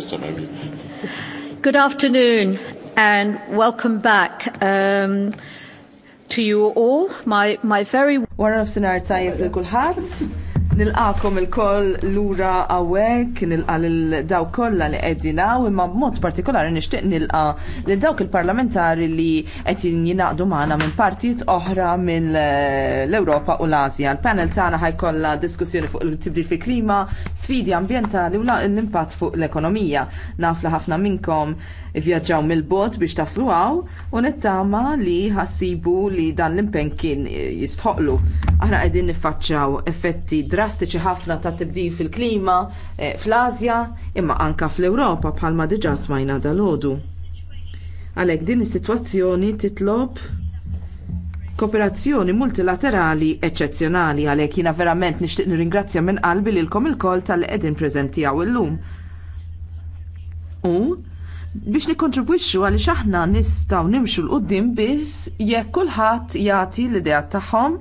first time Good afternoon and welcome back um, to you all. My, my very... Wara nofsinar tajjeb l-kulħadd. Nilqakom il-koll l-ura għawek, nilqa l-daw kolla li għedina, u imma mod partikolari nishtiq nilqa l-dawk il-parlamentari li għedin jinaqdu maħna minn partijiet oħra minn eh, l-Europa u l-Azja. L-panel tana ħajkolla diskussjoni fuq il-tibdil fi klima, sfidi ambientali u l-impatt fuq l-ekonomija. Naf li ħafna minnkom ivvjaġġaw mill-bot biex taslu għaw u nittama li ħassibu li dan l-impenn kien jistħoqlu. Aħna qegħdin niffaċċaw effetti drastiċi ħafna ta' tibdil fil-klima eh, fl azja imma anka fl-Ewropa bħalma diġà smajna dal-ħodu. Għalhekk din is-sitwazzjoni titlob kooperazzjoni multilaterali eċċezzjonali għalhekk jiena verament nixtieq nirringrazzja minn qalbi lilkom ilkoll tal-qegħdin preżenti illum. U biex nikkontribwixxu għaliex aħna nistgħu nimxu l qudiem biss jekk kulħadd jagħti l-idea tagħhom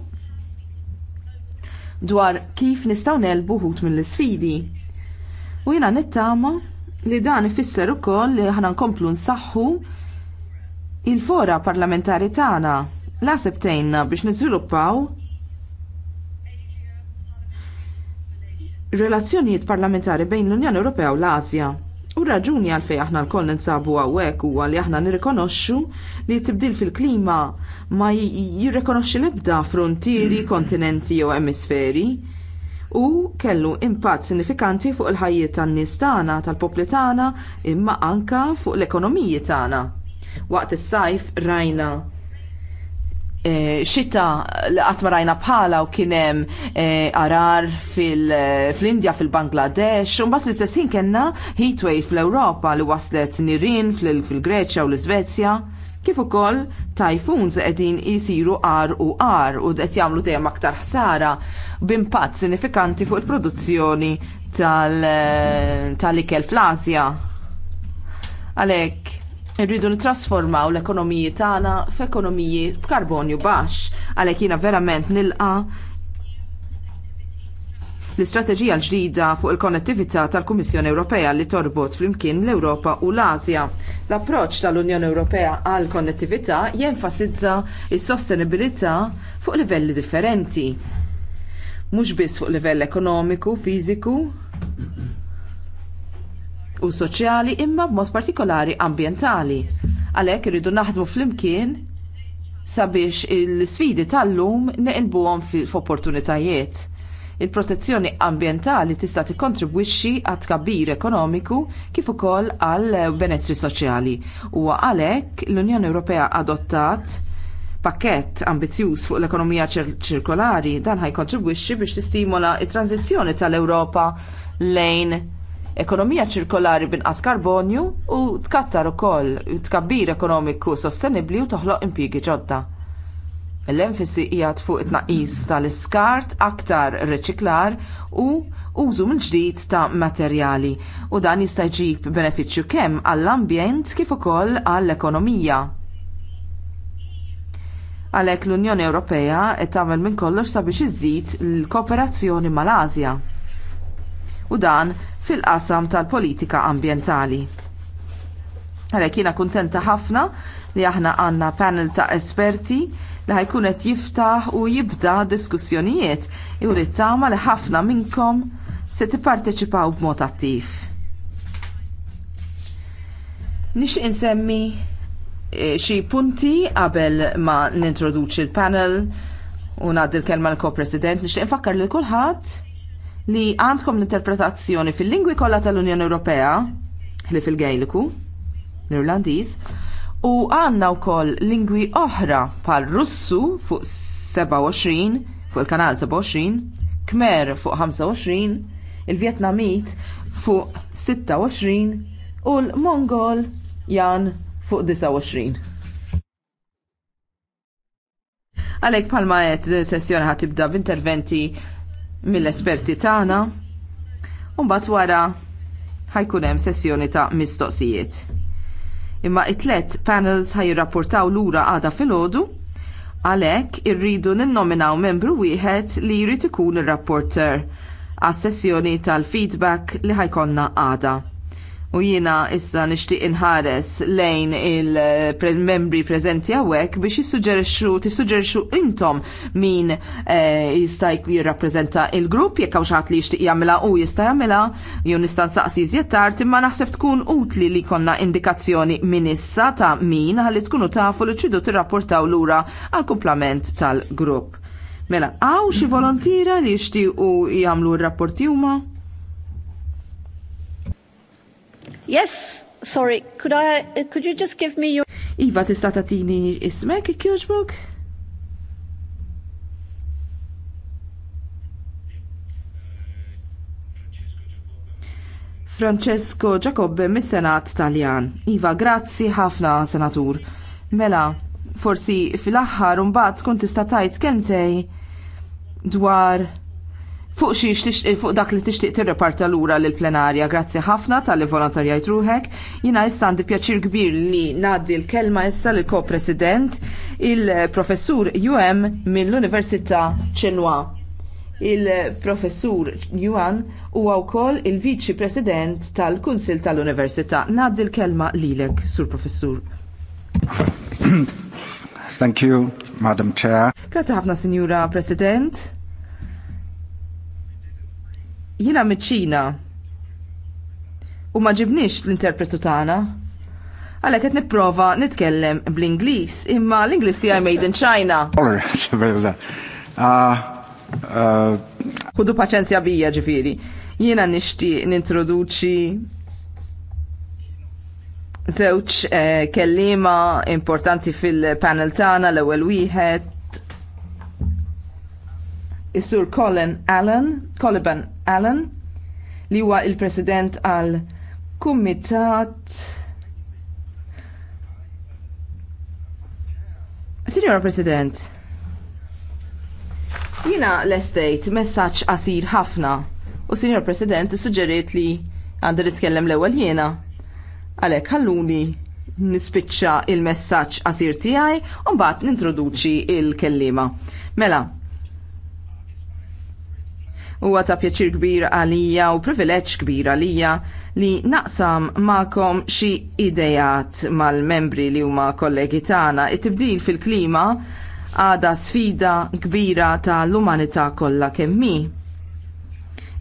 dwar kif nistgħu nelbu wħud mill-isfidi. U jiena nittama li dan ifisser ukoll li aħna nkomplu nsaħħu il-fora parlamentari tagħna la sebtejna biex niżviluppaw relazzjonijiet parlamentari bejn l-Unjoni Ewropea u l-Asja. U raġuni għalfej aħna l-koll ninsabu għawek u għalli aħna nirrikonoxxu li tibdil fil-klima ma jirrikonoxxi l-ebda frontieri, kontinenti jew emisferi u kellu impatt sinifikanti fuq il-ħajjiet tan-nies tagħna, tal-popli tagħna, imma anka fuq l-ekonomiji tagħna. Waqt is-sajf rajna Eh, xita li għatmarajna bħala u kienem eh, arar fil-Indja, fil-Bangladesh, un bat l-istess ħin kena heatwave fl-Europa li waslet nirin fil-Greċja u l-Svezja. Kif ukoll tajfuns qegħdin jisiru ar u ar u qed jagħmlu dejjem aktar ħsara b'impatt sinifikanti fuq il-produzzjoni eh, tal-ikel fl-Asja. Għalhekk Irridu nitrasformaw l-ekonomiji tagħna f'ekonomiji b'karbonju baxx, għalhekk jiena verament nilqa l-istrateġija l-ġdida fuq il-konnettività tal-Kummissjoni Ewropea li torbot flimkien l-Ewropa u l-Asja. L-approċċ tal-Unjoni Ewropea għal konnettività jenfasizza s sostenibilità fuq livelli differenti. Mhux biss fuq livell ekonomiku, fiżiku, u soċjali imma b'mod partikolari ambjentali. Għalhekk irridu naħdmu flimkien sabiex il isfidi tal-lum neqilbuhom f'opportunitajiet il-protezzjoni ambjentali tista' tikkontribwixxi għat tkabbir ekonomiku kif ukoll għal benessri soċjali. U għalhekk l-Unjoni Ewropea adottat pakkett ambizzjuż fuq l-ekonomija ċirkolari dan ħajkontribwixxi biex tistimola t tranzizzjoni tal-Ewropa lejn ekonomija ċirkolari binqas karbonju u tkattar ukoll tkabbir ekonomiku sostenibbli u toħloq impjiegi ġodda. L-enfisi hija fuq it-tnaqqis tal-iskart, aktar riċiklar u użu minn ġdid ta' materjali u dan jista' jġib benefiċċju kemm għall-ambjent kif ukoll għall-ekonomija għalhekk l-Unjoni Ewropea qed tagħmel minn kollox sabiex iżżid l-kooperazzjoni mal-Asja u dan fil-qasam tal-politika ambjentali. Għalhekk jiena kuntenta ħafna li aħna għandna panel ta' esperti li ħajkunet qed jiftaħ u jibda diskussjonijiet u li tama li ħafna minnkom se tipparteċipaw b'mod attiv. Nixtieq insemmi eh, xi punti qabel ma nintroduċi l-panel u ngħaddi l-kelma l-ko-president nixtieq infakkar lil kulħadd li għandkom l-interpretazzjoni fil-lingwi kollha tal-Unjoni Ewropea, li fil-Gejliku, l-Irlandiż, u għandna wkoll lingwi oħra pal russu fuq 27 fuq il-kanal 27, kmer fuq 25, il-Vjetnamit fuq 26 u l-Mongol jan fuq 29. Għalek palma għed sessjoni għatibda b'interventi mill-esperti tagħna u mbagħad wara ħajkun hemm sessjoni ta' mistoqsijiet. Imma it-tlet panels ħajrapportaw lura għada filgħodu għalhekk irridu ninnominaw membru wieħed li jrid ikun ir-rapporter għas-sessjoni tal-feedback li ħajkonna għada. U jina issa nishtiq inħares lejn il-membri prezenti għawek biex jissuġġerixxu tissuġġerixxu intom min eh, jista' jirrappreżenta il-grupp jekk hawn xaħat li jishtiq jagħmilha u jista' jagħmilha jew nista' nsaqsi iżjed imma naħseb tkun utli li konna indikazzjoni minn issa ta' min ħalli tkunu tafu li ċidu tirrapportaw lura għal kumplament tal-grupp. Mela, għaw xi volontira li jixtiequ jagħmlu r-rapporti huma? Yes, sorry, could I, could you just give me your... Iva, tista tatini ismek, kjuġbuk? Francesco Giacobbe mis-Senat Taljan. Iva, grazzi ħafna, senatur. Mela, forsi fil-axħar un-bat kun tista tajt kentej dwar fuq xiex eh, fuq dak li tixtieq tirreparta lura lil plenarja grazzi ħafna tal-li volontarjajt ruħek. Jina issa għandi pjaċir kbir li ngħaddi l-kelma issa l ko-president il-professur UM mill-Università Ċenwa. Il-professur Yuan huwa wkoll il-viċi president tal-Kunsil tal-Università. Ngħaddi l-kelma lilek, sur professur. Thank you, Madam Chair. Grazie ħafna, Signora President Jina miċ-ċina u ma ġibnix l-interpretu tagħna. Għalhekk qed nipprova nitkellem bl-Ingliż, imma l-Ingliż hija made in China. Ħudu ah, ah. paċenzja bija ġifieri. Jiena nixtieq nintroduċi żewġ eh, kellima importanti fil-panel tagħna l-ewwel wieħed is-Sur Colin Allen, Coliban Allen, li huwa il-President għal Kumitat Signora President, jina l-estate messaċ għasir ħafna u Signor President suġġeriet li għandu nitkellem l-ewwel jiena. Għalhekk ħalluni nispiċċa il-messaġġ għasir tiegħi u mbagħad nintroduċi il-kellima. Mela, Huwa ta' pjaċir kbir għalija u privileġġ kbir għalija li naqsam ma'kom xi idejat mal-membri li huma kollegi tagħna. It-tibdil fil-klima għada sfida kbira ta' l-umanità kollha kemmi.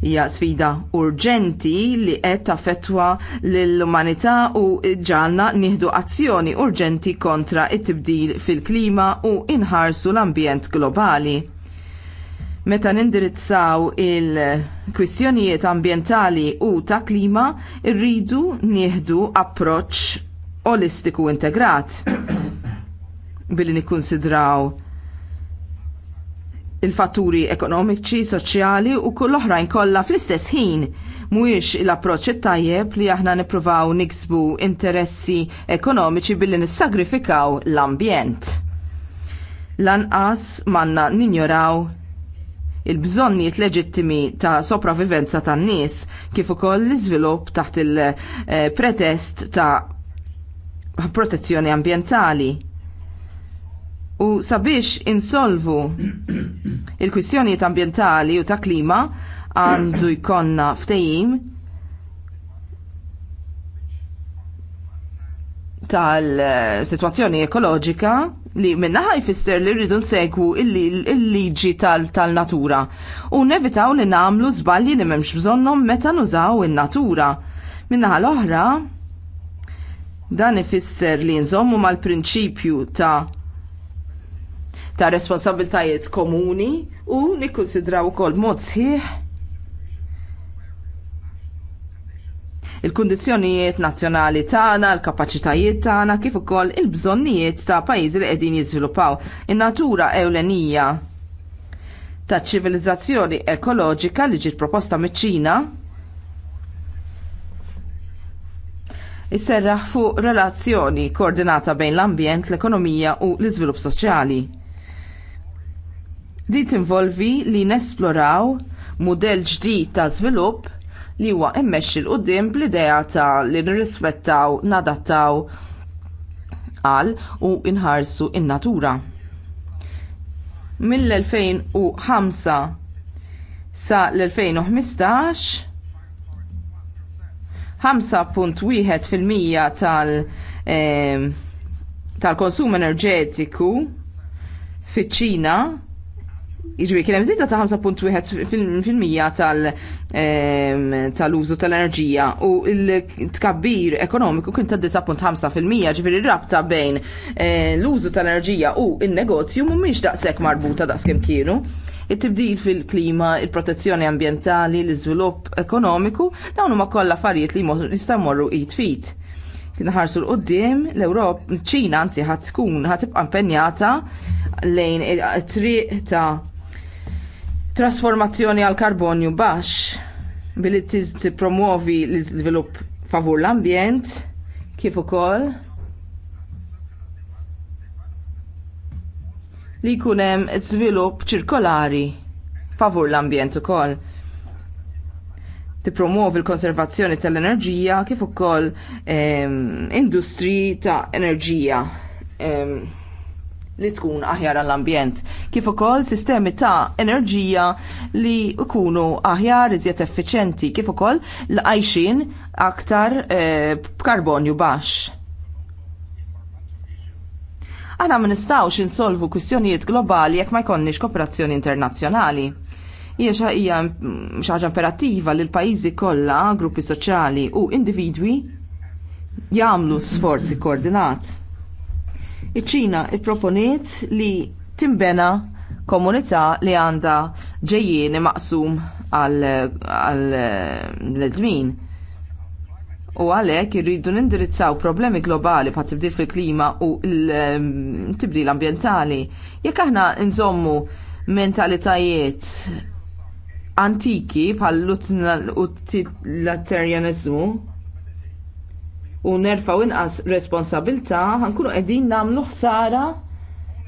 Hija sfida urġenti li qed taffettwa lill-umanità u ġalna nieħdu azzjoni urġenti kontra t tibdil fil-klima u inħarsu l-ambjent globali. Meta nindirizzaw il-kwistjonijiet ambjentali u ta' klima, irridu nieħdu approċċ olistiku integrat billi nikkonsidraw il-fatturi ekonomiċi, soċjali u kull oħrajn kollha fl-istess ħin mhuwiex l-approċċ tajjeb li aħna nippruvaw niksbu interessi ekonomiċi billi nissagrifikaw l-ambjent. Lanqas manna ninjoraw il-bżonnijiet leġittimi ta' sopravivenza tan nies kif ukoll l-iżvilupp taħt il-pretest eh, ta' protezzjoni ambjentali. U sabiex insolvu il-kwistjonijiet ambjentali u ta' klima għandu jkollna ftehim tal-situazzjoni eh, ekoloġika li minnaħa jfisser li rridu nsegwu il-liġi tal-natura u nevitaw li namlu zballi li memx bżonnom meta nużaw il-natura. Minna l-oħra, dan ifisser li nżommu mal-prinċipju ta' ta' responsabiltajiet komuni u nikkonsidraw kol mod sħiħ il-kundizzjonijiet nazzjonali tagħna, l-kapaċitajiet tagħna kif ukoll il-bżonnijiet ta' pajjiżi li qegħdin jiżviluppaw. In-natura ewlenija ta' ċivilizzazzjoni ekoloġika li ġiet proposta miċ-Ċina isserraħ fuq relazzjoni koordinata bejn l-ambjent, l-ekonomija u l-iżvilupp soċjali. Din tinvolvi li nesploraw mudell ġdid ta' żvilupp li huwa immexxi l qudiem bl-idea ta' li nirrispettaw, nadattaw għal u inħarsu in-natura. Mill-2005 sa l-2015 5.1% tal- eh, tal-konsum enerġetiku fiċ-Ċina Iġri, kienem zidda ta' 5.1% ehm, tal-użu tal-enerġija u il-tkabbir ekonomiku kien ta' 9.5% ġifiri rabta bejn eh, l-użu tal-enerġija u il-negozju mumiex daqsek marbuta daqskem kienu. It-tibdil fil-klima, il-protezzjoni ambientali, l-iżvilupp ekonomiku, dawn huma kollha affarijiet li jistamorru it-fit. Naħarsu l-qoddim, l europa ċina anzi ħat tkun ħat impenjata lejn il triq ta' trasformazzjoni għal karbonju baxx billi tippromuovi l-iżvilupp favur l-ambjent kif ukoll li jkun hemm żvilupp ċirkolari favur l-ambjent ukoll tippromuovi l-konservazzjoni tal-enerġija kif ukoll ehm, industri ta' enerġija. Ehm, li tkun aħjar għall-ambjent. Kif ukoll sistemi ta' enerġija li jkunu aħjar iżjed effiċenti, kif ukoll l-għajxin aktar eh, b'karbonju baxx. Aħna ma nistgħux insolvu kwistjonijiet globali jekk ma jkollniex kooperazzjoni internazzjonali hija xi hija xi ħaġa imperattiva li l-pajjiżi kollha, gruppi soċjali u individwi jagħmlu sforzi koordinat. Iċ-Ċina pproponiet li timbena komunità li għandha ġejjieni maqsum għal-ledmin. U għalhekk irridu nindirizzaw problemi globali bħat tibdil fil-klima u l-tibdil ambjentali. Jekk aħna nżommu mentalitajiet antiki pal-utlaterjanizmu, u nerfaw inqas responsabilta ħankunu qegħdin nagħmlu ħsara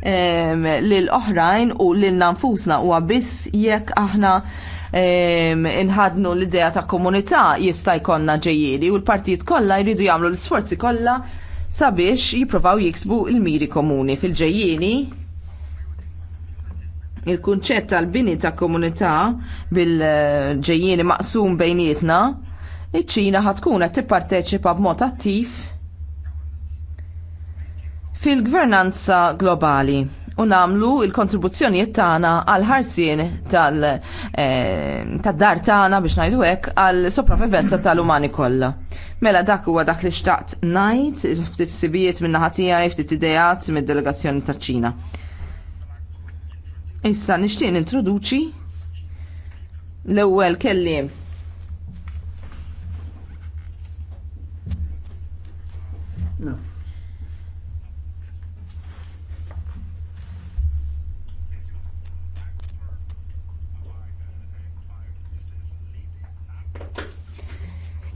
lill lil oħrajn u lil nanfusna u biss jekk aħna inħadnu l-idea ta' komunità jista' jkollna ġejjieri u l-partijiet kollha jridu jagħmlu l-isforzi kollha sabiex jippruvaw jiksbu l miri komuni fil-ġejjieni il-kunċett tal-bini ta' komunità bil-ġejjieni maqsum bejnietna iċ-Ċina ħatkun qed tipparteċipa b'mod attiv fil-gvernanza globali u namlu il-kontribuzzjonijiet tagħna għal ħarsien eh, tad-dar tagħna biex ngħidu hekk għal sopravivenza tal-umani kollha. Mela dak huwa dak li xtaqt ngħid ftit sibijiet min naħa tiegħi ftit idejat mid-delegazzjoni taċ-Ċina. Issa nixtieq nintroduċi l-ewwel kelliem No.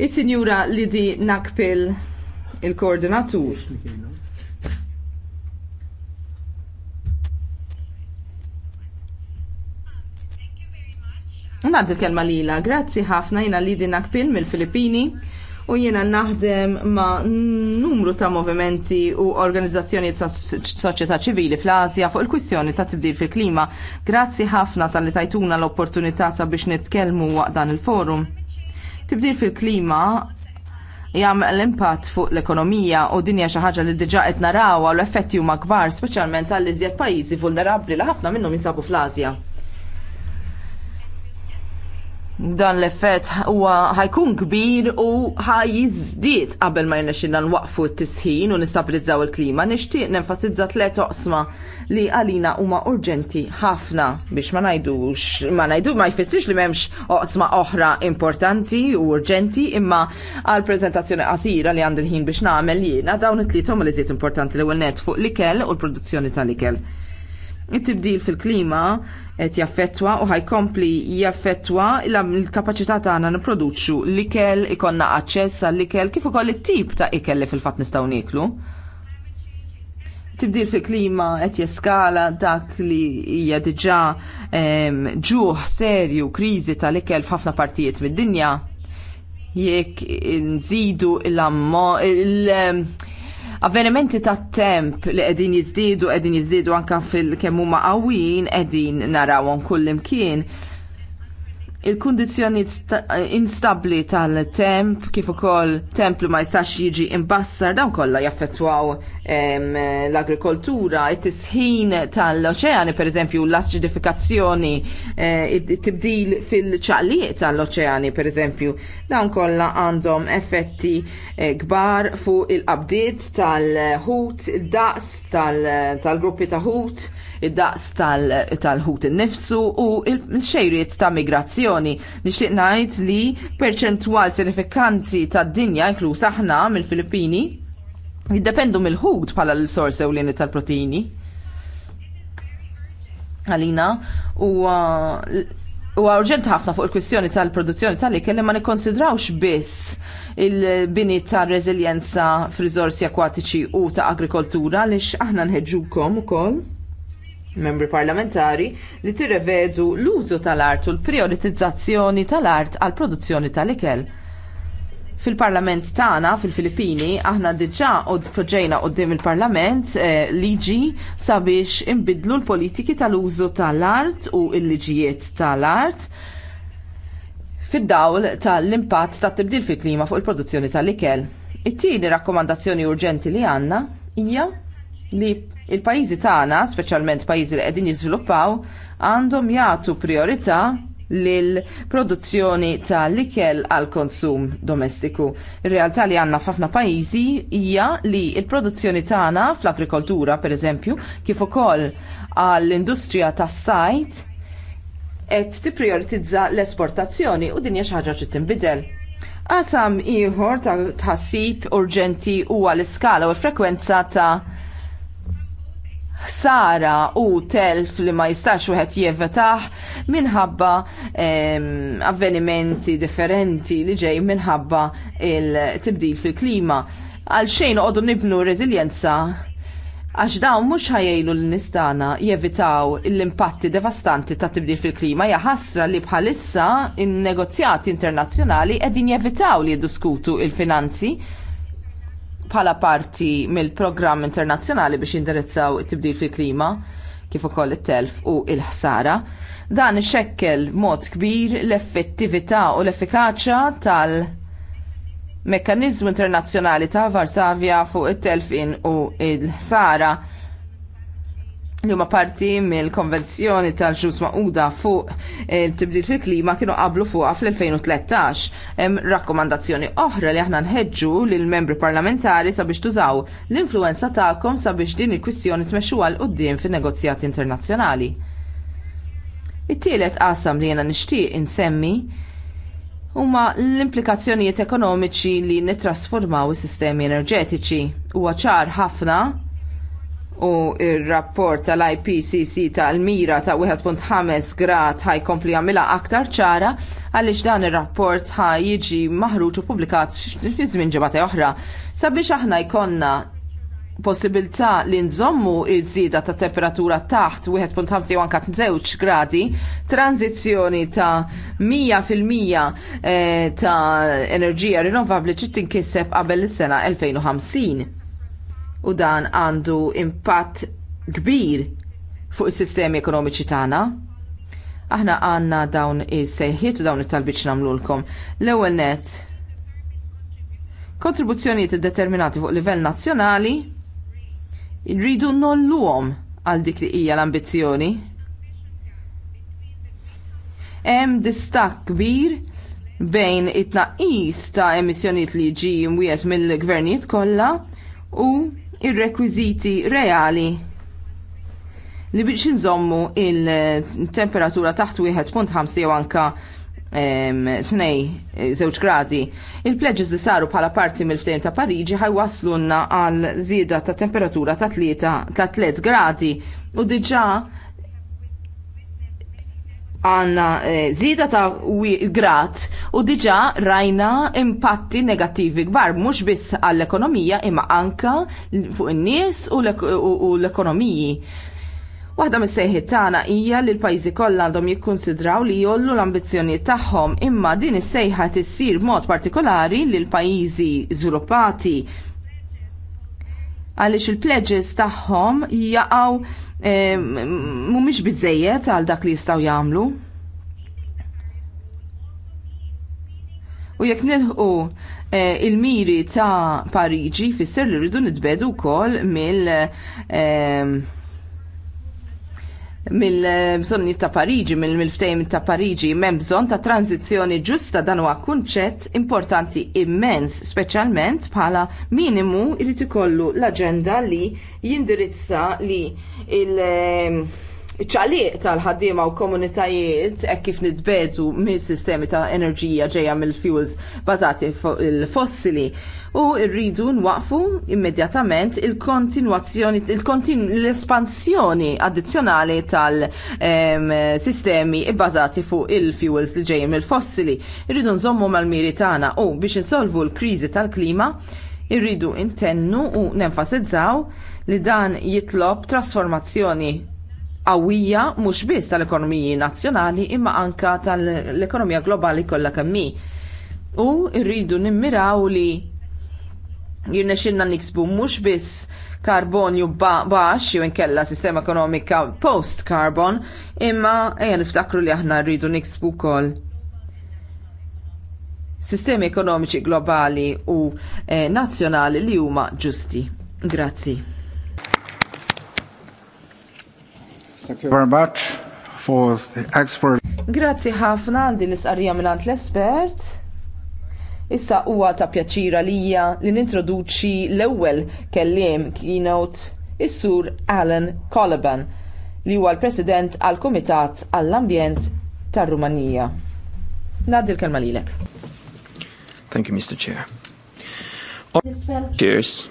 Is-sinjura Lidi Nakpil, il-koordinatur. Naddi kelma lila, grazzi ħafna jina Lidi Nakpil mill-Filippini u jiena naħdem ma' numru ta' movimenti u organizzazzjoni ta' soċjetà ċivili fl-Asja fuq il-kwistjoni ta' tibdil fil-klima. Grazzi ħafna tal-li tajtuna l-opportunità sabiex nitkellmu waqt dan il-forum. Tibdil fil-klima jagħmel impatt fuq l-ekonomija u dinja xi ħaġa li diġà qed narawha l-effetti huma kbar speċjalment għall iżjed pajjiżi vulnerabbli li ħafna minnhom jinsabu fl-Asja dan l-effett huwa ħajkun kbir u ħajjiżdied qabel ma jnexxinna nwaqfu t-tisħin u nistabilizzaw il-klima nixtieq nenfasizza tliet oqsma li għalina huma urġenti ħafna biex ma ngħidux ma ngħidu ma jfissirx li m'hemmx oqsma oħra importanti u urġenti imma għal preżentazzjoni qasira li għandi l-ħin biex nagħmel jiena dawn it-tliet huma li importanti li ewwel net fuq l-ikel u l-produzzjoni tal-ikel it-tibdil fil-klima qed jaffettwa u ħajkompli jaffettwa l-kapaċità tagħna nipproduċu l-ikel ikonna aċċess għall-ikel kif ukoll it-tip ta' ikel li fil-fatt nistgħu niklu. Tibdil fil-klima qed jeskala dak li hija diġà ġuħ serju kriżi tal-ikel f'ħafna partijiet mid-dinja jekk nżidu l-ammo l avvenimenti ta' temp li qegħdin jiżdiedu qegħdin jiżdiedu anke fil-kemm huma għawin, qegħdin narawhom kull imkien il-kondizjoni instabli tal-temp, kif ukoll temp li ma jistax jiġi imbassar, dawn kollha jaffettwaw l-agrikoltura, it-tisħin tal-oċeani, pereżempju l-acidifikazzjoni, eh, it-tibdil fil-ċaqliq tal-oċeani, pereżempju, dawn kollha għandhom effetti eh, kbar fuq il-qabdiet tal-ħut, il-daqs tal-gruppi ta' ħut id-daqs tal-ħut innifsu u l-xejriet ta' migrazzjoni. Nixtieq ngħid li perċentwal sinifikanti tad-dinja inkluż aħna mill-Filippini jiddependu mill-ħut bħala l-sors ewlieni tal-proteini. Alina u u urġenti ħafna fuq il-kwistjoni tal-produzzjoni tal-ikel ma nikkonsidrawx biss il-bini ta' reżiljenza f'riżorsi akwatiċi u ta' agrikoltura għaliex aħna nħeġġukom ukoll membri parlamentari li tirrevedu l-użu tal-art u l-prioritizzazzjoni tal-art għal produzzjoni tal-ikel. Fil-parlament tagħna fil-Filippini aħna diġà od proġejna qoddim il-parlament eh, liġi sabiex inbidlu l-politiki tal-użu tal-art u l-liġijiet tal-art fid-dawl tal-impatt tat-tibdil fil-klima fuq il-produzzjoni tal-ikel. It-tieni rakkomandazzjoni urġenti li għandna hija li Il-pajjiżi tagħna, speċjalment pajjiżi li qegħdin jiżviluppaw, għandhom jagħtu priorità l produzzjoni ta' likel għal konsum domestiku. Ir-realtà li għandna f'ħafna pajjiżi hija li l-produzzjoni tagħna fl-agrikoltura, pereżempju, kif ukoll għall-industrija tas-sajt qed tipprioritizza l-esportazzjoni u din hija xi ħaġa ġiet tinbidel. Qasam ieħor ta' tħassib urġenti huwa l-iskala u l-frekwenza ta' ħsara u telf li ma jistax wieħed jevetaħ minħabba avvenimenti differenti li ġej minħabba il-tibdil fil-klima. Għal xejn għodu nibnu rezilienza għax dawn mhux ħajjejlu l-nistana jevitaw l-impatti devastanti ta' tibdil fil-klima ja ħasra li bħalissa in-negozjati internazzjonali qegħdin jevitaw li jiddiskutu il-finanzi il finanzi bħala parti mill-programm internazzjonali biex jindirizzaw it-tibdil fil-klima kif ukoll it-telf u il-ħsara. Dan ixekkel mod kbir l-effettività u l-effikaċja tal- Mekkaniżmu internazzjonali ta' Varsavja fuq it-telfin u il-ħsara li huma parti mill-konvenzjoni tal-ġus maquda fuq il-tibdil fil-klima kienu qablu fuqha fl-2013. Hemm rakkomandazzjoni oħra li aħna nħeġġu lil membri parlamentari sabiex tużaw l-influenza tagħkom sabiex din il-kwistjoni tmexxuha l qudiem fin-negozjati internazzjonali. It-tielet qasam li jiena nixtieq insemmi huma l-implikazzjonijiet ekonomiċi li nittrasformaw is-sistemi enerġetiċi. Huwa ċar ħafna u il-rapport tal-IPCC tal-mira ta' 1.5 grad ħaj kompli għamila aktar ċara għaliex dan il-rapport ħaj jiġi maħruġ u publikat fi żmien ġimgħa oħra. Sabiex aħna jkollna possibilità li nżommu iż-żieda ta' temperatura taħt 1.5 gradi, tranzizzjoni ta' 100% eh, ta' enerġija rinnovabbli trid tinkiseb qabel is-sena 2050 u dan għandu impatt kbir fuq is-sistemi ekonomiċi tagħna. Aħna għandna dawn is-sejħiet u dawn it-talbiċ nagħmlulkom. L-ewwel net kontribuzzjonijiet determinati fuq livell nazzjonali rridu nolluhom għal dik li hija l-ambizzjoni. Hemm distakk kbir bejn it-tnaqqis ta' emissjonijiet li ġi mwiet mill-gvernijiet kollha u ir-rekwiżiti reali li biex nżommu il-temperatura taħt 1.5 jew anka 2 gradi. Il-pledges li saru bħala parti mill-ftejn ta' Pariġi ħajwaslunna għal żieda ta' temperatura ta' 3 gradi u diġa għanna eh, zida ta' grat u diġa rajna impatti negattivi kbar, mux biss għall-ekonomija imma anka fuq in-nies u l-ekonomiji. Waħda mis sejħiet tagħna hija li l-pajjiżi kollha għandhom jikkunsidraw li jollu l-ambizzjonijiet tagħhom imma din is-sejħa tissir mod partikolari lil pajjiżi żviluppati għaliex il-pledges tagħhom jaqgħu Eh, mhumiex biżejjed għal dak li jistgħu jagħmlu. U jekk nilħu eh, il-miri ta' Pariġi, fisser li rridu nitbedu wkoll mill- eh, mill-bżonni ta' Pariġi, mill-ftejm ta' Pariġi, mem bżonn ta' tranzizjoni ġusta dan huwa kunċett importanti immens, speċjalment bħala minimu jrid ikollu l-aġenda li jindirizza li il- ċaliq tal-ħaddiema u komunitajiet e kif nitbedu mis sistemi ta' enerġija ġejja mill-fuels bażati fuq il-fossili u rridu nwaqfu immedjatament il-kontinwazzjoni l-espansjoni addizzjonali tal-sistemi bbażati fuq il-fuels li ġejjin mill-fossili. Irridu nżommu mal-miri tagħna u biex insolvu l-kriżi tal-klima irridu intennu u nenfasizzaw li dan jitlob trasformazzjoni għawija mhux biss tal-ekonomiji nazzjonali imma anka tal-ekonomija globali kollha kemm U rridu nimmiraw li jirnexxinna niksbu mhux biss karbonju baxx jew inkella sistema ekonomika post-carbon, imma ejja niftakru li aħna rridu niksbu wkoll sistemi ekonomiċi globali u eh, nazzjonali li huma ġusti. Grazzi. very much for the expert. Grazzi ħafna għandi l-isqarrija mill l-espert. Issa huwa ta' pjaċira lija li nintroduċi l-ewwel kelliem keynote is-sur Alan Coliban li huwa l-President għal kumitat għall-Ambjent tar-Rumanija. Nadi l-kelma lilek. Thank you, Mr. Chair. Cheers.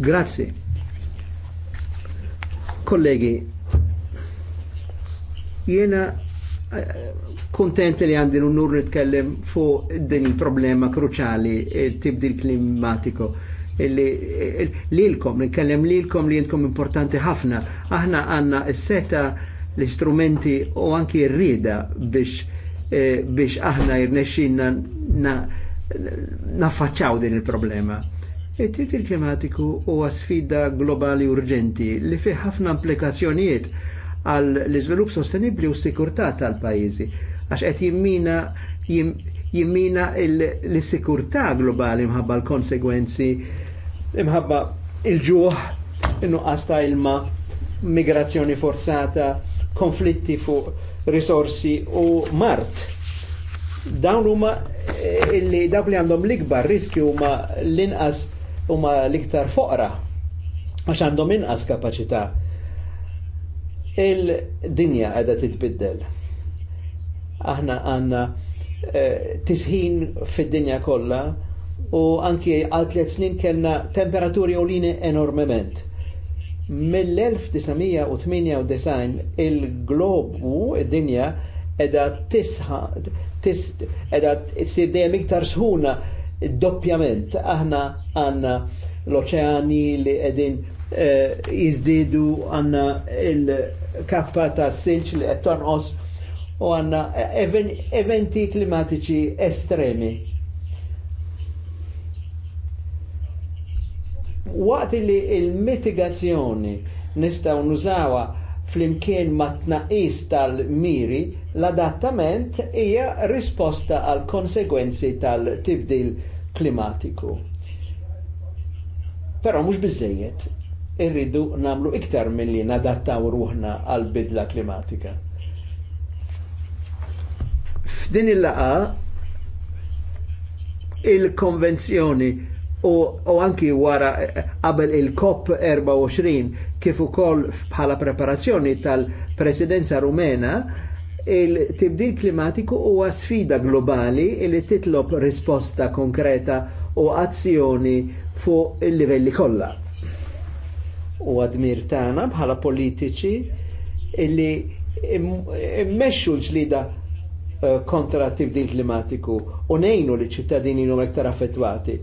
Grazie. Kollegi, Jena eh, kontent li għandi n-nur nitkellem fu din il-problema kruċali il-tibdil klimatiko eh, lilkom, nitkellem lilkom li jintkom importanti ħafna. Aħna għanna s-seta l-istrumenti u anki rrida biex eh, biex aħna jirnexxinna naffaċċaw din il-problema. il tibdil klimatiku huwa sfida globali urġenti li fi ħafna implikazzjonijiet għal l-iżvilupp sostenibli u sikurtà tal pajizi għax qed jimmina jimmina l-sikurtà globali mħabba l-konsegwenzi imħabba il-ġuħ, nuqqas ta' ilma, migrazzjoni forzata, konflitti fuq risorsi u mart. Dawn huma eh, li dawk li għandhom l-ikbar riskju huma l-inqas huma l-iktar foqra għax għandhom inqas kapaċità il-dinja għada titbiddel. Aħna għanna eh, tisħin fid-dinja kollha u anki għal tliet snin kellna temperaturi olini enormement. Mill-1998 il-globu, id-dinja, edha tisħa, tis, edha tsir dejjem iktar sħuna doppjament. Aħna għanna l-oċeani li edin Eh, jizdidu għanna il-kappa ta' silċ li qed os u għanna eventi klimatiċi estremi. Waqt li il-mitigazzjoni nistaw nużawa flimkien ma tnaqis tal-miri, l-adattament hija risposta għal konsegwenzi tal-tibdil klimatiku. Però mhux biżejjed, irridu namlu iktar mill-li nadattaw ruħna għal bidla klimatika. F'din il-laqa il-konvenzjoni u anki wara qabel il-COP 24 kif ukoll bħala preparazzjoni tal-presidenza rumena il-tibdil klimatiku huwa sfida globali li titlob risposta konkreta u azzjoni fuq il-livelli kollha u għadmir tagħna bħala politiċi illi immexxu l-ġlida eh, kontra t-tibdil klimatiku u nejnu li ċittadini jom iktar affettwati.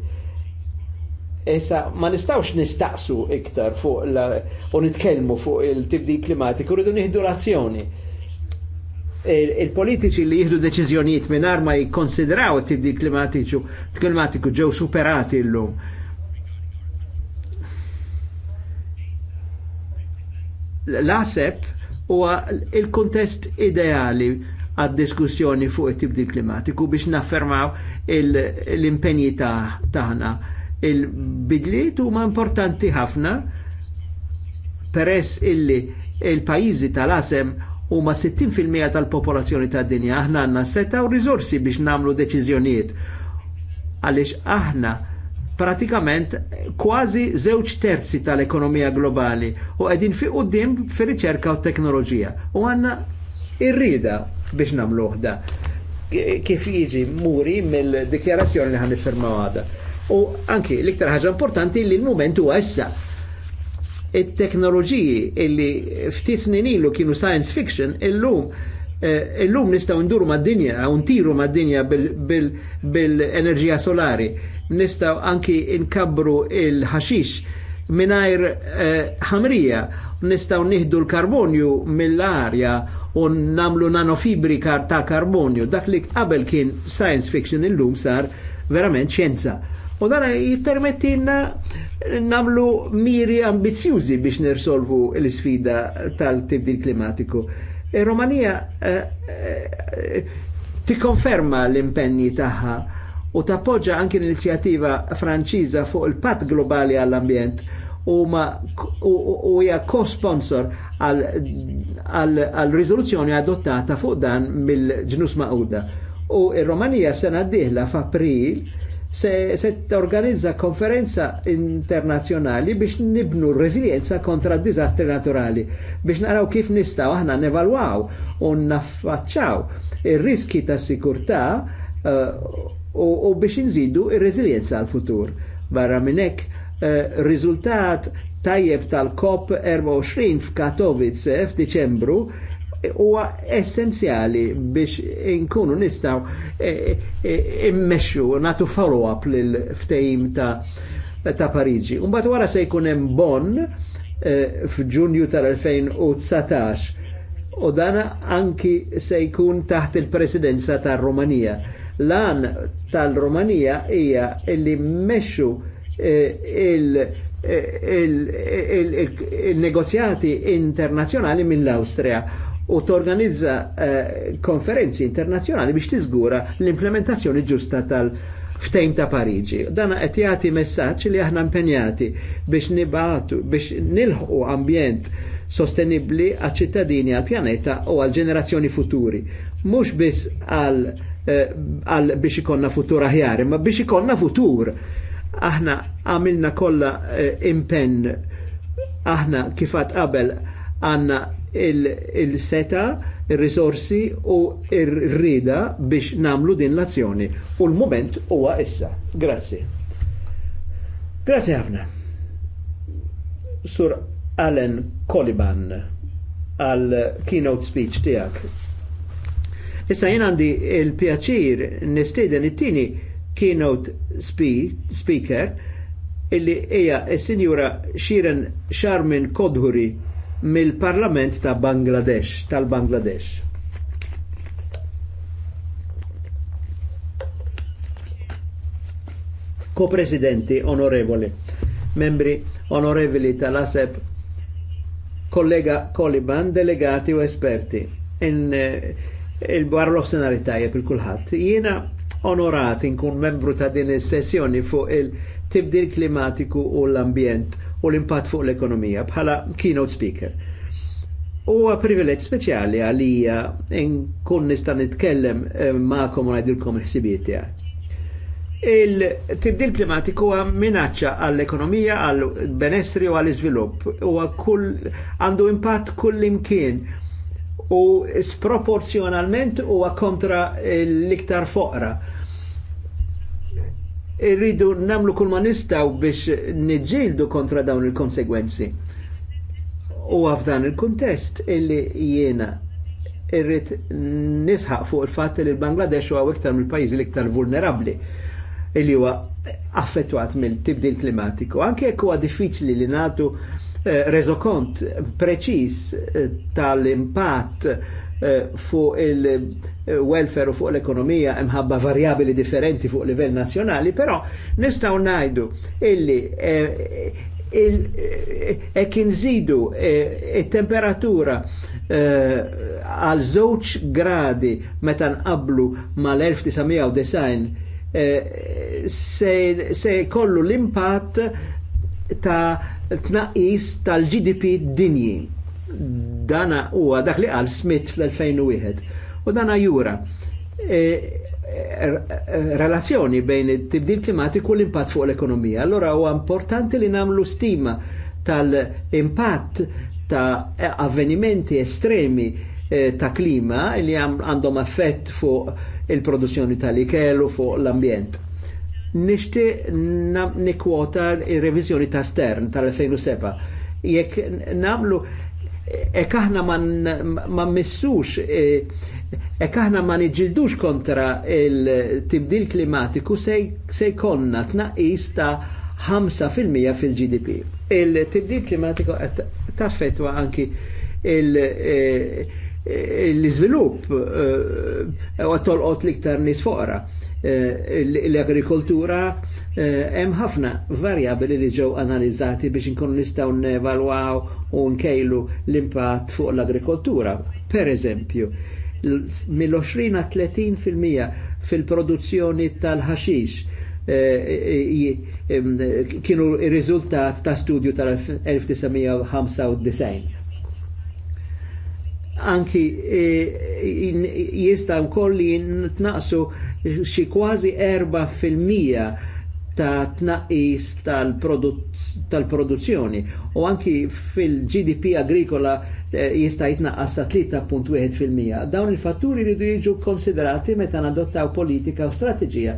Issa ma nistawx nistaqsu iktar fuq la, u nitkelmu fuq il-tibdil klimatiku, rridu nieħdu l-azzjoni. Il-politiċi li jihdu deċiżjonijiet minn ma jikkonsidraw it-tibdil klimatiku ġew superati l-lum l-ASEP huwa il-kontest ideali għad diskussjoni fuq it-tibdil klimatiku biex naffermaw l-impenji taħna. Il-bidliet huma importanti ħafna peress illi il-pajizi tal-asem huma 60% tal-popolazzjoni tad-dinja aħna għandna seta u riżorsi biex namlu deċiżjonijiet. Għaliex aħna pratikament kważi żewġ terzi tal-ekonomija globali u qegħdin fi qudiem fi riċerka u teknoloġija u għandna irrida biex nagħmluh da kif jiġi muri mill-dikjarazzjoni li ħan niffermaw għada. U anki l-iktar ħaġa importanti li l-moment huwa issa. It-teknoloġiji illi ftit snin ilu kienu science fiction illum illum nistaw nduru mad-dinja, u ntiru mad-dinja bil-enerġija solari nistaw anki inkabru il-ħaxix minajr eh, ħamrija, eh, nistaw nihdu l-karbonju mill-arja u namlu nanofibri kar ta' karbonju. Dak li qabel kien science fiction illum sar verament xienza. U dana jippermettilna namlu miri ambizjużi biex nirsolvu l-sfida tal-tibdil klimatiku. E Romania eh, eh, eh konferma l-impenni tagħha u tappoġġa anki l-inizjattiva Franċiża fuq il-Patt Globali għall-Ambjent u hija co-sponsor għal riżoluzzjoni adottata fuq dan mill-ġnus Mauda. U ir-Romanija sena d-dieħla f'April se, se organizza konferenza internazjonali biex nibnu reżiljenza kontra d-dizastri naturali, biex naraw kif nistaw aħna nevalwaw u naffaċċaw ir-riski ta' sikurtà uh, u biex nżidu ir-reżiljenza għal futur Barra minnek, eh, tajjeb tal-COP24 f'Katowice f'Diċembru huwa essenzjali biex inkunu nistaw eh, eh, immexxu natu follow-up lil-ftejim ta' ta' Pariġi. Umbat wara se jkun hemm Bonn eh, f'Ġunju tal-2019 u dana anki se jkun taħt il-presidenza tar-Rumanija l an tal romania hija illi mmexxu eh, il-negozjati eh, internazjonali mill-Austria u torganizza eh, konferenzi internazjonali biex tiżgura l-implementazzjoni ġusta tal- ftejn ta' Pariġi. Dana qed jagħti messaġġ li aħna impenjati biex nibatu biex nilħu ambjent sostenibbli għal ċittadini għal pjaneta u għal ġenerazzjoni futuri. Mhux biss għal Eh, għal biex ikonna futur aħjar, imma biex ikonna futur. Aħna għamilna kollha eh, impenn, aħna kifat qabel għanna il-seta, il il-risorsi u r rida biex namlu din l-azzjoni. U l-moment huwa issa. Grazzi. Grazzi ħafna. Sur Allen Koliban għal keynote speech tijak Issa jien għandi il-pjaċir nistieden it-tieni keynote speaker illi hija s-sinjura Shiren Sharmin Kodhuri mill-Parlament ta' Bangladesh, tal-Bangladesh. Ko-presidenti onorevoli, membri onorevoli tal-ASEP, kollega Koliban, delegati u esperti. In, eh, il-barra senaritajja ofsenar kulħadd Jiena onorat inkun membru ta' din is-sessjoni fuq il-tibdil klimatiku u l-ambjent u l-impatt fuq l-ekonomija bħala keynote speaker. Huwa privileġġ speċjali għalija nkun nista' nitkellem eh, ma'kom u ngħidilkom il-ħsibijiet tiegħi. Il-tibdil klimatiku huwa minaċċa għall-ekonomija, għall-benessri u għall-iżvilupp. Huwa kull għandu impatt kull imkien u sproporzjonalment huwa kontra l-iktar foqra. Irridu namlu kull ma nistaw biex niġġieldu kontra dawn il-konsegwenzi. U għafdan il-kontest illi jiena irrit nisħaq fuq il fat li l-Bangladesh huwa iktar mill-pajjiżi l-iktar vulnerabbli li huwa affettwat mill-tibdil klimatiku. Anke jekk huwa diffiċli li nagħtu Eh, reżokont preċis eh, tal-impatt eh, fuq il-welfare u fuq l-ekonomija imħabba variabili differenti fuq livell nazjonali, però nistaw najdu illi ek zidu il-temperatura għal żewġ gradi meta nqablu mal-1990 se kollu l-impatt ta' tnaqis tal-GDP dinji. Dana huwa dak li qal Smith fl-2001. U dana jura e, e, relazzjoni bejn it-tibdil klimatiku u l-impatt fuq l-ekonomija. Allora huwa importanti li namlu stima tal-impatt ta' avvenimenti estremi e, ta' klima li għandhom affett fuq il-produzzjoni tal-ikel u fuq l-ambjent nishti nikwota il-revizjoni ta' stern tal-2007. Jek namlu, ek aħna ma missux, eh, ek aħna ma nġildux kontra il-tibdil klimatiku se konna tnaqis ta' 5% fil-GDP. Il-tibdil klimatiku taffetwa anki il- eh, eh, l-izvilup u għot liktar nis foqra. Eh, l-agrikoltura eh, hemm ħafna varjabili li ġew analizzati biex inkunu nistgħu nevalwaw u nkejlu l-impatt fuq l-agrikoltura. Per eżempju, mill-20 30% fil-produzzjoni tal-ħaxix eh, kienu r riżultat ta' studju tal-1995 anki jistgħu wkoll li tnaqsu xi kważi 4% ta' tnaqqis tal-produzzjoni u anki fil-GDP agrikola eh, jista' jitnaqqas ta' 3.1%. Dawn il-fatturi jridu jiġu konsiderati meta nadottaw politika u strateġija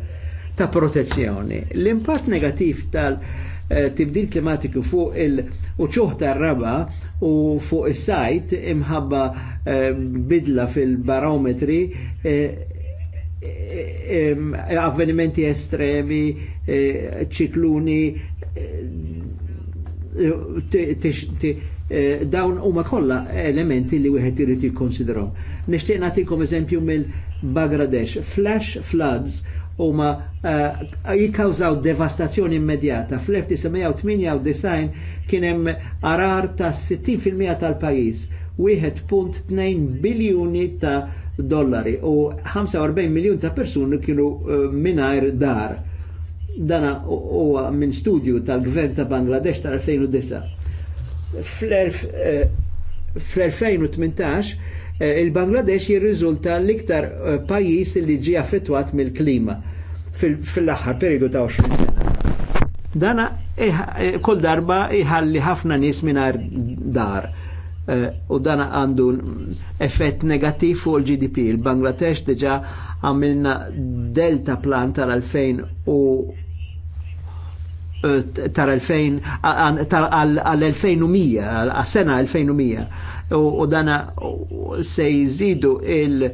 ta' protezzjoni. L-impatt negativ tal- eh, tibdil klimatiku fuq il-uċuħ tar-raba u fuq is-sajt imħabba eh, bidla fil-barometri avvenimenti estremi, ċikluni, eh, eh, eh, dawn huma kollha elementi li wieħed irid jikkonsidraw. Nixtieq nagħtikom eżempju mill-Bangladesh. Flash floods huma jikkawżaw devastazzjoni immedjata. Fl-1998 kien hemm arar ta' 60% tal-pajjiż, 1.2 biljuni ta' dollari u 45 miljon ta' persuni kienu eh, minajr dar. Dana huwa minn studju tal-gvern ta' Bangladesh tal-2009. Eh, fl-2018 eh, il-Bangladesh jirriżulta l-iktar pajis li ġi affettwat mill-klima fil-aħħar periodu ta' 20 sena. Dana kull darba iħalli ħafna nies minar dar. Eh, u dan għandu effett negativ fuq il-GDP. Il-Bangladesh deġa għamilna delta plan tal-2000 u eh, tal-2000 tal 2000 għal-sena 2000 u dana se jizidu il-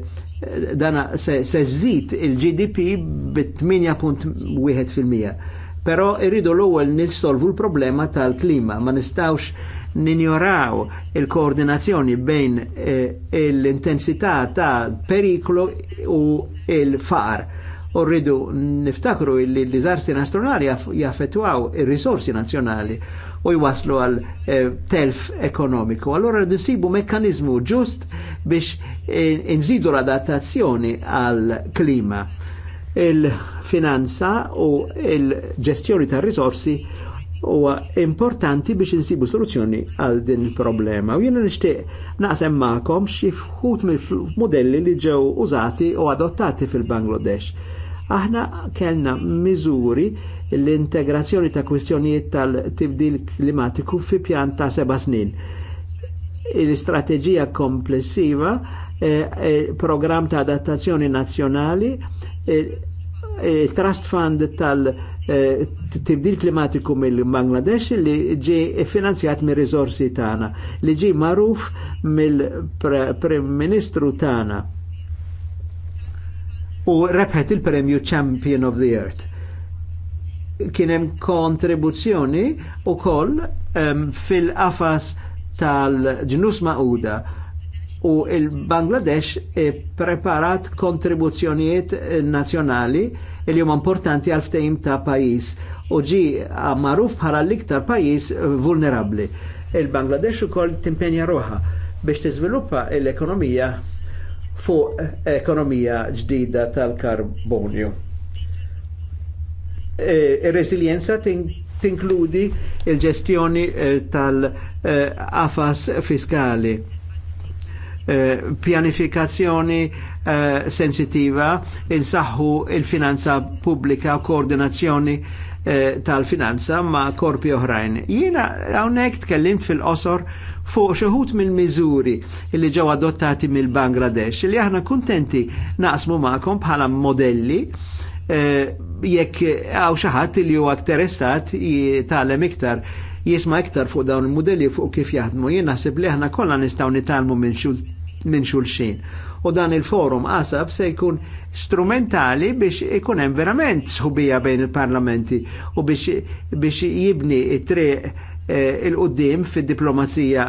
dana se żid il-GDP bit 8.1%. Pero irridu l-ewwel nifsolvu l-problema tal-klima, ma nistawx ninjoraw il-koordinazzjoni bejn eh, l-intensità ta' periklu u il-far. U rridu niftakru li l-dizarsi nazjonali jaffettwaw il-risorsi nazjonali u jwaslu għal eh, telf ekonomiku. Allora nsibu mekkanizmu ġust biex eh, nżidu l-adattazzjoni għal klima. Il-finanza u il-ġestjoni ta' risorsi huwa importanti biex insibu soluzzjoni għal din il-problema. U jiena nixtieq naqsem magħkom xi fħut mill-modelli li ġew użati u adottati fil-Bangladesh. Aħna kellna miżuri l-integrazzjoni ta' kwistjonijiet tal-tibdil klimatiku fi pjan ta' seba' snin. il istrateġija komplessiva, il-programm eh, eh, ta' adattazzjoni nazzjonali, il-trust eh, fund tal- Eh, tibdil klimatiku mill-Bangladesh li ġi finanzjat mir rizorsi tana, li ġi maruf mill-Prem Ministru tana u rebħet il-premju Champion of the Earth. Kienem kontribuzzjoni u koll um, fil-qafas tal-ġnus ma'uda u il-Bangladesh e preparat kontribuzzjonijiet eh, nazjonali li huma importanti għal ftehim ta' pajjiż u ġi magħruf bħala l-iktar pajjiż vulnerabbli. Il-Bangladesh ukoll timpenja roħa biex tiżviluppa l-ekonomija fuq ekonomija ġdida tal-karbonju. E, ir-resiljenza tinkludi il-ġestjoni e, tal-afas e, fiskali, pjanifikazzjoni Eh, sensitiva insaħħu il-finanza pubblika u koordinazzjoni eh, tal-finanza ma' korpi oħrajn. Jiena hawnhekk tkellimt fil-qosor fuq xoħut mill-miżuri li ġew adottati mill-Bangladesh li aħna kuntenti naqsmu magħkom bħala modelli eh, jekk għaw xaħat li huwa aktar estat jitalem iktar jisma iktar fuq dawn il-modelli fuq kif jaħdmu. Jien naħseb li aħna kollha nistgħu nitalmu minn xulxin u dan il-forum ASAB se jkun strumentali biex ikun hemm verament sħubija bejn il-parlamenti u biex, biex jibni it-triq eh, il-qoddim fid-diplomazija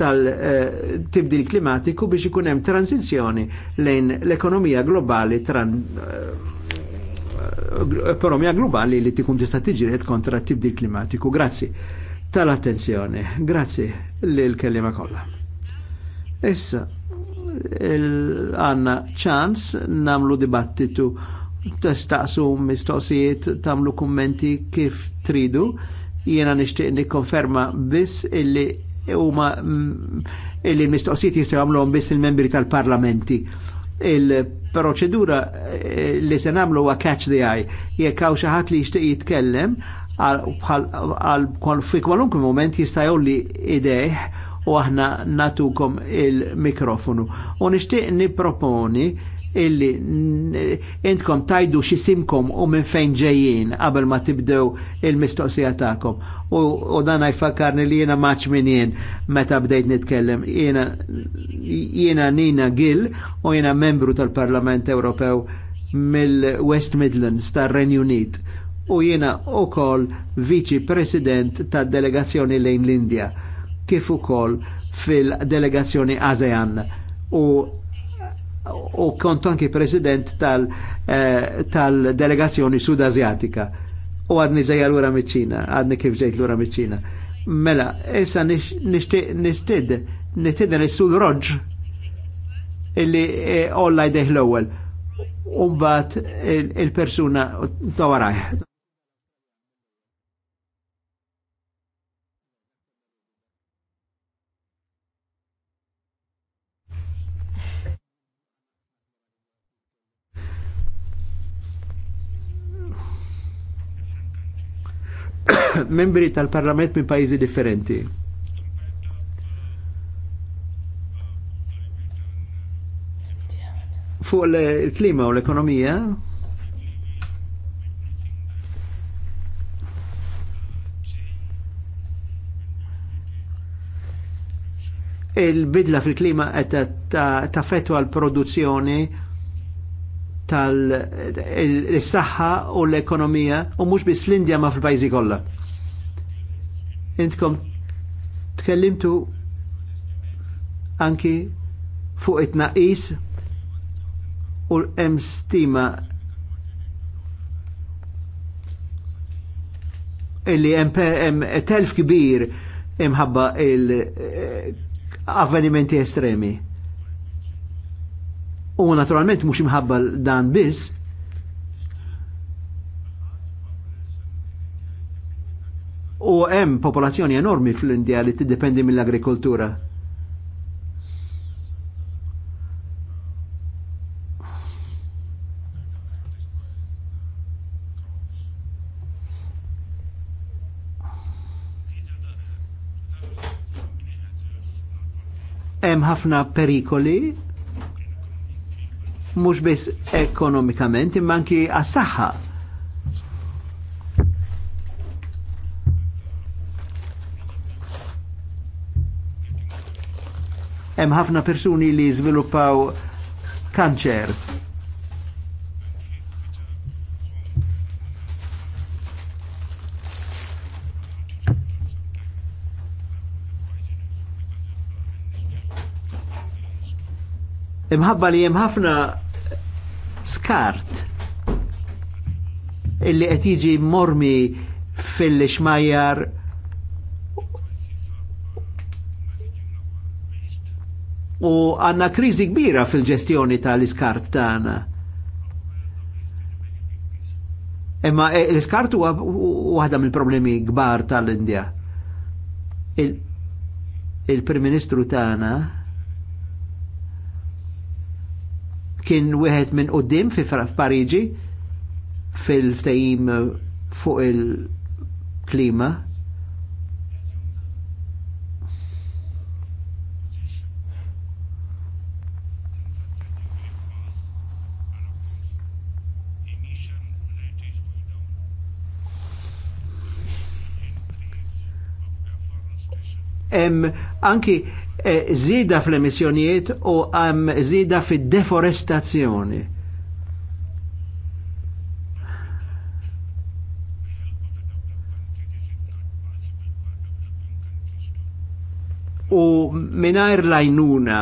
tal-tibdil eh, klimatiku biex ikun hemm tranzizjoni lejn l-ekonomija globali tran eh, ekonomija globali li tikun tista' tiġriet kontra t-tibdil klimatiku. Grazzi tal-attenzjoni. Grazzi li l-kellima kollha. Issa għanna ċans namlu dibattitu testaqsu mistoqsijiet tamlu kummenti kif tridu jiena nixtieq nikkonferma biss illi huma illi mistoqsijiet jistgħu jagħmluhom biss il-membri tal-parlamenti. Il-proċedura li se nagħmlu huwa catch the eye. Jekk hawn xi ħadd li jixtieq jitkellem għal fi kwalunkwe moment jista' jolli idejh u aħna natukom il-mikrofonu. U nixtieq niproponi illi intkom tajdu xisimkom u minn fejn ġejjin qabel ma tibdew il-mistoqsija tagħkom. U dan jfakkarni li jiena maċ minn jien meta bdejt nitkellem. Jiena Nina Gill u jiena membru tal-Parlament Ewropew mill-West Midlands tar-Renju Unit u jiena ukoll viċi president tad-delegazzjoni lejn l-Indja kif ukoll fil-delegazzjoni ASEAN u u kont anki president eh, tal-delegazzjoni tal sud-azjatika u għadni ġejja l-ura miċ-ċina, għadni kif ġejt l-ura miċ-ċina. Mela, issa nistid, nissu l roġ illi eh, olla jdeħ l-ewel, u bat il-persuna tawarajħ. membri tal-parlament minn pajjiżi differenti. Fuq il-klima u l-ekonomija, il-bidla fil-klima qed taffettwa l-produzzjoni tal-saħħa u l-ekonomija u mhux biss fl-Indja ma fil-pajjiżi kollha. Intkom tkellimtu anki fuq it-naqis u l-em stima illi hemm telf kbir imħabba il-avvenimenti eh, estremi U naturalment mhux imħabba dan biss, u hemm popolazzjoni enormi fl-Indja li tiddependi mill-agrikoltura. hemm ħafna perikoli mhux biss ekonomikament imma anki għas-saħħa. Hemm ħafna persuni li żviluppaw kanċer imħabba li hemm ħafna skart illi qed jiġi mormi fil-xmajjar u għanna kriżi kbira fil-ġestjoni tal-iskart tagħna. Imma eh, l-iskart huwa waħda mill-problemi kbar tal-Indja. Il-Prim-Ministru il, il prim ministru tagħna kien wieħed minn qudiem fi Pariġi fil ftajim uh, fuq il-klima. Em, anki Eh, zida fl-emissjonijiet u għam zida fil-deforestazzjoni. U minnajr lajnuna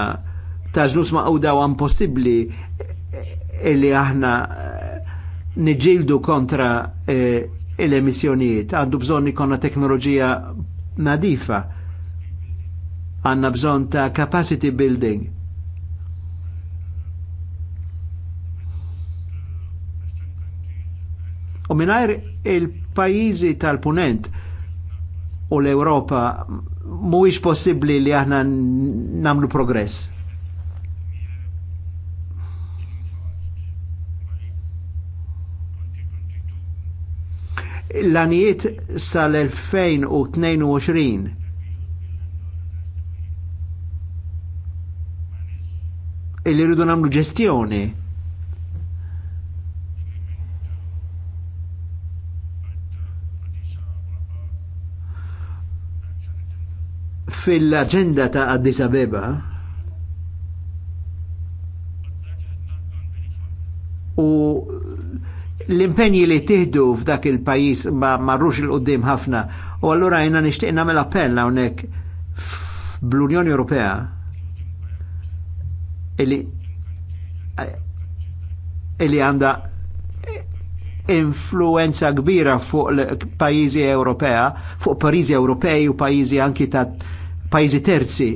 ta' żlus ma' u daw possibli eh, illi aħna eh, niġildu kontra eh, l-emissjonijiet, għandu bżonni konna teknoloġija nadifa Għanna bżon ta' capacity building. U minnajr il-pajizi tal-punent u l-Europa mhuwiex possibbli li aħna namlu progress. l-anijiet sal-2022 illi rridu nagħmlu ġestjoni. Fil-aġenda ta' Addis Abeba u l-impenji li tiħdu f'dak il-pajis ma marrux il-qoddim ħafna u allura jina nishtiq namel appell hawnhekk bl-Unjoni Ewropea illi illi għanda influenza kbira fuq l-pajizi Ewropea, fuq pajizi Ewropej u pajizi anki ta' pajizi terzi.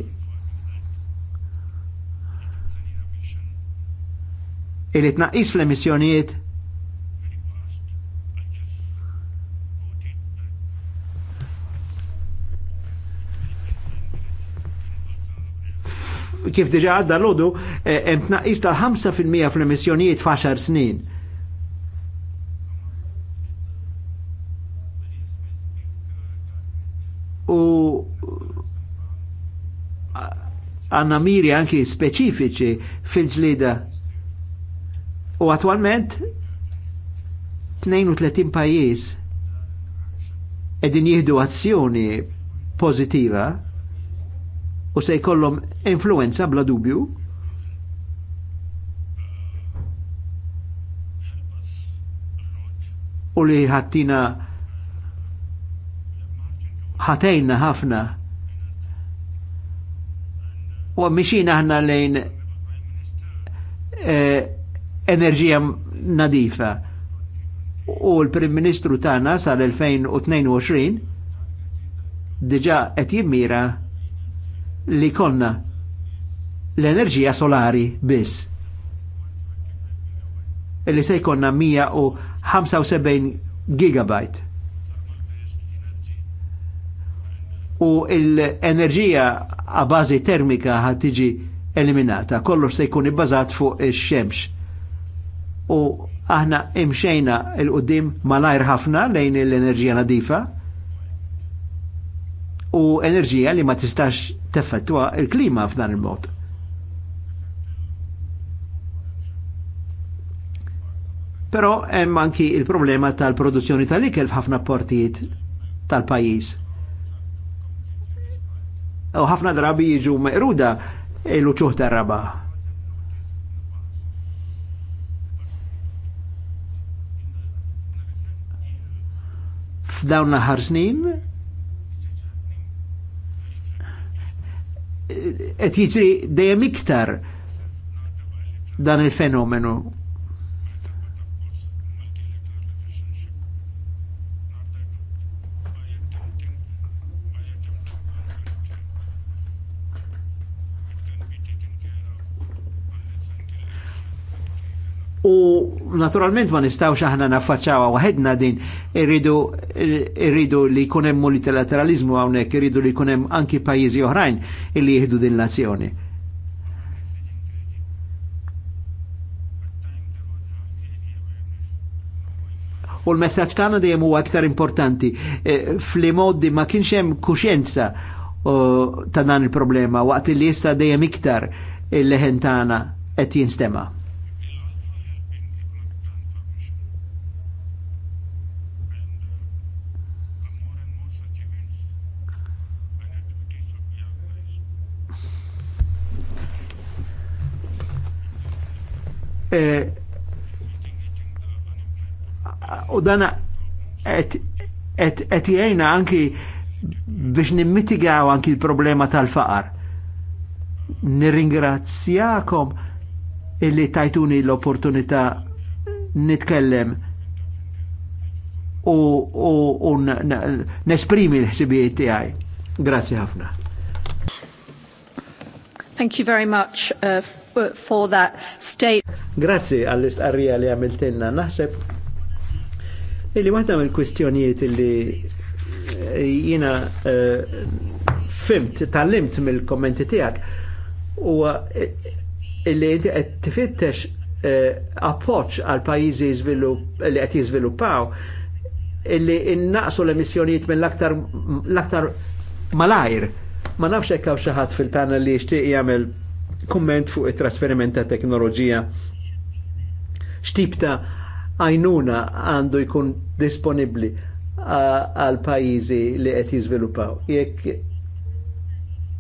Illi tnaqqis fl-emissjonijiet kif diġa għadda l-ħodu, e, hemm tnaqqis tal-5% fl-emissjonijiet f'għaxar snin. U għanna miri anki speċifiċi fil-ġlida. U attualment 32 pajis edin jihdu azzjoni pozitiva u se jkollhom influenza bla dubju. U li ħattina ħatejna ħafna u mixina aħna lejn eh, enerġija nadifa u l-Prim Ministru tagħna sal-2022 diġà qed jimmira li konna l-enerġija solari biss. Illi se jkonna 175 gigabyte. U l-enerġija a bażi termika ħad tiġi eliminata, kollox se jkun ibbażat fuq ix-xemx. U aħna imxejna il-qudiem malajr ħafna lejn l-enerġija nadifa, u enerġija li ma tistax teffettwa il-klima f'dan il-mod. Però hemm anki il-problema tal-produzzjoni tal-ikel f'ħafna portijiet tal-pajjiż. U ħafna drabi jiġu meqruda il-uċuħ tar-raba. F'dawn l naħar snin qed jiġri dejjem iktar dan il-fenomenu U naturalment ma nistawx aħna naffaċċawa waħedna din irridu irridu li jkun hemm multilateralizmu hawnhekk irridu li jkun hemm anki pajjiżi oħrajn illi jieħdu din l-azzjoni. U l-messaġġ tagħna dejjem huwa aktar importanti. E, fli modi ma kienx hemm kuxjenza ta' dan il-problema waqt li jista' dejjem iktar il-leħen tagħna qed jinstema'. E, u dana et jgħinna anki biex nimmitigaw anki il problema tal-faqar. Nirringrazzjakom illi tajtuni l-opportunità nitkellem u nesprimi l-ħsibijiet tiegħi. Grazzi ħafna. Thank you very much. Uh, for that state. Grazzi għall-istqarrija li għamiltinna. Naħseb Illi waħda il kwistjonijiet li eh, jina uh, fimt, tal-limt mill-kommenti tijak, u eh, illi inti qed tifittex uh, appoċ għal pajizi li qed jiżviluppaw illi innaqsu l-emissjonijiet minn l-aktar malajr. Ma nafx hekk xaħat xi ħadd fil-panel li jixtieq jagħmel komment fuq it-trasferiment ta' teknoloġija. X'tip ta' għajnuna għandu jkun disponibli għal pajizi li qed jiżviluppaw. Jekk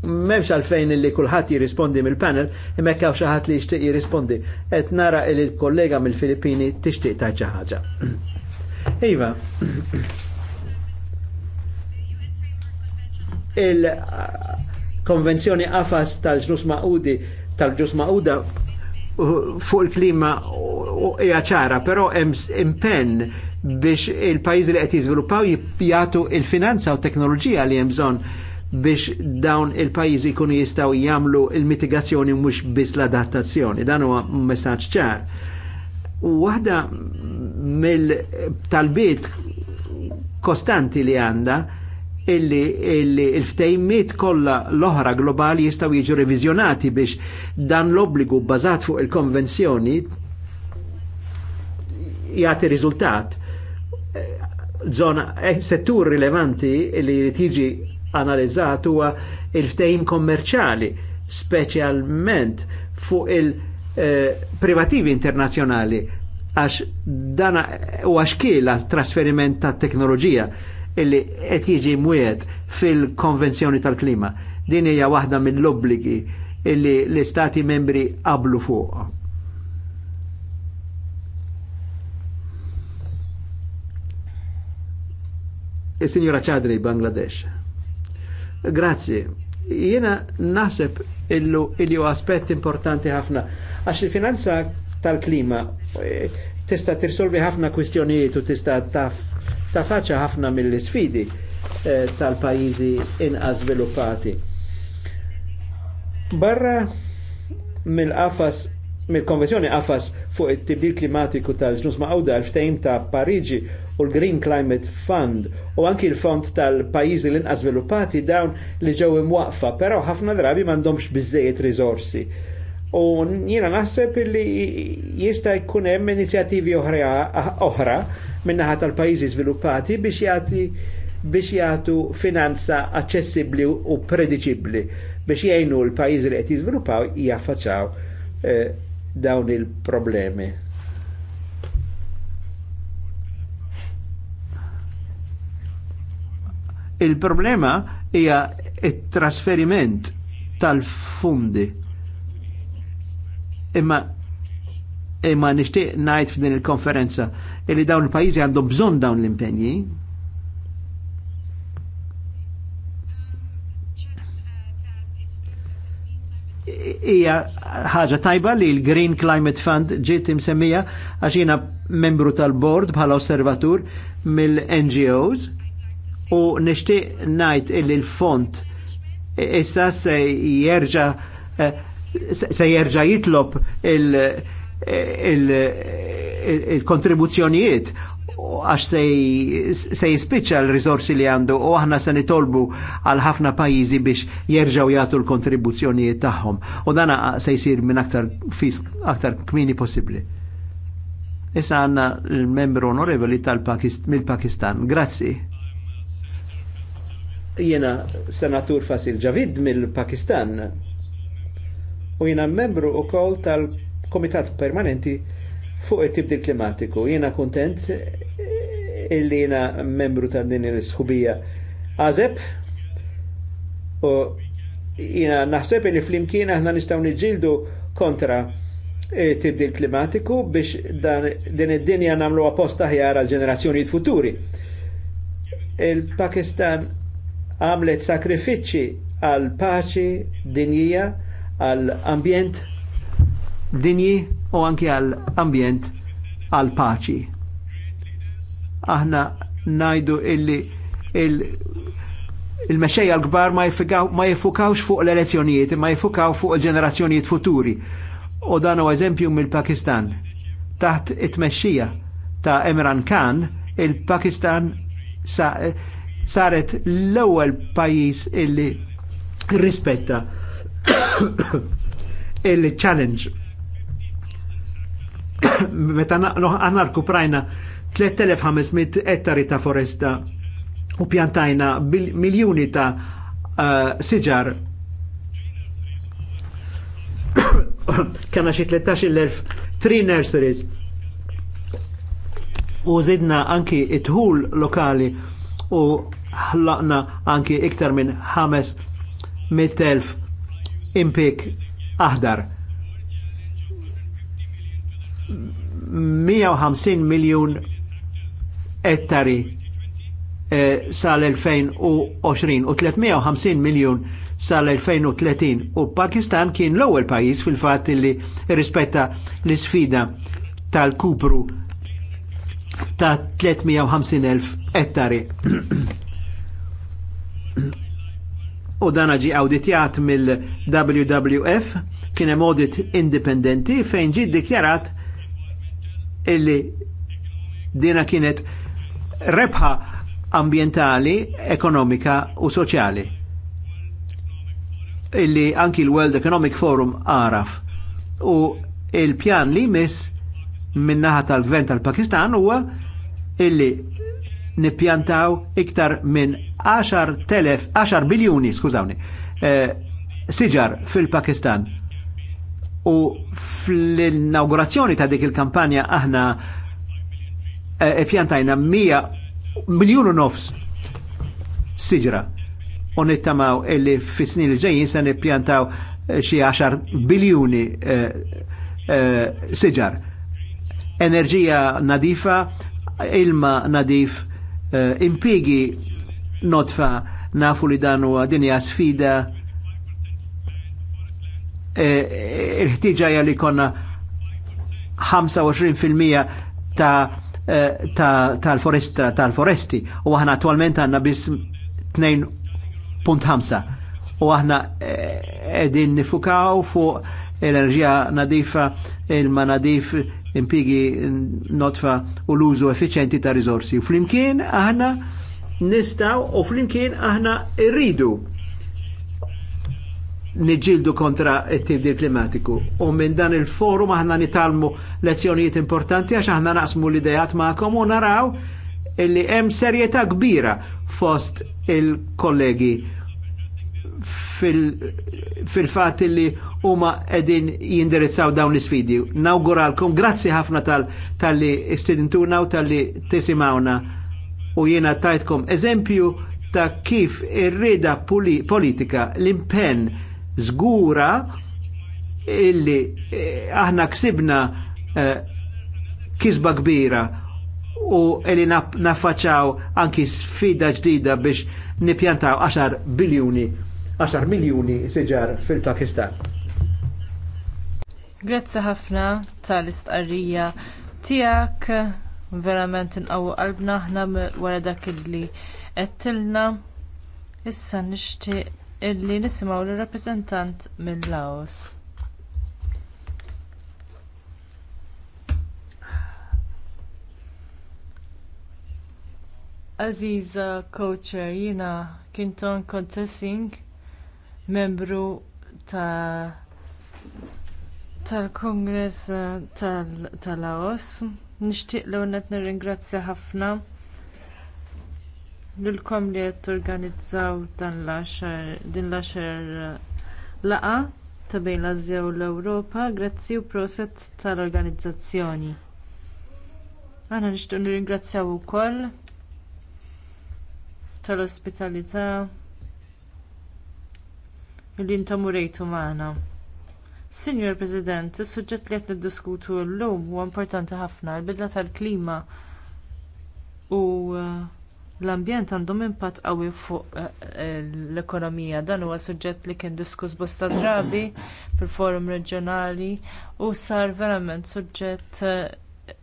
m'hemmx għalfejn li kulħadd jirrispondi mill-panel, imma hekk hawn xi ħadd li jixtieq jirrispondi. Qed nara il kollega mill-Filippini tixtieq ta' xi ħaġa. Iva. il konvenzjoni qafas tal-ġnus maqudi tal-ġnus maquda uh, fuq il-klima uh, hija ċara, però hemm impenn biex il-pajjiżi li qed jiżviluppaw jagħtu il-finanza u teknoloġija li hemm bżonn biex dawn il-pajjiżi jkunu jistgħu jagħmlu il-mitigazzjoni mhux biss l-adattazzjoni. Dan huwa messaġġ ċar. waħda mill-talbiet kostanti li għandha illi il-ftejmiet kolla l-oħra globali jistaw jiġu revizjonati biex dan l-obbligu bazat fuq il-konvenzjoni jgħati rizultat. zona eh, settur rilevanti li tiġi analizzat huwa il-ftejim kommerċali specialment fuq il-privativi eh, internazjonali għax dana u għax kiela trasferiment ta' teknoloġija illi qed jiġi mwiet fil-Konvenzjoni tal-Klima. Din hija waħda mill-obbligi illi l-Istati membri qablu fuq. Il-Sinjora e, Ċadri, Bangladesh. Grazie. Jena naħseb illu illi aspett importanti ħafna. Għax il-finanza tal-klima eh, tista' tirsolvi ħafna kwistjonijiet u tista' taf ta' faċa ħafna mill-sfidi eh, tal-pajizi inqas sviluppati. Barra mill-qafas mill-konvenzjoni qafas fuq it-tibdil klimatiku tal-ġnus maqawda l-ftejm ta' Pariġi u l-Green Climate Fund u anki l-fond tal-pajizi l-inqas sviluppati dawn li ġew imwaqfa, però ħafna drabi m'għandhomx biżżejjed riżorsi U jiena naħseb li jista' jkun hemm inizjattivi oħra minnaħat tal-pajjiżi żviluppati biex jagħti biex jagħtu finanza aċċessibbli u prediċibbli biex jgħinu l-pajjiżi li qed jiżviluppaw jaffaċċaw eh, dawn il-problemi. Il-problema hija it-trasferiment tal-fundi Imma imma nishtiq najt f'din il-konferenza illi dawn il pajizi għandu bżon dawn l-impenji. Ija ħaġa tajba li l-Green Climate Fund ġiet imsemmija għax jiena membru tal-bord bħala osservatur mill-NGOs u nixtieq ngħid illi l-fond issa se jerġa' eh, se jerġa' jitlob il-kontribuzzjonijiet għax se jispiċċa l-rizorsi li għandu u aħna se nitolbu għal ħafna pajjiżi biex jerġgħu jagħtu l-kontribuzzjonijiet tagħhom. U dan se jsir minn aktar fis aktar kmini possibbli. Issa għandna l-membru onorevoli mill-Pakistan. Grazzi. Jena senatur Fasil Javid mill-Pakistan u jina membru u kol tal-Komitat Permanenti fuq it-tibdil klimatiku. Jina kontent illi jina membru ta' din il-sħubija għazeb u jina naħseb illi flimkien aħna nistaw nġildu kontra tibdil klimatiku biex dan, din id-dinja namlu apposta ħjar għal ġenerazzjoni futuri. Il-Pakistan għamlet sakrifiċċi għal paċi dinjija għal ambjent dinji u anki għal ambjent għal paċi. Aħna najdu illi il-mexxejja il l-kbar ma jifukawx fuq l-elezzjonijiet, ma jifukaw fuq il-ġenerazzjonijiet futuri. U dan u eżempju mill-Pakistan. Taħt it-mexxija ta' Emran Khan, il-Pakistan sa saret l-ewwel pajjiż illi rispetta Il-challenge meta għanna rkuprajna 3500 ettari ta' foresta u pjantajna miljoni ta' eh, siġar kena xi 13.000 tree nurseries u zidna anki it-ħul lokali u ħlaqna anki iktar minn 500.000 impik aħdar. 150 miljon ettari eh, sal-2020 u 350 miljon sal-2030 u Pakistan kien l-ewwel pajjiż fil-fatt li rispetta l-isfida tal-kupru ta' 350.000 ettari u dan ġi awditjat mill-WWF kien hemm audit indipendenti fejn ġi dikjarat illi dina kienet rebħa ambientali, ekonomika u soċjali. Illi anki l-World Economic Forum għaraf. U il-pjan li mis minnaħa tal-gvern tal-Pakistan huwa illi nippjantaw iktar minn 10 biljuni, skużawni, eh, siġar fil-Pakistan. U fl-inaugurazzjoni ta' dik il-kampanja aħna eh, pjantajna 100 miljonu nofs siġra. U nittamaw illi fis-snin il ġejjin se nippjantaw eh, xi 10 biljuni siġar. Enerġija nadifa, ilma nadif, impigi notfa nafu li dan huwa dinja sfida e, il-ħtiġa li konna 25% e, ta' tal-foresta tal-foresti u aħna attualment għanna bis 2.5 u aħna e, edin nifukaw fuq l-enerġija nadifa, il ma nadif impigi notfa u l-użu effiċenti ta' risorsi. Flimkien aħna nistaw u flimkien aħna irridu niġildu kontra it-tibdil klimatiku. U minn dan il-forum aħna nitalmu lezzjonijiet importanti għax aħna naqsmu l-idejat ma'kom u naraw illi hemm serjetà kbira fost il-kollegi fil-fat fil li huma qegħdin jindirizzaw dawn l isfidi Nawguralkom, grazzi ħafna tal-li tal u tal-li tisimawna u jiena tajtkom eżempju ta' kif ir politika l-impenn żgura illi eh, aħna ksibna eh, kisba kbira u illi naffaċaw anki sfida ġdida biex nipjantaw 10 biljuni 10 miljuni siġar fil-Pakistan. Grazzi ħafna tal-istqarrija tiegħek verament inqawwu qalbna aħna wara dak illi qedtilna. Issa nixtieq illi nisimgħu lir-rappreżentant minn Laos. Aziza Kowċer, jiena Kinton Contessing, membru ta' tal-Kongress tal-Laos. Eh, tal kongress tal laos tal Nixtieq l għonet nirringrazzja ħafna lilkom li qed torganizzaw din l-għaxar uh, laqgħa ta' bejn l asja u l-Ewropa, grazzi u proset tal-organizzazzjoni. Aħna nixtieq nirringrazzjaw ukoll tal-ospitalità li intom rejtu magħna. Sinjor President, is-suġġett li qed niddiskutu llum huwa importanti ħafna l-bidla tal-klima u uh, l-ambjent għandhom impatt qawwi fuq uh, l-ekonomija. Dan huwa suġġett li kien diskuss bosta drabi fil-forum reġjonali u sar verament suġġett uh,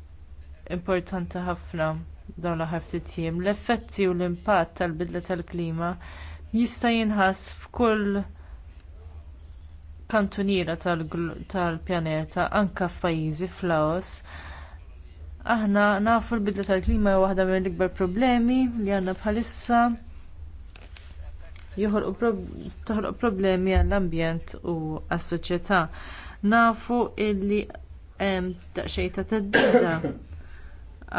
importanti ħafna dawn l-aħħar ftit jiem. L-effetti u l-impatt tal-bidla tal-klima jista' jinħass f'kull kantuniera tal-pjaneta anke f'pajjiżi fl Aħna nafu l-bidla tal-klima hija waħda mill ikbar problemi li għandna bħalissa toħloq problemi għall-ambjent u għas-soċjetà. Nafu illi hemm daqsxejn ta' teddida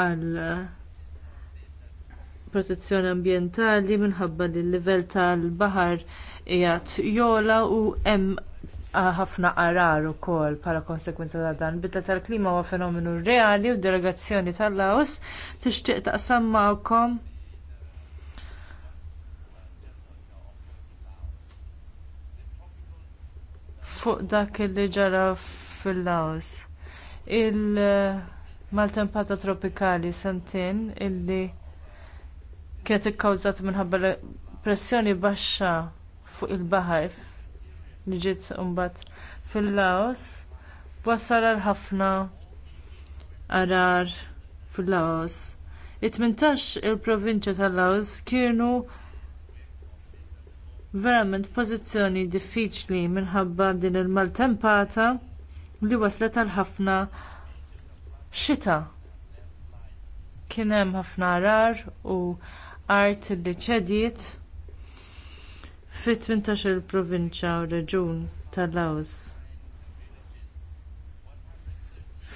għal protezzjoni ambjentali minħabba li l-livell tal-baħar qiegħed jola u hemm ħafna qarar ukoll bħala konsegwenza ta' dan. Bidla tal-klima huwa fenomenu reali u d delegazzjoni tal-Laos tixtieq taqsam magħkom fuq dak li ġara fil-Laos. Il-maltempata tropikali sentejn illi kienet ikkawżat minħabba pressjoni baxxa fuq il-baħar li ġiet imbagħad fil-Laos wassal għal ħafna arar fil-Laos. It-18 il-provinċja tal-Laos kienu verament pożizzjoni diffiċli minħabba din il-maltempata li waslet għal ħafna xita. Kien hemm ħafna arar u art li ċediet fi 18 il-provinċja u reġjun tal-Laos.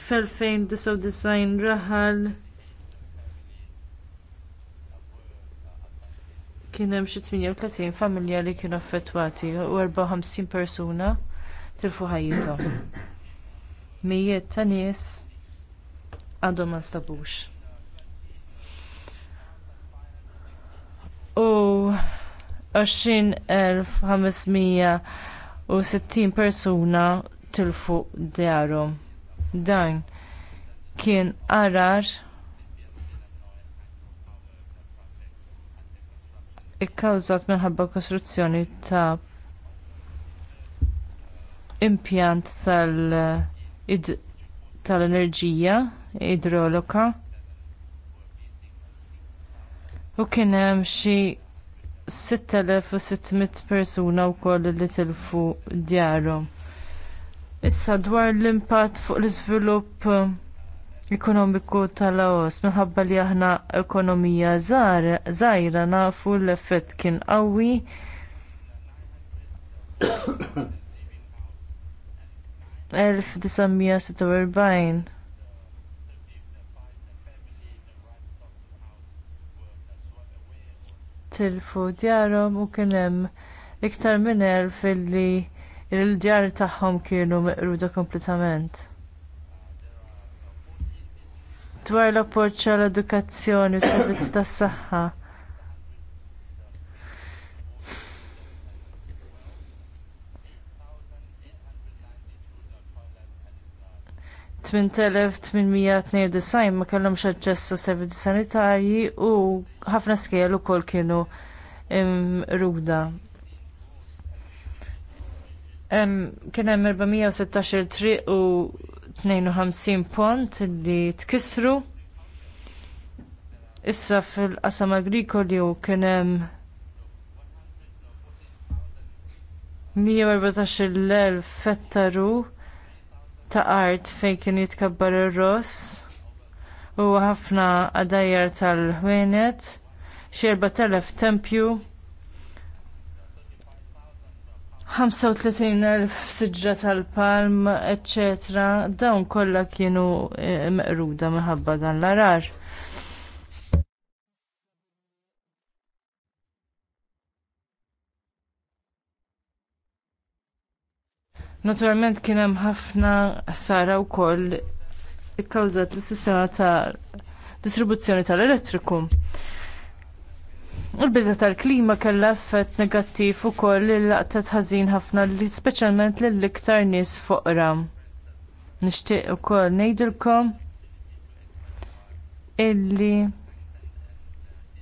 F'2099 raħal kien hemm xi 38 familja li kienu affettwati u 54 persuna tilfu ħajjithom. Mijiet ta' nies għadhom ma nstabux. 20,560 persuna tilfu djarhom. Dan kien arar ikkawżat minħabba kostruzzjoni ta' impjant tal-enerġija tal idroloka u kien hemm xi 6600 persuna wkoll li tilfu djaru. Issa dwar l-impatt fuq l-iżvilupp ekonomiku tal-Laos minħabba li aħna ekonomija zaħira nafu l-effett kien qawwi. Elf 1946 tilfu djarhom u kien hemm iktar minn elf illi il-djar tagħhom kienu meqruda kompletament. Dwar l-appoġġ għall edukazzjoni u s-servizz tas-saħħa 8892 ma kellhomx aċċess servizzi sanitarji u ħafna skejjel ukoll kienu ruda. Kien hemm 416 triq u 52 pont li tkissru. Issa fil-qasam agrikoli u kien hemm 114,000 fettaru ta' art fejn kien jitkabbar ir-ross u ħafna għadajjar tal-ħwienet, xi 4000 tempju, 35.000 siġra tal-palm, eccetera, Dawn kollha kienu eh, meqruda minħabba dan l-arar. Naturalment kien hemm ħafna ħsara wkoll ikkawżat l-sistema ta' distribuzzjoni tal-elettriku. Il-bidla tal-klima kellha effett negattiv ukoll li laqtet ħażin ħafna li speċjalment lill-iktar nies foqra. Nixtieq ukoll ngħidilkom illi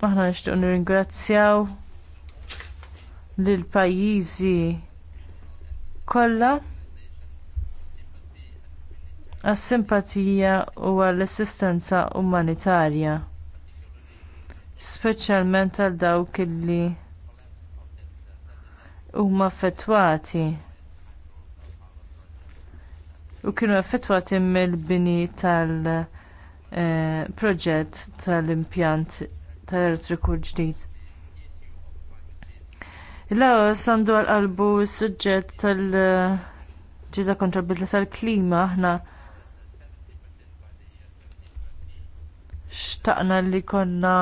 aħna nixtieq nirringrazzjaw lill pajjiżi kollha għas-simpatija u għall-assistenza umanitarja speċjalment għal dawk li huma affettwati u kienu affettwati mill-bini tal-proġett eh, tal-impjant tal-elettriku l-ġdid. Laos għandu għal-qalbu s-suġġett tal-ġida eh, kontra bidla tal-klima aħna xtaqna li konna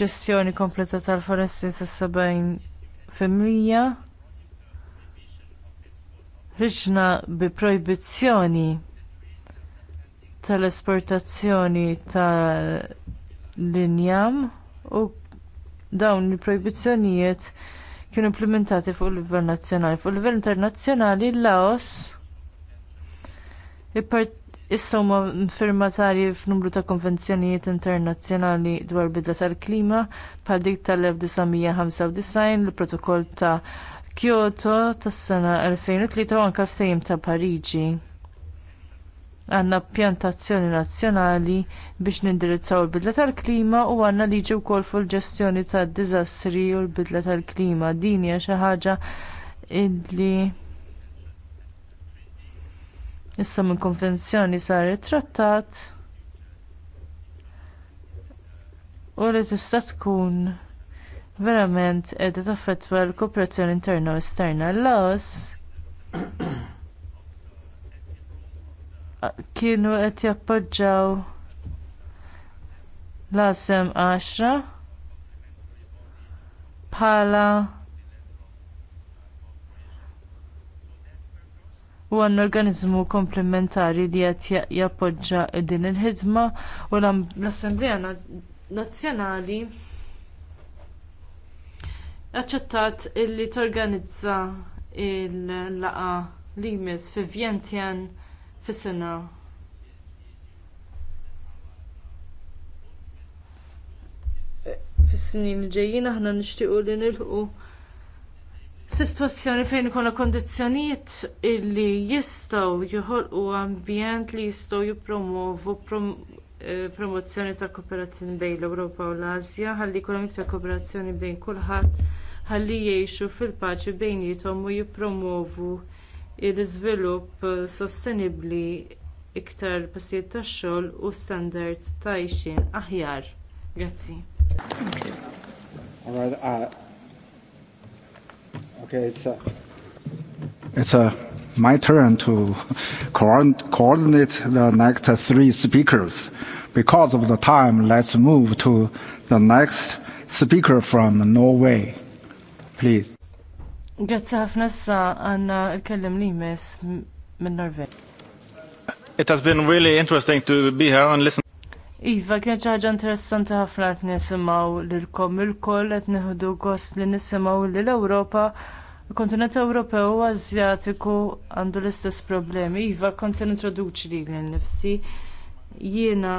ġestjoni kompleta tal-foresti sa' 70%. Riġna bi projbizzjoni tal-esportazzjoni tal-linjam u dawn il-projbizzjonijiet kienu implementati fuq il-livell nazzjonali. Fuq livell internazzjonali, Laos issa huma firmatari f'numru ta' konvenzjonijiet internazzjonali dwar bidla tal-klima bħal dik tal-1995 il-protokoll ta' Kyoto tas-sena 2003 u anke ftehim ta' Pariġi għanna pjantazzjoni nazzjonali biex nindirizzaw il-bidla tal-klima u għandna liġi wkoll fuq il-ġestjoni tad-diżastri u l-bidla tal-klima. Din hija xi ħaġa li Issa minn konvenzjoni sar it-trattat u li tista' tkun verament qiegħda taffettwa l-kooperazzjoni interna u esterna. Laos kienu qed jappoġġjaw l-asem 10 bħala u għan organizmu komplementari li qed jappoġġa din il-ħidma u l assembleja Nazzjonali aċċettat illi torganizza l laqgħa l jmiss fi Vientiane fis-sena fis-snin li ġejjin aħna nixtiequ li nilħu Sistwazzjoni fejn ikolla kondizzjonijiet illi jistgħu joħolqu ambjent li jistgħu jippromovu eh, promozzjoni ta' kooperazzjoni bejn l-Ewropa u l-Asja, ħalli jkollhom iktar kooperazzjoni bejn kulħadd, ħalli jgħixu fil-paċi bejnietom u jippromovu l-iżvilupp sostenibbli iktar postijiet tax-xogħol u standards ta' għajxin aħjar. Grazzi. Okay, it's a, uh, it's a uh, my turn to coordinate the next three speakers. Because of the time, let's move to the next speaker from Norway. Please. Grazie ħafna issa għanna il-kellem li minn Norvej. It has been really interesting to be here and listen Iva, kien ħaġa interessanti ħafna qed nisimgħu lilkom ilkoll qed neħdu gost li nisimgħu l Ewropa. Il-kontinent Ewropew u Azjatiku għandu l-istess problemi. Iva, kont se nintroduċi lili nnifsi. Jiena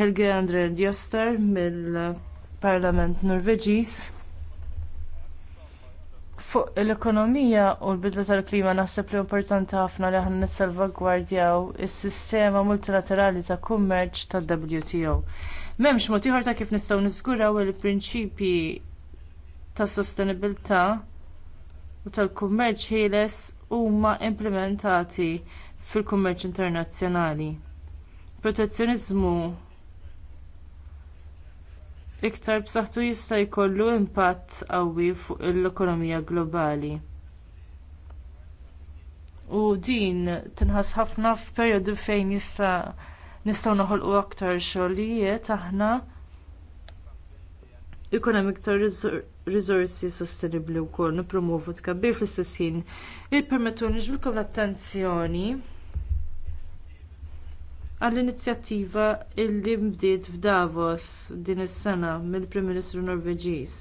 Helge Andre Ljoster mill-Parlament Norveġiż Fuq l-ekonomija u l-bidla tal-klima naħseb li importanti ħafna li ħan nissalvagwardjaw is-sistema multilaterali ta' kummerċ tal-WTO. M'hemmx mod ieħor ta' kif nistgħu niżguraw il-prinċipji ta' sostenibilità u tal-kummerċ ħieles huma implementati fil-kummerċ internazzjonali. Protezzjoniżmu iktar b'saħħtu jista' jkollu impatt qawwi fuq l-ekonomija globali. U din tinħass ħafna f'perjodu fejn jista' nistgħu noħolqu aktar xogħlijiet aħna ikun hemm iktar riżorsi sostenibbli wkoll nippromovu tkabbir fl-istess ħin. Ippermettuni ġbilkom l-attenzjoni għall-inizjattiva illi bdiet f'Davos din is-sena mill-Prim Ministru Norveġiż.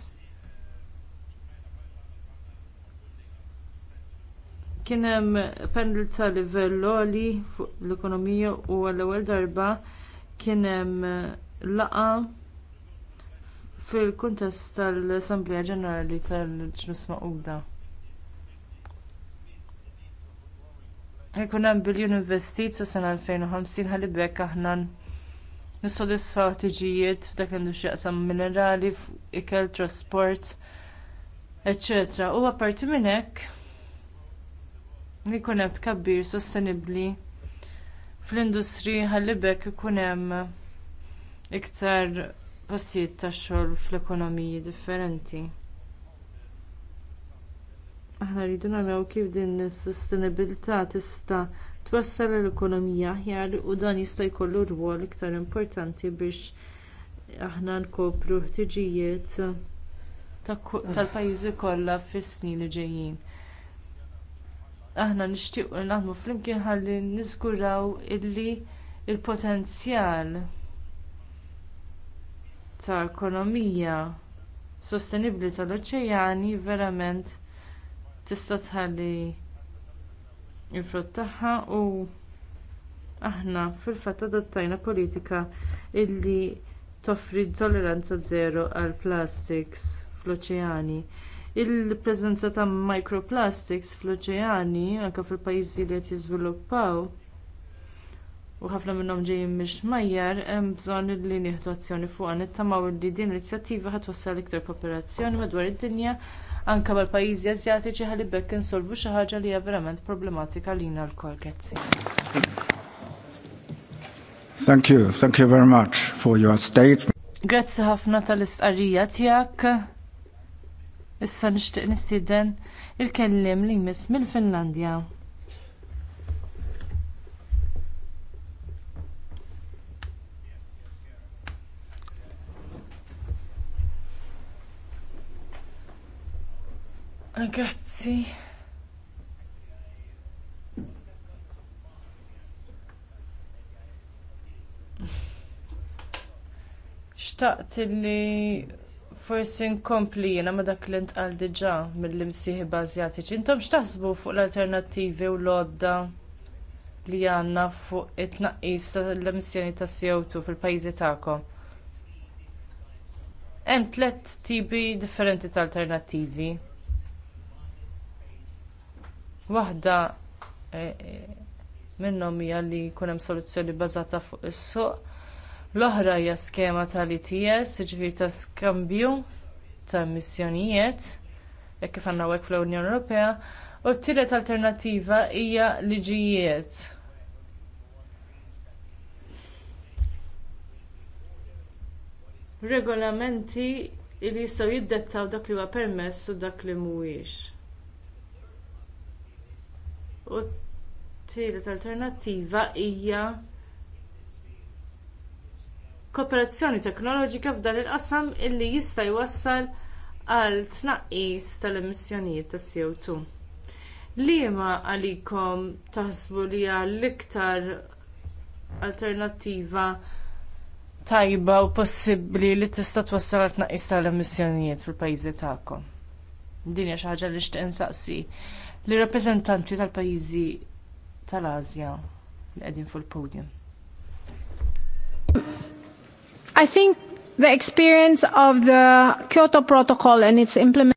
Kien hemm panel ta' livell għoli fuq l-ekonomija u għall-ewwel darba kien hemm laqgħa fil-kuntest tal-Assembleja Ġenerali tal-Ġnus Maquda. Ikun hemm biljun investit sa sena 2050 ħalli bekk aħna nissodisfaw ħtiġijiet f'dak li għandu qasam minerali, ikel, trasport, eċċetera. U apparti minn hekk li jkun hemm tkabbir sostenibbli fl-industri ħalli bekk ikun hemm iktar postijiet tax xogħol fl-ekonomiji differenti aħna rridu naraw kif din is-sostenibilità tista' twassal l-ekonomija aħjar u dan jista' jkollu rwol iktar importanti biex aħna nkopru ħtiġijiet tal-pajjiżi kollha fis-snin li ġejjin. Aħna nixtiequ li naħdmu flimkien ħalli niżguraw illi l potenzjal ta' ekonomija sostenibbli tal-oċeani verament tista' tħalli il-frott tagħha u aħna fil-fatt adottajna politika illi toffri tolleranza żero għall plastics fl-oċeani. Il-preżenza ta' microplastics fl-oċeani anke fil-pajjiżi li qed jiżviluppaw u ħafna minnhom ġejjin mhix majjar hemm bżonn li nieħdu azzjoni fuqha nittamaw li din l-inizjattiva ħadd wassal iktar kooperazzjoni madwar id-dinja anke mal-pajjiżi Asjatiċi ħalibek insolvu xi ħaġa li hija verament problematika lina lkoll. Grazzi. Thank you, thank you very much for your statement. Grazzi ħafna tal-istqarrija tiegħek. Issa nixtieq nistieden il-kellim li jmiss mill-Finlandja. Ah, grazzi. Xtaqt li forsi nkompli jiena ma dak li ntqal diġa mill imsieħi Azjatiċi. Intom x'taħsbu fuq l-alternattivi u l-odda li għandna fuq it-tnaqqis tal-emissjoni ta' CO2 fil-pajjiżi tagħkom? Hemm tliet tipi differenti ta' alternattivi. Waħda eh, eh, minnhom hija li jkun hemm soluzzjoni bbażata fuq is-suq. L-oħra hija skema tal-ITS, jiġifieri ta' skambju ta' emissjonijiet, jekk kif għandna hekk fl-Unjoni Ewropea, u t-tielet alternattiva hija liġijiet. Regolamenti li jistgħu jiddettaw dak li huwa permess u dak li mhuwiex. U t-tielet alternattiva hija kooperazzjoni teknoloġika f'dan il-qasam illi jista' jwassal għal tnaqqis tal-emissjonijiet ta' CO2. Liema għalikom taħsbu li l-iktar alternattiva tajba u possibbli li tista' twassal għal tnaqqis tal-emissjonijiet fil-pajjiżi tagħkom. Din hija xi ħaġa li xtieq insaqsi li rappreżentanti tal-pajjiżi tal-Asja li qegħdin fuq il-podium. I think the experience of the Kyoto Protocol and its implementation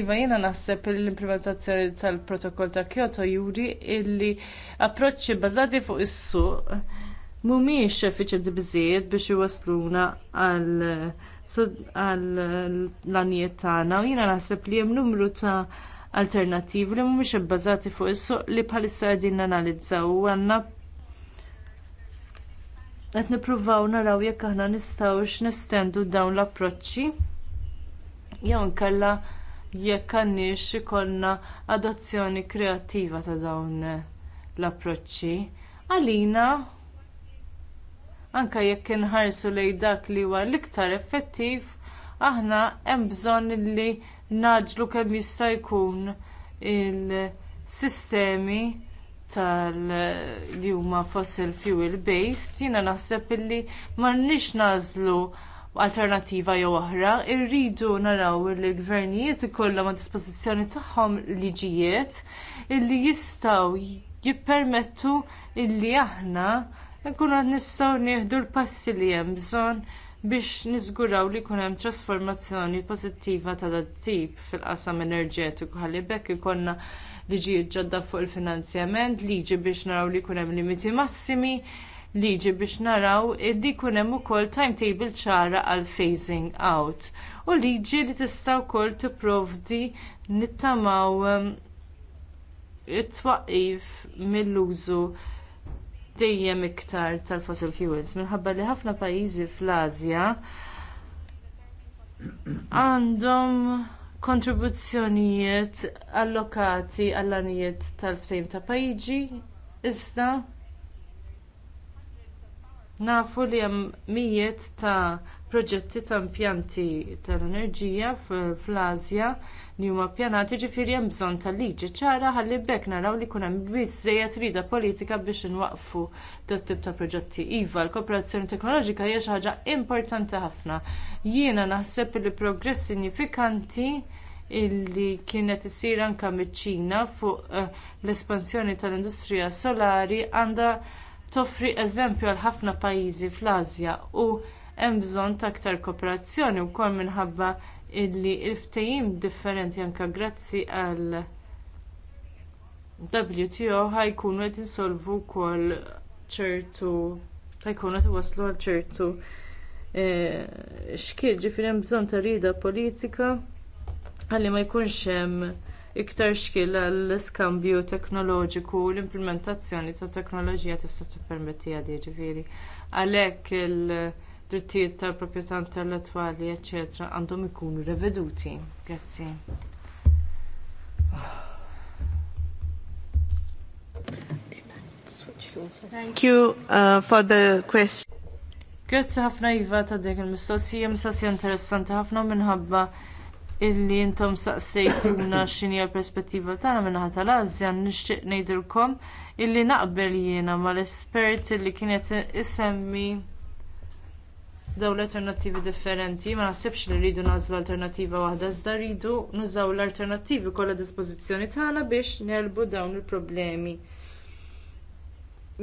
Iva jiena naħseb l-implementazzjoni tal-protokoll ta' Kyoto juri illi approċċi bażati fuq is-suq mhumiex effiċjenti biżżejjed biex iwasluna għal għal l tagħna u jiena naħseb li hemm numru ta' alternattivi li mhumiex ibbażati fuq is-suq li bħalissa qegħdin nanalizzaw u għandna qed nippruvaw naraw jekk aħna nistgħux nestendu dawn l-approċċi jew inkella jekk għandniex ikollna adozzjoni kreattiva ta' dawn l-approċċi. Għalina anke jekk inħarsu lejn dak li huwa l-iktar effettiv aħna hemm bżonn li naġlu kemm jista' jkun il-sistemi tal li huma fossil fuel based jiena naħseb illi ma m'għandniex nażlu alternattiva jew oħra, irridu naraw li l-gvernijiet ikollhom għad dispożizzjoni tagħhom liġijiet illi jistgħu jippermettu illi aħna nkunu nistgħu nieħdu l-passi li hemm bżonn biex niżguraw li jkun hemm trasformazzjoni pożittiva tal-tip fil-qasam enerġetiku ħalli bekk ikollna liġijiet ġodda fuq il-finanzjament, liġi biex naraw li jkun hemm limiti massimi, liġi biex naraw li jkun hemm ukoll timetable ċara għal phasing out u liġi li tista' wkoll tipprovdi nittamaw ehm, it-twaqqif mill-użu dejjem iktar tal-fossil fuels minħabba li ħafna pajjiżi fl-Asja għandhom kontribuzzjonijiet allokati għall anijiet tal-ftehim ta' pajjiġi iżda nafu li hemm mijiet ta' proġetti ta' impjanti tal-enerġija fl-Asja li huma ppjanati ġifieri hemm bżonn ta' liġi ċara ħalli bekk naraw li jkun hemm biżżejjed rieda politika biex inwaqfu dat tip ta' proġetti. Iva, l-kooperazzjoni teknoloġika hija xi ħaġa importanti ħafna. Jiena naħseb li progress sinifikanti illi kienet isir anke miċ-Ċina fuq eh, l-espansjoni tal-industrija solari għandha toffri eżempju għal ħafna pajjiżi fl-Asja u hemm bżonn ta' aktar kooperazzjoni wkoll minħabba illi l-ftehim differenti anke grazzi għal WTO ħajkunu qed insolvu wkoll ċertu ħajkunu qed iwasslu għal ċertu e, xkil ġifieri hemm bżonn ta' rieda politika ħalli ma jkunx hemm iktar xkil għall-iskambju teknoloġiku u l-implementazzjoni ta' teknoloġija tista' tippermettiha di ġifieri. Għalhekk il- drittijiet tal-proprjetà intellettwali, eċetera, għandhom ikunu reveduti. Grazzi. Thank you uh, for the question. Grazzi ħafna Iva ta' dik il-mistoqsija, mistoqsija interessanti ħafna minħabba illi intom saqsejtuna x'inhi l-perspettiva tagħna minħa tal-Asja, nixtieq ngħidilkom illi naqbel jiena mal-espert illi kienet isemmi dawn l-alternattivi differenti ma naħsibx li rridu nażlu alternattiva waħda iżda rridu nużaw l-alternattivi kollha dispożizzjoni tagħna biex nelbu dawn il-problemi.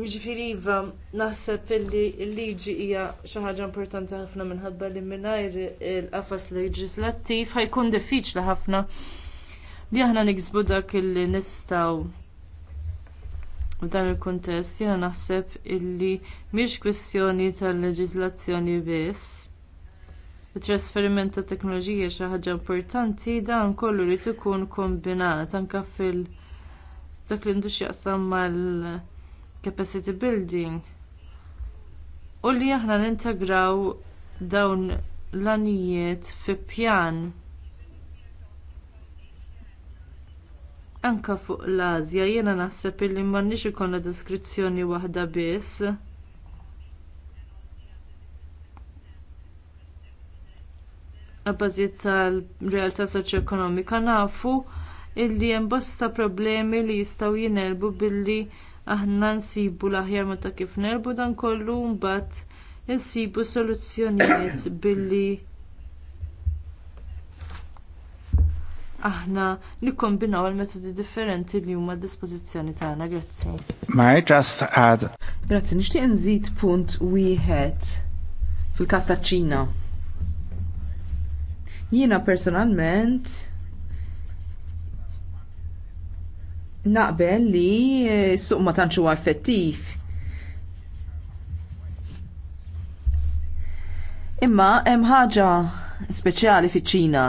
Jiġifieri iva naħseb li l-liġi hija xi ħaġa importanti ħafna minħabba li mingħajr il-qafas leġislattiv ħajkun diffiċli ħafna li aħna niksbu dak li nistgħu dan il-kuntest jiena naħseb illi mhix kwistjoni tal-leġiżlazzjoni biss. it-trasferiment ta' teknoloġija xi ħaġa importanti dan kollu li ikun kombinat anke fil dak li ndux jaqsam mal-capacity building. U li aħna nintegraw dawn l-anijiet fi pjan Anke fuq l-Asja jiena naħseb illi m'għandniex ikollna deskrizzjoni waħda biss. Abbażiet tal-realtà soċjoekonomika nafu illi hemm bosta problemi li jistgħu jingħelbu billi aħna nsibu l-aħjar meta kif nelbu dan kollu mbagħad insibu soluzzjonijiet billi aħna nikkombinaw il-metodi differenti li huma d-dispożizzjoni tagħna. Grazzi. May just add. Grazzi, nixtieq nżid punt wieħed fil-każ taċ Ċina. Jiena personalment naqbel li s-suq ma tantx huwa effettiv. Imma hemm ħaġa speċjali fiċ-Ċina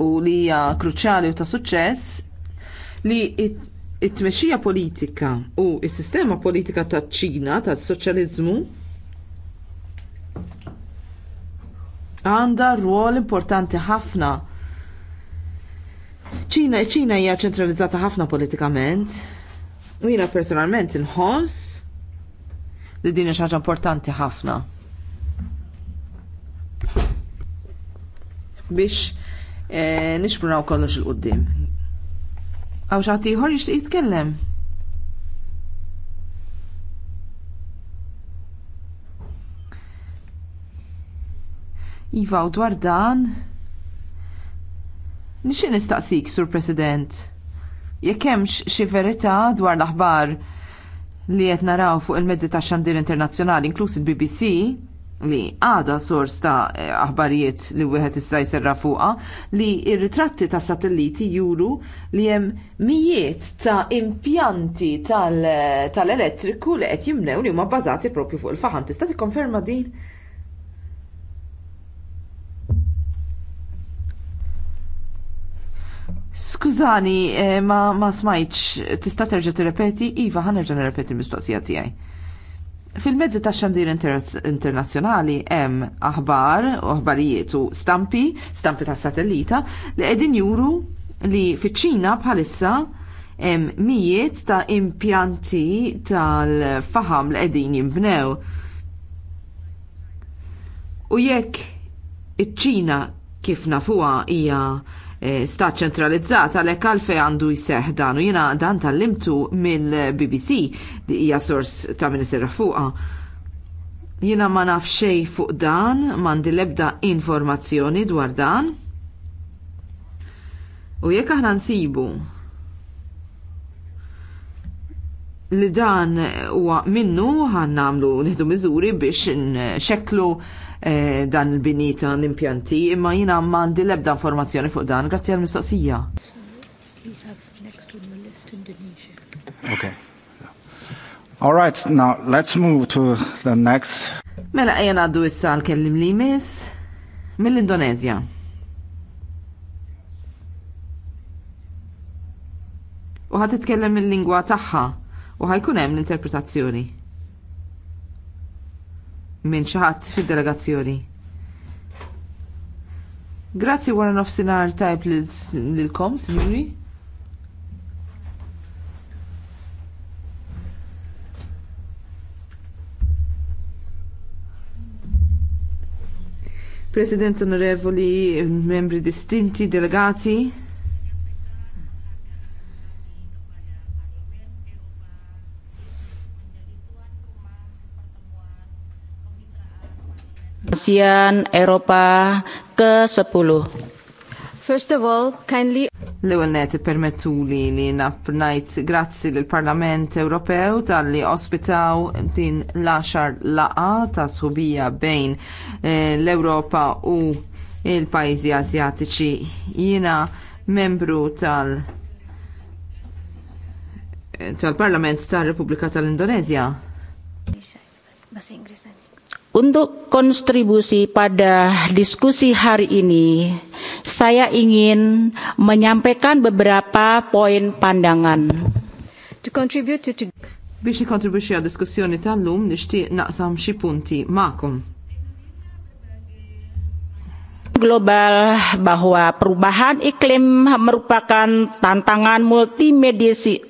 u li hija kruċjali u ta' suċċess li it-tmexxija politika u s-sistema politika taċ ċina tas-soċjaliżmu għandha rwol importanti ħafna. ċina ċina hija ċentralizzata ħafna politikament. U jiena personalment inħoss li din xi ħaġa importanti ħafna. Biex Eh, nixprunaw kollox il-qoddim. Għaw xaħti ħor jishtiq jitkellem. Iva, u dwar dan, nixin nistaqsik, Sur President, jekk hemmx xi verità dwar l-aħbar li qed naraw fuq il-mezzi tax xandir internazzjonali, inkluż il-BBC, li għada sors ta' aħbarijiet li wieħed issa jserra fuqha li r-ritratti ta' satelliti juru li hemm mijiet ta' impjanti tal-elettriku li qed jimlew li huma bbażati propju fuq il-faħam. Tista' tikkonferma din? Skużani, eh, ma, ma smajċ, tista' terġa' tirrepeti? Iva, ħanerġa' nirrepeti l-mistoqsija tiegħi. Fil-mezzi ta' xandir internazzjonali hemm aħbar, u aħbarijiet u stampi, stampi ta' satellita, li qegħdin juru li fiċ-Ċina bħalissa hemm mijiet ta' impjanti tal-faham li qegħdin jinbnew. U jekk iċ-Ċina kif nafuha hija Eh, stat ċentralizzat għalhekk għalfej għandu jseħħ dan u jiena dan tallimtu mill-BBC li hija sors ta' Minister fuqha. Jiena ma naf fuq dan, m'għandi l-ebda informazzjoni dwar dan. U jekk aħna nsibu li dan huwa minnu ħan namlu nieħdu miżuri biex nxekklu Eh, dan il-bini ta' l-impjanti, imma jina mandi lebda informazzjoni fuq dan, grazzi għal-mistoqsija. Okay. All right, now let's move to the next. Mela għajan għaddu issa l-kellim li miss mill-Indonezja. U ħad tkellem il-lingwa tagħha u ħajkun hemm l-interpretazzjoni minn xi ħadd fid-delegazzjoni. Grazzi wara nofsinhar tajb lilkom, sinjuri. President onorevoli, membri distinti, delegati, ASEAN Europa ke-10. First of all, kindly L-ewwel net permettuli li napnajt grazzi lill parlament Ewropew talli ospitaw din l laqa ta' subija bejn eh, l-Ewropa u il-pajjiżi Asjatiċi. Jiena membru tal- eh, tal-Parlament tal-Repubblika tal-Indonezja. Basi Untuk kontribusi pada diskusi hari ini, saya ingin menyampaikan beberapa poin pandangan. To contribute to, to... Biex kontribusi għad diskussjoni tal-lum nixtieq naqsam xi punti ma'kom. Global bahwa perubahan iklim merupakan tantangan multimediasi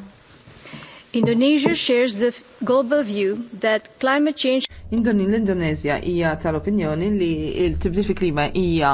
Indonesia shares the global view that climate change L-Indonezja hija tal-opinjoni li l-tibdil fi klima hija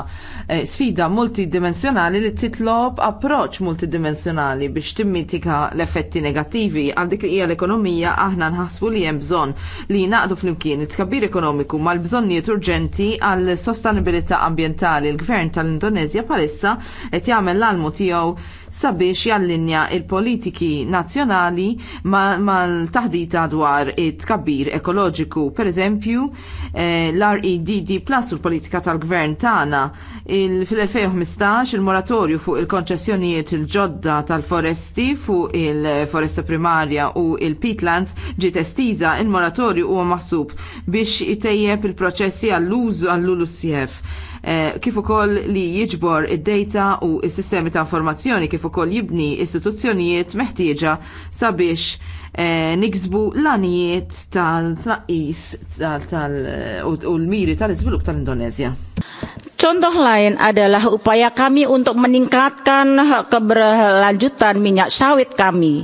eh, sfida multidimensjonali li titlob approċ multidimensjonali biex timmitika l-effetti negattivi għal dik li hija l-ekonomija aħna nħassbu li hemm bżonn li naqdu flimkien it-tkabbir ekonomiku mal-bżonnijiet urġenti għal sostenibilità ambjentali. L-Gvern tal-Indonezja palissa qed jagħmel l-almu tiegħu sabiex jallinja il-politiki nazzjonali mal-taħdita ma dwar it-tkabbir ekoloġiku. Per eżempju, eh, l-REDD plus u l-politika tal-gvern tagħna fil-2015 il-moratorju fuq il-konċessjonijiet il-ġodda tal-foresti fuq il-foresta primarja u il-peatlands ġiet estiża il-moratorju huwa maħsub biex itejjeb il-proċessi għall-użu għall-LULUCF Eh, kif ukoll li jiġbor id-data u s-sistemi ta' informazzjoni kif ukoll jibni istituzzjonijiet meħtieġa sabiex eh, niksbu l-anijiet tal-tnaqqis u l-miri tal-iżvilupp tal-Indonezja. Contoh lain adalah upaya kami untuk meningkatkan keberlanjutan minyak sawit kami.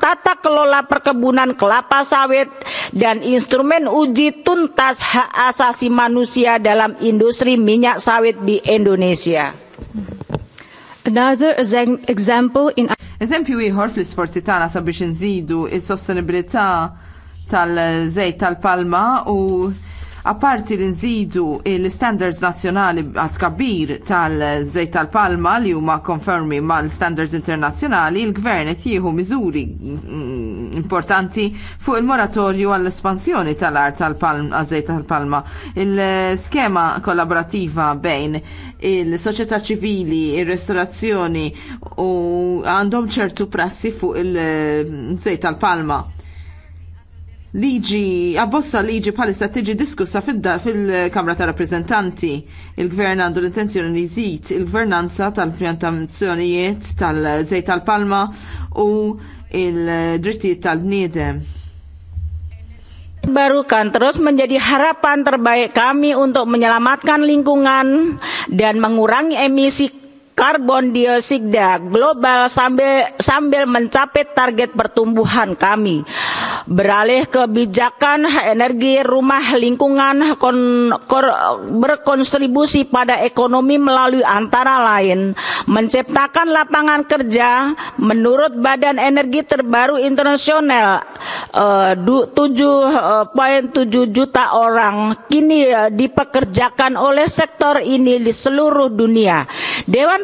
tata kelola perkebunan kelapa sawit dan instrumen uji tuntas hak asasi manusia dalam industri minyak sawit di Indonesia. Another example in Eżempju ieħor fl-isforzi tagħna sabiex inżidu is-sostenibilità tal-żejt tal-palma u Apparti li nżidu l-standards nazzjonali għad kabir tal-żejt tal-palma li huma konfermi mal-standards internazzjonali, il-gvern qed jieħu miżuri mm, importanti fuq il-moratorju għall-espansjoni tal-art tal-palma għażejt tal-palma. Il-skema kollaborattiva bejn il-soċjetà ċivili, ir-restorazzjoni u għandhom ċertu prassi fuq il-żejt tal-palma liġi, għabbossa liġi bħalissa tiġi diskussa fil-Kamra ta' Rappresentanti. Il-Gvern għandu l-intenzjoni li jżid il-gvernanza tal-pjantazzjonijiet tal zej tal-palma u il-drittijiet tal-bniedem. Barukan terus menjadi harapan terbaik kami untuk menyelamatkan lingkungan dan mengurangi emisi karbon dioksida global sambil, sambil mencapai target pertumbuhan kami. Beralih kebijakan energi rumah lingkungan kon, kor, berkontribusi pada ekonomi melalui antara lain menciptakan lapangan kerja menurut Badan Energi Terbaru Internasional uh, 7.7 uh, juta orang kini uh, dipekerjakan oleh sektor ini di seluruh dunia. Dewan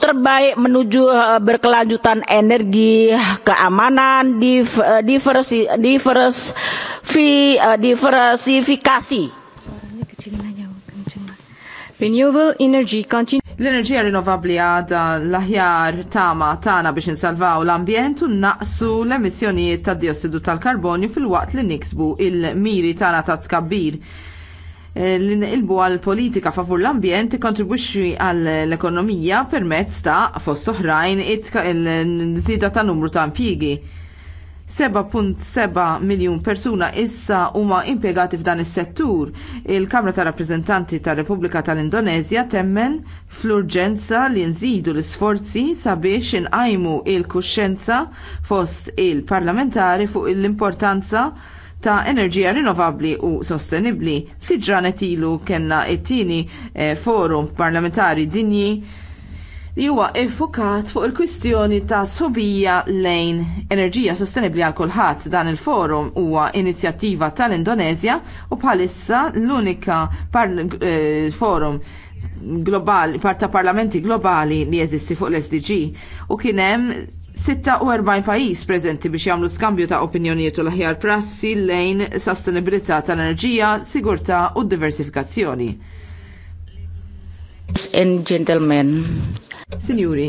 terbaik menuju eh, berkelanjutan energi keamanan eh, diversi divers fi, eh, diversifikasi Renewable energy continue L-enerġija rinnovabli għadha l-aħjar tama tana biex insalvaw l-ambjent u naqsu l-emissjonijiet ta' diossidu tal-karbonju fil-waqt li niksbu il-miri tana ta' tkabbir. Eh, li nilbu għal politika favur l-ambjent kontribwixxi għal l-ekonomija permezz ta' fost oħrajn il-żieda ta' numru ta' impjiegi. 7.7 miljun persuna issa huma impjegati f'dan is-settur. Il-Kamra ta' Rappreżentanti tar Repubblika tal-Indonezja temmen fl-urġenza li nżidu l-isforzi sabiex inqajmu il-kuxxenza fost il-parlamentari fuq l-importanza il fuq l importanza ta' enerġija rinnovabbli u sostenibbli. Ftit ġranet ilu kellna it-tieni eh, forum parlamentari dinji li huwa effokat fuq il-kwistjoni ta' sobija lejn enerġija sostenibbli għal kulħadd dan il-forum huwa inizjattiva tal-Indonezja u bħalissa l-unika eh, forum globali, parta parlamenti globali li jeżisti fuq l-SDG u kien hemm 46 pajis preżenti biex jagħmlu skambju ta' opinjonijiet u l-aħjar prassi lejn sostenibilità tal-enerġija, sigurtà u diversifikazzjoni. And gentlemen. Signori,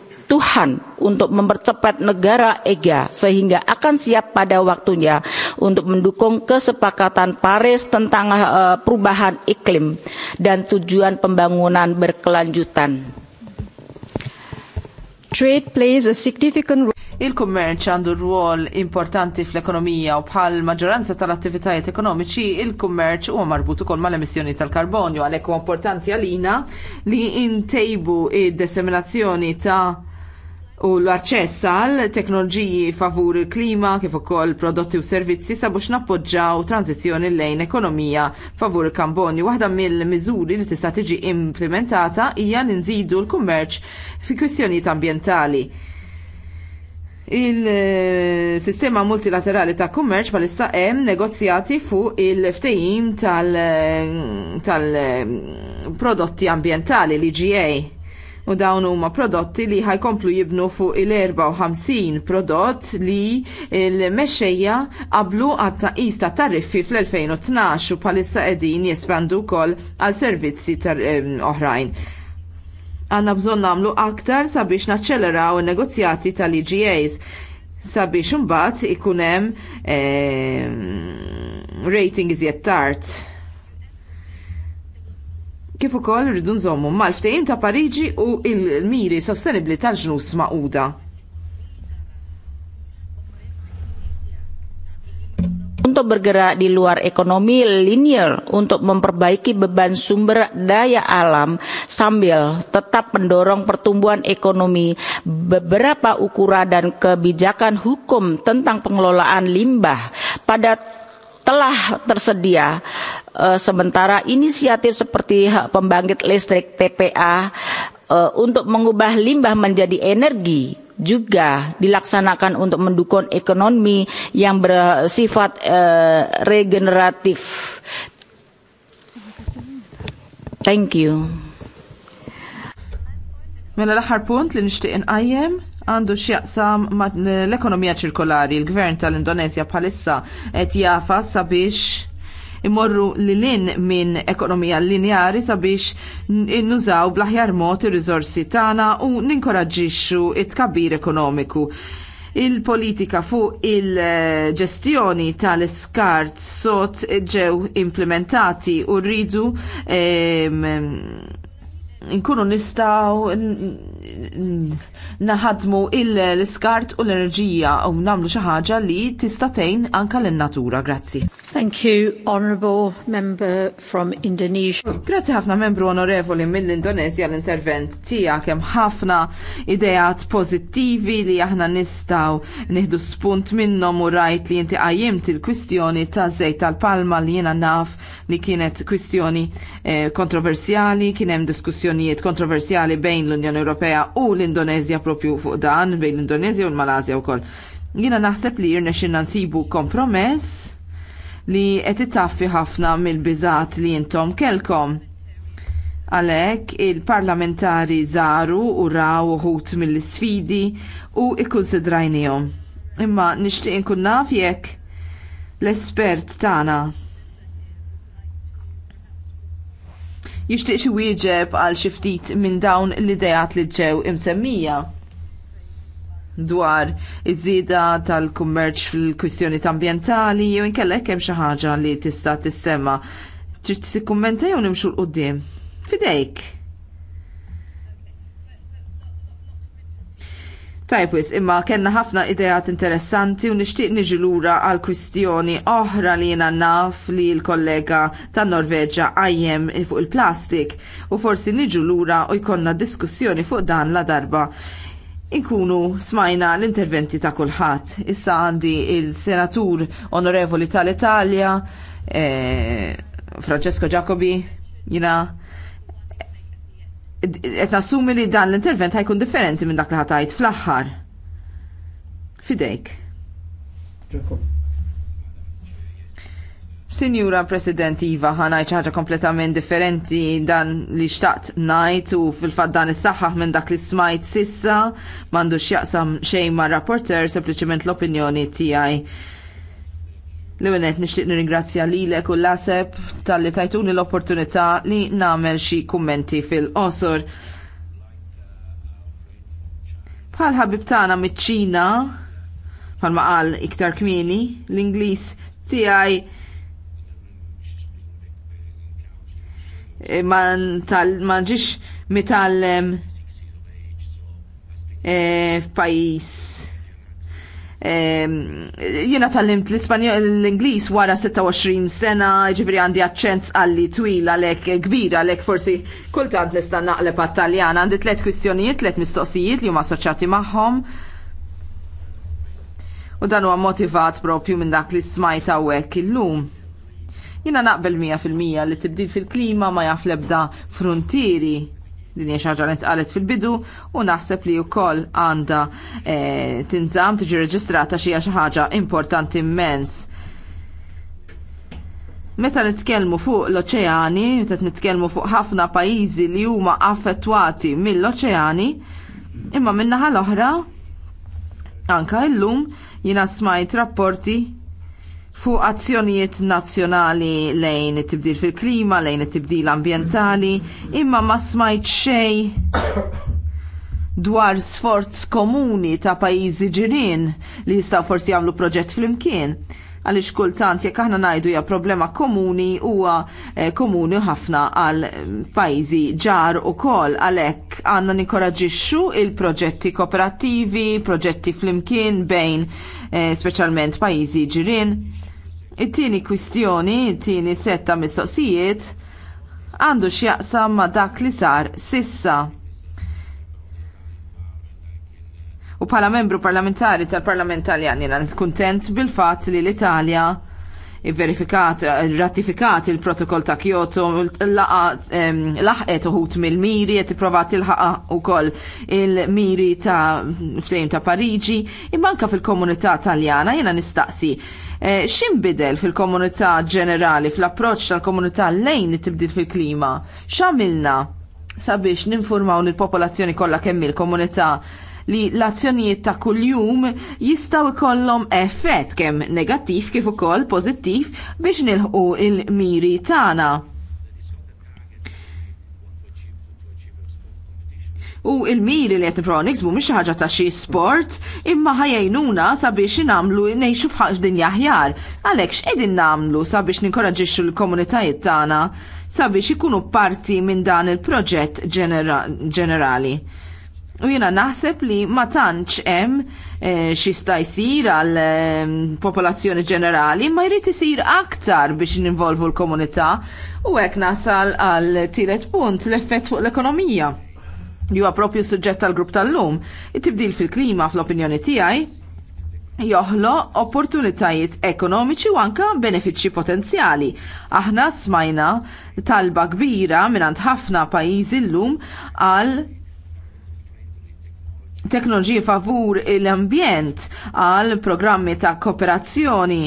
Tuhan untuk mempercepat negara EGA sehingga akan siap pada waktunya untuk mendukung kesepakatan Paris tentang uh, perubahan iklim dan tujuan pembangunan berkelanjutan. Trade plays a significant role il-kummerċ għandu rwol importanti fl-ekonomija u bħal maġġoranza tal-attivitajiet ekonomiċi il-kummerċ huwa marbut ukoll mal-emissjoni tal-karbonju għalhekk huwa importanti għalina li intejbu id-disseminazzjoni ta' u l-aċċess għal teknoloġiji favur il-klima kif ukoll prodotti u servizzi sabux nappoġġaw tranzizzjoni lejn ekonomija favur il kamboni Waħda mill-miżuri li tista' tiġi implementata hija li nżidu l-kummerċ fi kwistjonijiet ambjentali. Il-sistema multilaterali ta' kummerċ bħalissa hemm negozjati fuq il-ftehim tal-prodotti tal, ambjentali l-IGA u dawn huma prodotti li ħajkomplu jibnu fuq il-54 prodott li l-mexxejja qablu għat-taqis ta' tariffi fl-2012 u bħalissa qegħdin jespandu wkoll għal servizzi oħrajn. Għanna bżonn nagħmlu aktar sabiex naċċeleraw in-negozjati tal igas sabiex imbagħad ikun hemm rating iżjed tard Kif ukoll rridu nżommu mal-ftehim ta' Pariġi u il-miri sostenibbli tal-ġnus maquda. untuk bergerak di luar ekonomi linear untuk memperbaiki beban sumber daya alam sambil tetap mendorong pertumbuhan ekonomi. Beberapa ukuran dan kebijakan hukum tentang pengelolaan limbah pada telah tersedia eh, sementara inisiatif seperti hak pembangkit listrik TPA eh, untuk mengubah limbah menjadi energi juga dilaksanakan untuk mendukung ekonomi yang bersifat eh, regeneratif. Thank you. Mela l-aħħar punt li nixtieq inqajjem għandu x'jaqsam l-ekonomija ċirkolari. Il-gvern tal-Indonezja bħalissa qed jafa sabiex imorru lilin minn ekonomija linjari sabiex nużaw blaħjar mod ir-riżorsi tagħna u ninkoraġġixxu it-tkabbir ekonomiku il-politika fuq il-ġestjoni tal-iskart sot ġew implementati u rridu eh, nkunu nistaw naħadmu l-iskart u l-enerġija u namlu xi ħaġa li tista' tgħin anke lin-natura. Grazzi. Thank you, Honourable Member from Indonesia. Grazie ħafna membru onorevoli mill-Indonezja l-intervent tiegħek hemm ħafna idejat pożittivi li aħna nistgħu nieħdu spunt minnhom u rajt li inti qajjimt il-kwistjoni ta' Zejt tal-palma li jiena naf li kienet kwistjoni eh, kontroversjali, kien hemm diskussjonijiet kontroversjali bejn l-Unjoni Ewropea u l-Indonezja propju fuq dan bejn l indonesia u l-Malazja wkoll. Jiena naħseb li jirnexxinna nsibu kompromess li qed itaffi ħafna mill-biżat li intom kelkom. Għalhekk il-parlamentari żaru u raw uħut mill-isfidi u ikkunsidrajnihom. Imma nixtieq inkun naf jekk l-espert tagħna jixtieq xi wieġeb għal xi ftit minn dawn l-idejat li ġew imsemmija dwar iż-żieda tal-kummerċ fil-kwistjoni ambjentali jew inkella hekk hemm xi ħaġa li tista' tissemma. Trid tikkummenta jew nimxu l qudiem Fidejk. Tajbwis, imma kena ħafna idejat interessanti u nishtiq niġi lura għal kwistjoni oħra li jena naf li l-kollega ta' Norveġa għajjem fuq il-plastik u forsi niġu lura u jkonna diskussjoni fuq dan la darba. Inkunu smajna l-interventi ta' kulħadd. Issa għandi il-senatur onorevoli tal-Italja, eh, Francesco Giacobi, jina Et eh, nassumi li dan l-intervent ħajkun differenti minn dak li ħatajt fl-aħħar. Fidejk. Ġakob. Sinjura President Iva, ħanajt ħaġa kompletament differenti dan li xtaqt najt u fil-fat dan is-saħħaħ minn dak li smajt sissa, mandu xjaqsam xejn ma' rapporter, sempliciment l-opinjoni tiegħi. L-għunet nishtiq nirringrazzja li l u l asep tal-li tajtuni l-opportunità li namel xi kummenti fil-qosor. Bħal ħabib tagħna miċ-Ċina, bħal maqal qal iktar kmieni, l-Ingliż tiegħi Eh, ma ġiex mitallem eh, f'pajjiż. Ehm, jiena tallimt l-Ispanjol l-Ingliż wara 26 sena, ġifri għandi aċċent għalli twil għalhekk kbir għalhekk forsi kultant nista' naqleb għat-Taljan. Għandi tliet kwistjonijiet, tliet mistoqsijiet li huma assoċjati magħhom. U dan huwa motivat propju minn dak li għek il illum. Jina naqbel 100% li tibdil fil-klima ma jaf lebda frontieri din hija xaġa li tqalet fil-bidu u naħseb li wkoll għandha eh, tinżamm tiġi reġistrata xi xi ħaġa importanti immens. Meta nitkellmu fuq l-oċeani, meta nitkellmu fuq ħafna pajjiżi li huma affettwati mill-oċeani, imma min-naħa l-oħra anka illum jina smajt rapporti fuq azzjonijiet nazzjonali lejn it-tibdil fil-klima, lejn it-tibdil ambjentali, imma ma smajt xej dwar sforz komuni ta' pajjiżi ġirien li jistgħu forsi jagħmlu proġett flimkien. Għaliex kultant jekk aħna ngħidu hija problema komuni huwa eh, komuni ħafna għal eh, pajjiżi ġar ukoll għalhekk għandna nikoraġixxu il-proġetti koperattivi, proġetti flimkien bejn eh, speċjalment pajjiżi ġirien It-tieni kwistjoni, it-tieni setta mistoqsijiet, għandu x'jaqsam ma' dak li sar sissa. U bħala membru parlamentari tal-Parlament Taljan jiena kuntent bil-fatt li l-Italja verifikat, ratifikat il-protokoll ta' Kyoto, laħqet uħut mill-miri, qed ipprovat ilħaq ukoll il-miri ta' ftehim ta' Pariġi, imma anke fil-komunità Taljana jiena nistaqsi Eh, bidel fil-komunità ġenerali, fl-approċċ tal-komunità lejn it-tibdil fil-klima? X'għamilna sabiex ninformaw lill-popolazzjoni kollha kemm il-komunità li l-azzjonijiet ta' kuljum jistaw ikollhom effett kemm negattiv kif ukoll pożittiv biex nilħqu il-miri tagħna. U il-miri li qed niprofaw niksbu mhix ħaġa ta' xi sport, imma ħajajnuna sabiex namlu nejxu f'ħax din aħjar. Għalhekk x'qegħdin nagħmlu sabiex ninkoraġixxu l-komunitajiet tagħna sabiex ikunu parti minn dan il-proġett ġenerali. U jiena naħseb li ma tantx hemm eh, xi sta jsir għal ehm, popolazzjoni ġenerali, ma jrid isir aktar biex ninvolvu l-komunità u hekk nasal għal tielet punt l-effett fuq l-ekonomija li huwa propju suġġett tal-grupp tal-lum, it-tibdil fil-klima fl-opinjoni tiegħi joħlo opportunitajiet ekonomiċi u anka benefiċċji potenzjali. Aħna smajna talba kbira minn ħafna pajjiżi llum għal teknoloġiji favur l-ambjent għal programmi ta' kooperazzjoni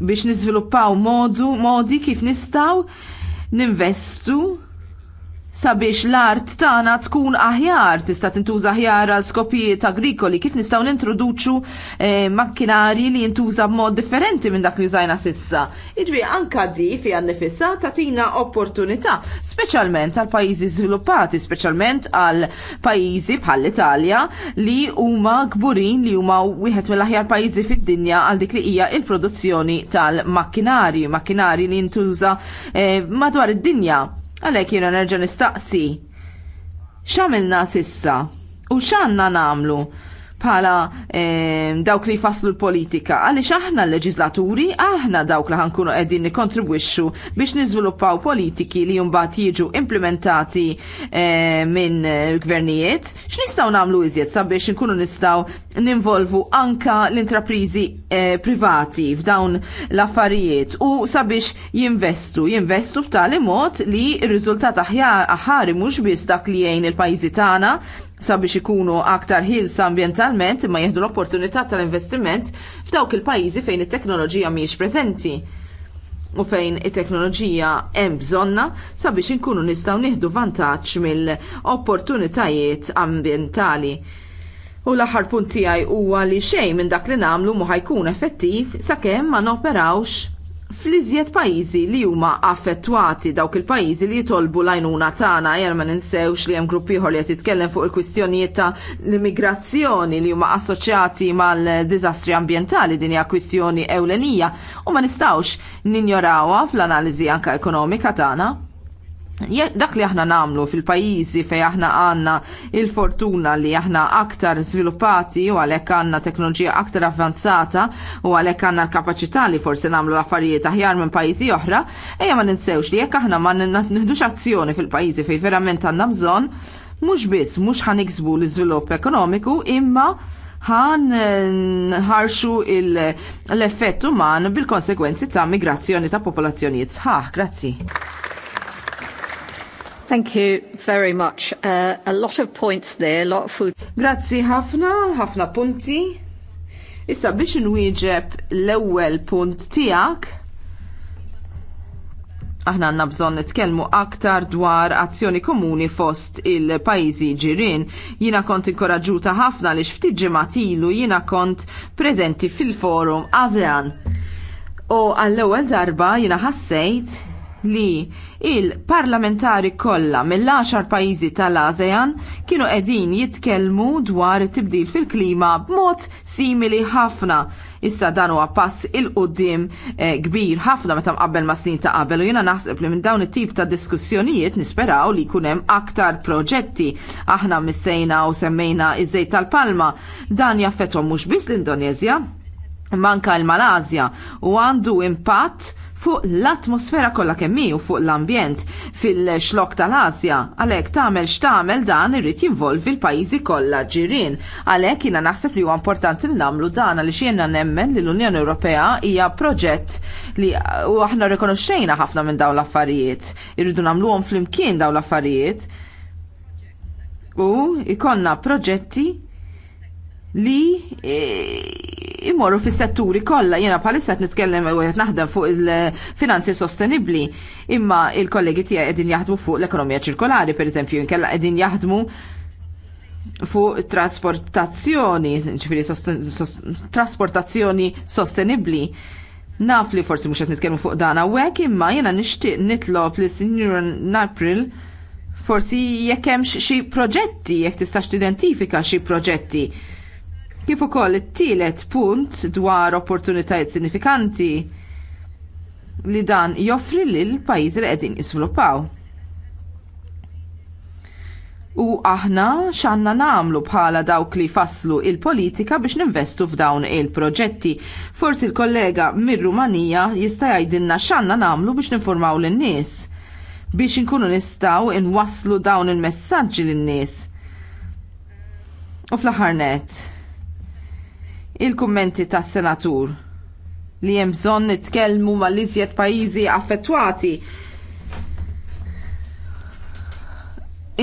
biex niżviluppaw modu, modi kif nistgħu ninvestu sabiex l-art tagħna tkun aħjar, tista' tintuża aħjar għal skopijiet agrikoli, kif nistgħu nintroduċu eh, makkinari li jintuża b'mod differenti minn dak li użajna sissa. Iġri anka di fi għannifissa tatina opportunità, speċjalment għal pajjiżi żviluppati, speċjalment għal pajjiżi bħal italja li huma kburin li huma wieħed mill-aħjar pajjiżi fid-dinja għal dik li hija il-produzzjoni tal-makkinari, makkinari li jintuża eh, madwar id-dinja Għalhekk jiena nerġa' nistaqsi x'għamilna sissa u x'għandna nagħmlu bħala ehm, dawk li jfasslu l-politika. Għaliex aħna l-leġislaturi, aħna dawk li ħankunu qegħdin nikontribwixxu biex niżviluppaw politiki li mbagħad jiġu implementati ehm, minn eh, gvernijiet. X'nistgħu nagħmlu iżjed sabiex inkunu nistgħu ninvolvu anka l-intraprizi eh, privati f'dawn l-affarijiet u sabiex jinvestu, jinvestu b'tali mod li r-riżultat aħjar aħari mhux biss dak li jgħin il-pajjiżi tagħna sabiex ikunu aktar ħilsa ambjentalment imma jieħdu l-opportunità tal-investiment f'dawk il-pajjiżi fejn it-teknoloġija mhijiex preżenti u fejn it-teknoloġija hemm bżonna sabiex inkunu nistgħu nieħdu vantaġġ mill-opportunitajiet ambjentali. U l-aħħar punt tiegħi huwa li xejn minn dak li nagħmlu ma jkun effettiv sakemm ma noperawx fl-iżjed pajjiżi li huma affettwati dawk il-pajjiżi li jitolbu l-għajnuna tagħna jer ma ninsewx li hemm grupp ieħor li qed jitkellem fuq il-kwistjonijiet ta' l-immigrazzjoni li huma assoċjati mal-diżastri ambjentali din hija kwistjoni ewlenija u ma nistgħux ninjorawha fl-analiżi anke ekonomika tagħna dak li aħna namlu fil-pajizi fej aħna għanna il-fortuna li aħna aktar sviluppati u għalek għanna teknoloġija aktar avvanzata u għalek għanna l-kapacità li forse namlu l-affarijiet aħjar minn pajizi oħra, eja ma ninsewx li jekk aħna ma nħdux azzjoni fil-pajizi fej verament għanna bżon, mux biss, mux iksbu l-izvilupp ekonomiku imma ħan eh, ħarxu l-effett uman bil-konsekwenzi ta' migrazzjoni ta' popolazzjonijiet sħaħ. Grazzi. Thank you very much. Uh, a lot of points there, a lot of food. Grazzi ħafna, ħafna punti. Issa biex nwieġeb l-ewwel punt tiegħek. Aħna għandna bżonn nitkellmu aktar dwar azzjoni komuni fost il-pajjiżi ġirien. Jiena kont inkoraġġuta ħafna li ftit ġimgħat ilu jiena kont preżenti fil-forum ASEAN. U għall-ewwel darba jiena ħassejt li il-parlamentari kollha mill-10 pajjiżi tal-ASEAN kienu qegħdin jitkellmu dwar it-tibdil fil-klima b'mod simili ħafna. Issa dan huwa pass il qudiem eh, kbir ħafna meta mqabbel ma' snin ta' qabel u jiena naħseb li minn dawn it-tip ta' diskussjonijiet nisperaw li jkun hemm aktar proġetti. Aħna missejna u semmejna iż-żejt tal-Palma dan jaffetwa mhux biss l-Indonezja, manka l-Malazja u għandu impatt fuq l-atmosfera kollha kemm u fuq l-ambjent fil-xlok tal-Asja. Għalhekk tagħmel x'tagħmel dan irid jinvolvi l-pajjiżi kollha ġirien. Għalhekk jiena naħseb li huwa importanti li nagħmlu dan għaliex jiena nemmen li l-Unjoni Ewropea hija proġett li u aħna rikonoxxejna ħafna minn dawn l-affarijiet. Irridu nagħmluhom flimkien dawn l-affarijiet. U ikonna proġetti li e, imorru fis setturi kollha jiena bħalissa qed nitkellem u għet naħdem fuq il-finanzi sostenibbli imma il-kollegi tiegħi qegħdin jaħdmu fuq l-ekonomija ċirkolari pereżempju inkella qegħdin jaħdmu fuq trasportazzjoni, ċifiri trasportazzjoni sostenibbli. Naf li forsi mhux qed nitkellmu fuq dan għek, imma jiena nixtieq nitlob li Sinjura April forsi jekk hemm xi proġetti, jekk tistax tidentifika xi proġetti Kif ukoll it-tielet punt dwar opportunitajiet sinifikanti li dan joffri lil pajjiżi li qegħdin jiżviluppaw. U aħna x'għandna nagħmlu bħala dawk li faslu il-politika biex ninvestu f'dawn il-proġetti. Forsi l-kollega mir-Rumanija jista' jgħidilna x'għandna nagħmlu biex ninformaw lin-nies biex inkunu nistgħu inwasslu dawn il-messaġġi lin-nies. U fl-aħħar nett il-kummenti tas-senatur li hemm bżonn nitkellmu mal-iżjed pajjiżi affettwati.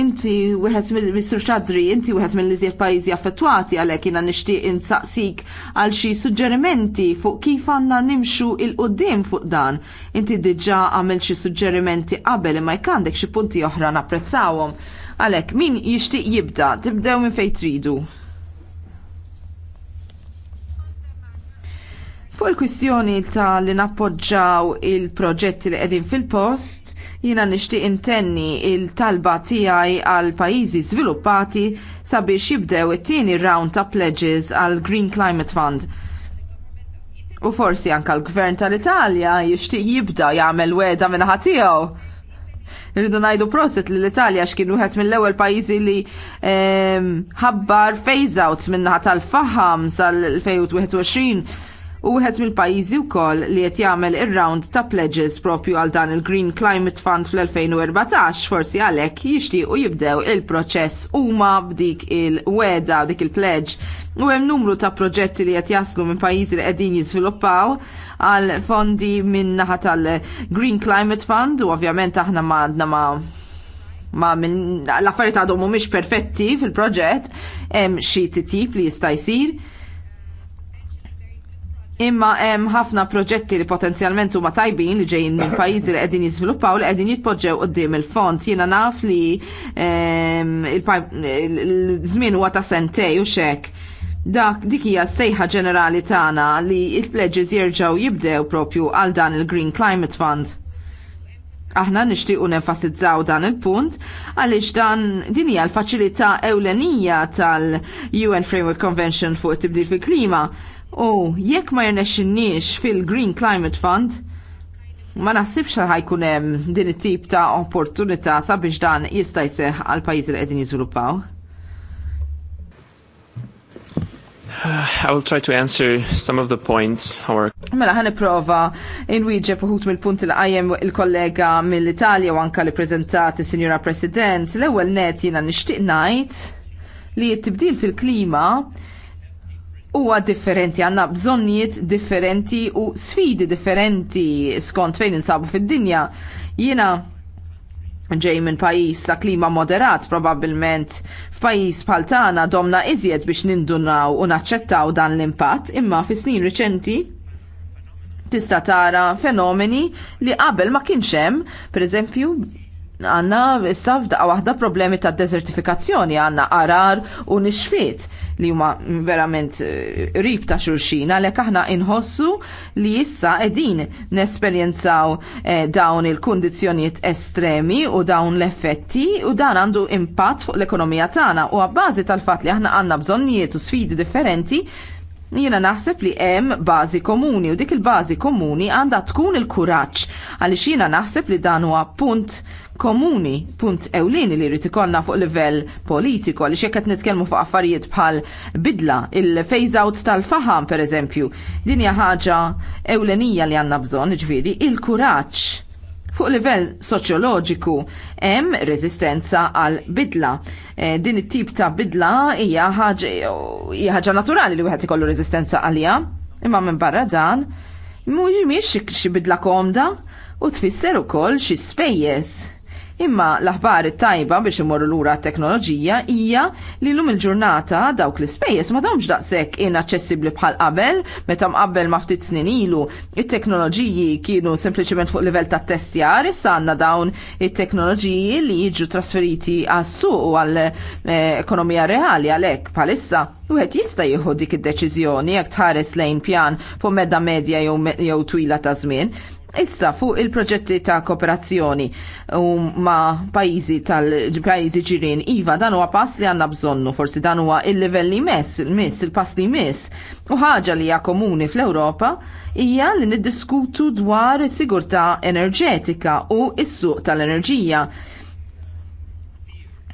Inti wieħed mill-Mistru Xadri, inti wieħed mill-iżjed pajjiżi affettwati għalhekk jiena nixtieq insaqsik għal xi suġġerimenti fuq kif għandna nimxu il qudiem fuq dan. Inti diġà għamel xi suġġerimenti qabel imma jekk għandek xi punti oħra napprezzawhom. Għalhekk min jixtieq jibda, tibdew minn fejn tridu. Fuq il-kwistjoni ta' li nappoġġaw il-proġetti li qegħdin fil-post, jiena nixtieq intenni il-talba tiegħi għal pajjiżi żviluppati sabiex jibdew it-tieni round ta' pledges għal Green Climate Fund. U forsi anke l-Gvern tal-Italja jixtieq jibda jagħmel weda minn tiegħu. Irridu ngħidu proset li l-Italja x'kien wieħed mill-ewwel pajjiżi li ehm, ħabbar phase-outs minnaħa tal faħam sal-2021 u wieħed mill-pajjiżi wkoll li qed jagħmel ir-round ta' pledges propju għal dan il-Green Climate Fund fl-2014 forsi għalhekk jixtiequ jibdew il-proċess huma b'dik il-weda dik il-pledge u hemm numru ta' proġetti li qed jaslu minn pajjiżi li qegħdin jiżviluppaw għal fondi minn naħa tal-Green Climate Fund u ovvjament aħna ma għandna ma ma minn l-affarijiet għadhom mhumiex perfetti fil-proġett hemm xi titjib li jista' jsir Imma hemm ħafna proġetti li potenzjalment huma tajbin li ġejjin minn pajjiżi li qegħdin jiżviluppaw li qegħdin jitpoġġew qudiem il-fond. Jiena naf li ehm, l-żmien huwa ta' sentej u xek. Dak dik hija sejħa ġenerali tagħna li l-pledges jerġgħu jibdew propju għal dan il-Green Climate Fund. Aħna nixtiequ nenfasizzaw dan il-punt għaliex dan din hija l-faċilità ewlenija tal-UN Framework Convention fuq it-tibdil fil-klima U jekk ma jirnexxinniex fil-Green Climate Fund, ma naħsibx li ħajkun hemm din it-tip ta' opportunità sabiex dan jista' jseħħ għal pajjiżi li qegħdin jiżviluppaw. I will try to answer some of the points. Mela ħan prova nwieġeb uħud mill-punti li qajjem il-kollega mill-Italja u anka li preżentat is-Sinjura President. L-ewwel net jiena nixtieq ngħid li t-tibdil fil-klima huwa differenti, għanna bżonnijiet differenti u sfidi differenti skont fejn insabu fid-dinja. Jiena ġej minn pajis ta' klima moderat probabbilment f'pajis bħal tagħna domna iżjed biex nindunaw u naċċettaw dan l-impatt, imma fi snin riċenti tista' tara fenomeni li qabel ma kienx hemm, pereżempju għanna issa f'daqqa waħda problemi ta' desertifikazzjoni għanna arar u nixfiet li huma verament eh, rib ta' xulxina li aħna inħossu li issa edin nesperjenzaw eh, dawn il-kondizjoniet estremi u dawn l-effetti u dan għandu impatt fuq l-ekonomija tagħna u għabbażi tal-fatt li aħna għandna bżonnijiet u sfidi differenti jiena naħseb li hemm bażi komuni u dik il-bażi komuni għandha tkun il-kuraġġ għaliex jiena naħseb li dan huwa punt komuni punt ewlieni li jrid ikollna fuq livell politiko li xekk qed nitkellmu fuq affarijiet bħal bidla il-phase out tal-faham pereżempju. Din hija ħaġa ewlenija li għandna bżonn, ġifieri il-kuraġġ Fuq livell soċjoloġiku hemm reżistenza għal bidla. E, din it-tip ta' bidla hija ħaġa naturali li wieħed ikollu reżistenza għalija, imma minn barra dan mhux xi bidla komda u tfisser ukoll xi spejjeż Imma l-aħbar it-tajba biex imorru lura t-teknoloġija hija li lum il-ġurnata dawk l-ispejjeż ma dawnx daqshekk inaċċessibbli bħal qabel meta mqabbel ma ftit snin ilu it-teknoloġiji kienu sempliċement fuq livell ta' testjar issa għandna dawn it-teknoloġiji li jiġu trasferiti għas-suq u għall-ekonomija eh, reali għalhekk bħalissa Wieħed jista' jieħu dik id-deċiżjoni jekk tħares lejn pjan fuq medda medja jew twila ta' żmien, Issa fuq il-proġetti ta' kooperazzjoni u ma' pajizi tal-pajizi ġirin, Iva dan huwa pass li għanna bżonnu, forsi dan huwa il level li mess, il-miss, il-pass li mess, u ħaġa li hija komuni fl-Ewropa hija li niddiskutu dwar is-sigurtà enerġetika u s-suq tal-enerġija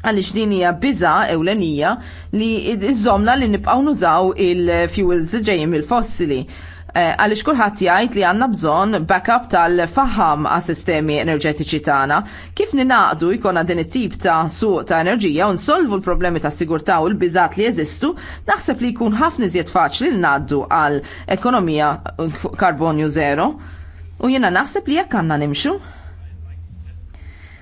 għalix din hija biża ewlenija li iżomna li nibqgħu nużaw il-fuels ġejjin mill-fossili. Il Eh, għaliex kulħadd jgħid li għandna bżonn backup tal-faham għas sistemi enerġetiċi tagħna. Kif ninaqdu jkollna din it-tip ta' suq ta' enerġija u nsolvu l-problemi ta' sigurtà u l-biżat li jeżistu, naħseb li jkun ħafna iżjed faċli li ngħaddu għal ekonomija eh, karbonju zero. U jiena naħseb li jekk għandna nimxu.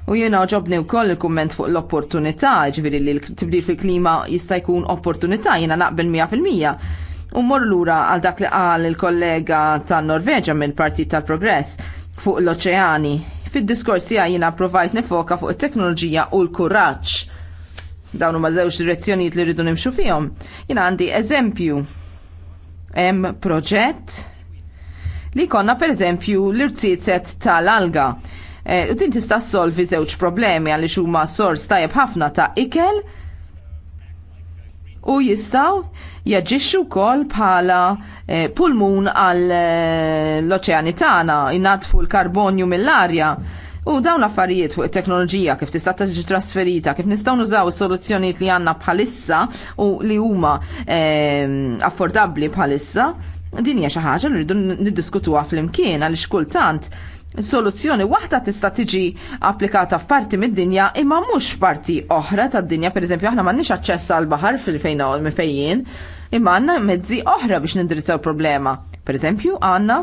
U jiena ġobni wkoll il-kumment fuq l-opportunità, ġviri li l-tibdil fil-klima jista' jkun opportunità, jiena naqbel 100%. U mor lura għal dak li qal il-kollega tan Norveġa mill-Partit tal-Progress fuq l-oċeani. Fid-diskors tiegħi jiena provajt nifoka fuq it-teknoloġija u l-kuraġġ. Dawn huma żewġ direzzjonijiet li rridu nimxu fihom. Jiena għandi eżempju. Hemm proġett li konna pereżempju l-irtizet tal-alga. Eh, u e, din tista' solvi żewġ problemi għaliex huma sors tajjeb ħafna ta' ikel u jistaw jaġixxu wkoll bħala eh, pulmun għal eh, l-oċeani tagħna jnatfu l-karbonju mill-arja. U dawn l-affarijiet fuq it-teknoloġija kif tista' tiġi trasferita, kif nistgħu nużaw is-soluzzjonijiet li għandna bħalissa u li huma eh, affordabbli bħalissa, din hija xi ħaġa li rridu niddiskutuha flimkien għaliex kultant soluzzjoni waħda tista' tiġi applikata f'parti mid-dinja imma mhux f'parti oħra tad-dinja, pereżempju aħna m'għandniex aċċess għal baħar fil-fejn mifejjin, imma għandna mezzi oħra biex nindirizzaw problema. Pereżempju għandna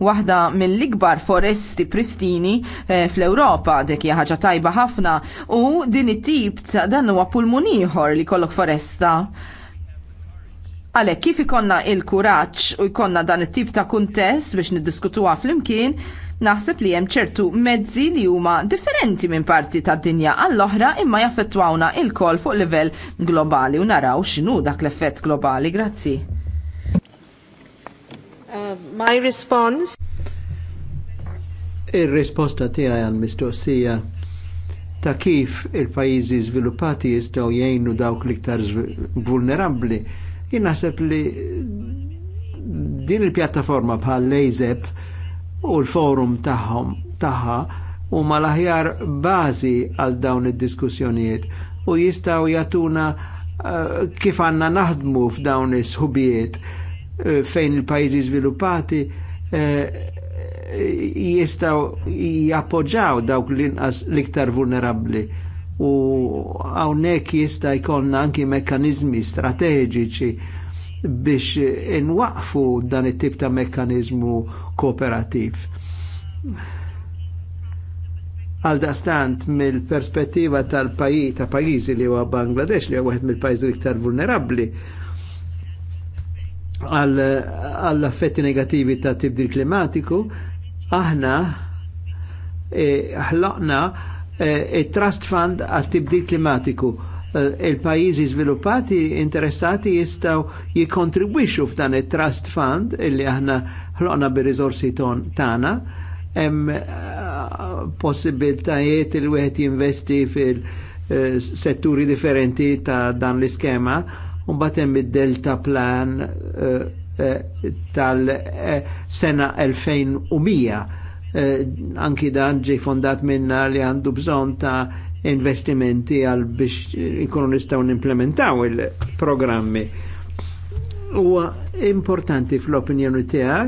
waħda mill-ikbar foresti pristini eh, fl-Ewropa, dik hija ħaġa tajba ħafna, u din it-tip ta' dan huwa pulmun ieħor li kollok foresta. Għalhekk kif ikonna il-kuraġġ u jkollna dan it-tip ta' kuntess biex niddiskutuha flimkien, naħseb li hemm ċertu mezzi li huma differenti minn parti tad-dinja għall-oħra imma jaffettwawna il-kol fuq livell globali u naraw x'inhu dak l-effett globali. Grazzi. Uh, my response. Ir-risposta tiegħi għall-mistoqsija ta' kif il-pajjiżi żviluppati jistgħu jgħinu dawk l-iktar vulnerabbli. Jien naħseb li din il-pjattaforma bħal lejzeb u l-forum tagħhom tagħha huma l-aħjar bażi għal dawn id-diskussjonijiet u jistgħu jagħtuna eh, kif għandna naħdmu f'dawn is-ħubijiet eh, fejn il-pajjiżi żviluppati eh, jistgħu jistaw jappoġġaw dawk l-inqas l-iktar vulnerabbli u hawnhekk jista' jkollna anki mekkaniżmi strateġiċi biex inwaqfu dan it-tip ta' mekkanizmu kooperativ. Għal dastant mill-perspettiva tal-pajji ta' pajjiżi li huwa Bangladesh li huwa wieħed mill-pajjiżi iktar vulnerabbli għall affetti negativi ta' tibdil klimatiku, aħna eh, ħloqna e, e, trust fund għal tibdil klimatiku Eh, il-pajizi sviluppati interessati jistaw jikontribwixu f'dan il-trust fund illi aħna ħloqna bi-rizorsi tana hemm eh, possibiltajiet il wieħed jinvesti fil-setturi eh, differenti ta' dan l-iskema un hemm id-delta plan tal-sena 2100 anki dan ġej fondat minna li għandu bżon ta' investimenti għal biex ikunu nistaw nimplementaw il-programmi. U importanti fl-opinjoni tijaj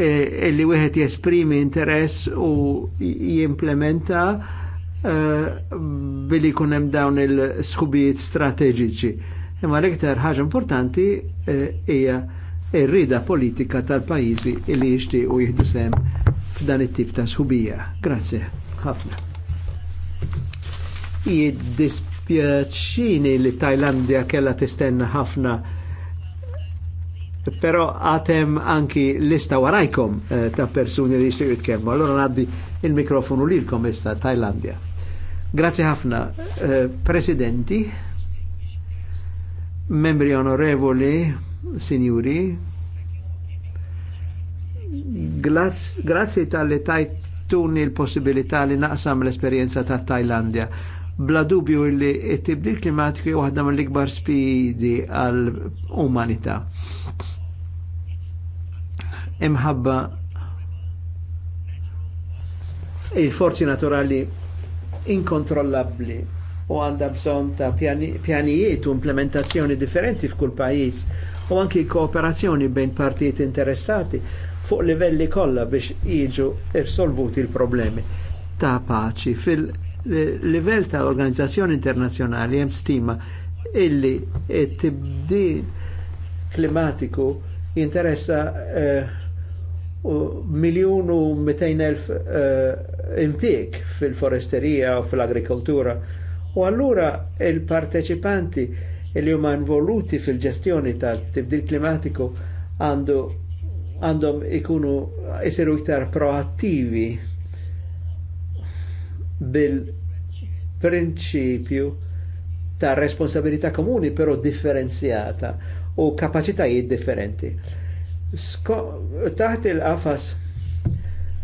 e, e li wieħed jesprimi interess u jimplementa uh, billi kunem dawn il skubijiet strategiċi. Imma l-iktar ħaġa importanti e, hija uh, rida politika tal-pajjiżi li jixtiequ jieħdu sem f'dan it-tip ta' skubija. Grazie, ħafna. Jiddispjaċini li Tajlandja kella tistenna ħafna Pero għatem anki lista warajkom eh, ta' persuni li jishtiqju jitkellmu. Allora naddi il-mikrofonu lilkom issa Tajlandja. Grazie ħafna, eh, presidenti, membri onorevoli, signori, grazie tal-li tajtuni l-possibilità li naqsam l-esperienza ta' Tajlandja Bla dubju li t-tibdil klimatiku hija waħda mill-ikbar spidi għall umanità Imħabba il-forzi naturali inkontrollabli u għandha bżonn ta' pjanijiet u implementazzjoni differenti f'kull pajjiż u anki kooperazzjoni bejn partijiet interessati fuq livelli kollha biex jiġu irsolvuti l-problemi ta' paċi fil- livell ta' organizzazzjoni internazzjonali hemm stima illi tibdi klimatiku interessa eh, miljun u mitejn elf eh, impiek fil-foresterija u fil-agrikoltura. U allura il-parteċipanti li huma involuti fil-ġestjoni tal-tibdil klimatiku għandu għandhom ikunu jisiru iktar proattivi bil-prinċipju ta' responsabilità komuni però differenzjata u kapacitajiet differenti. Sko Taħt il-qafas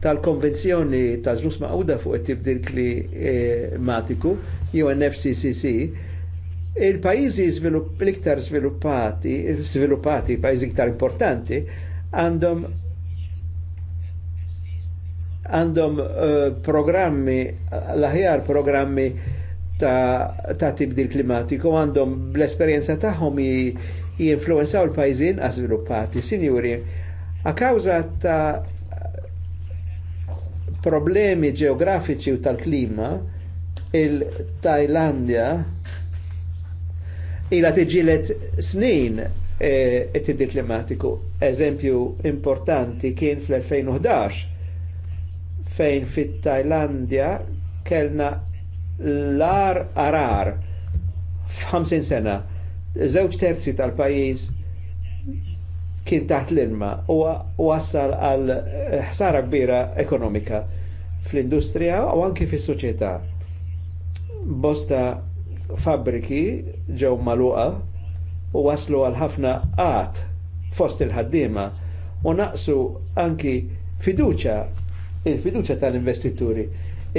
tal-konvenzjoni ta' żlus ma'uda fuq it-tibdil klimatiku, UNFCCC, il pajjiżi l-iktar sviluppati, sviluppati, pajjiżi iktar importanti, għandhom għandhom eh, programmi, l-aħjar programmi ta', ta tibdil klimatiku għandhom bl-esperienza tagħhom jinfluenzaw l-pajzin għazviluppati. Sinjuri, a kawza ta' problemi ġeografiċi u tal-klima, il-Tajlandja ila tiġilet snin eh, it-tibdil klimatiku. Eżempju importanti kien fl-2011 fejn fit-Tajlandja kellna l-ar arar f'50 sena. Żewġ terzi tal-pajjiż kien taħt l-ilma u wassal għal ħsara kbira ekonomika fl-industrija u anki fis-soċjetà. Bosta fabbriki ġew maluqa u waslu għal ħafna qat fost il-ħaddiema u naqsu anki fiduċa il-fiduċa tal-investituri.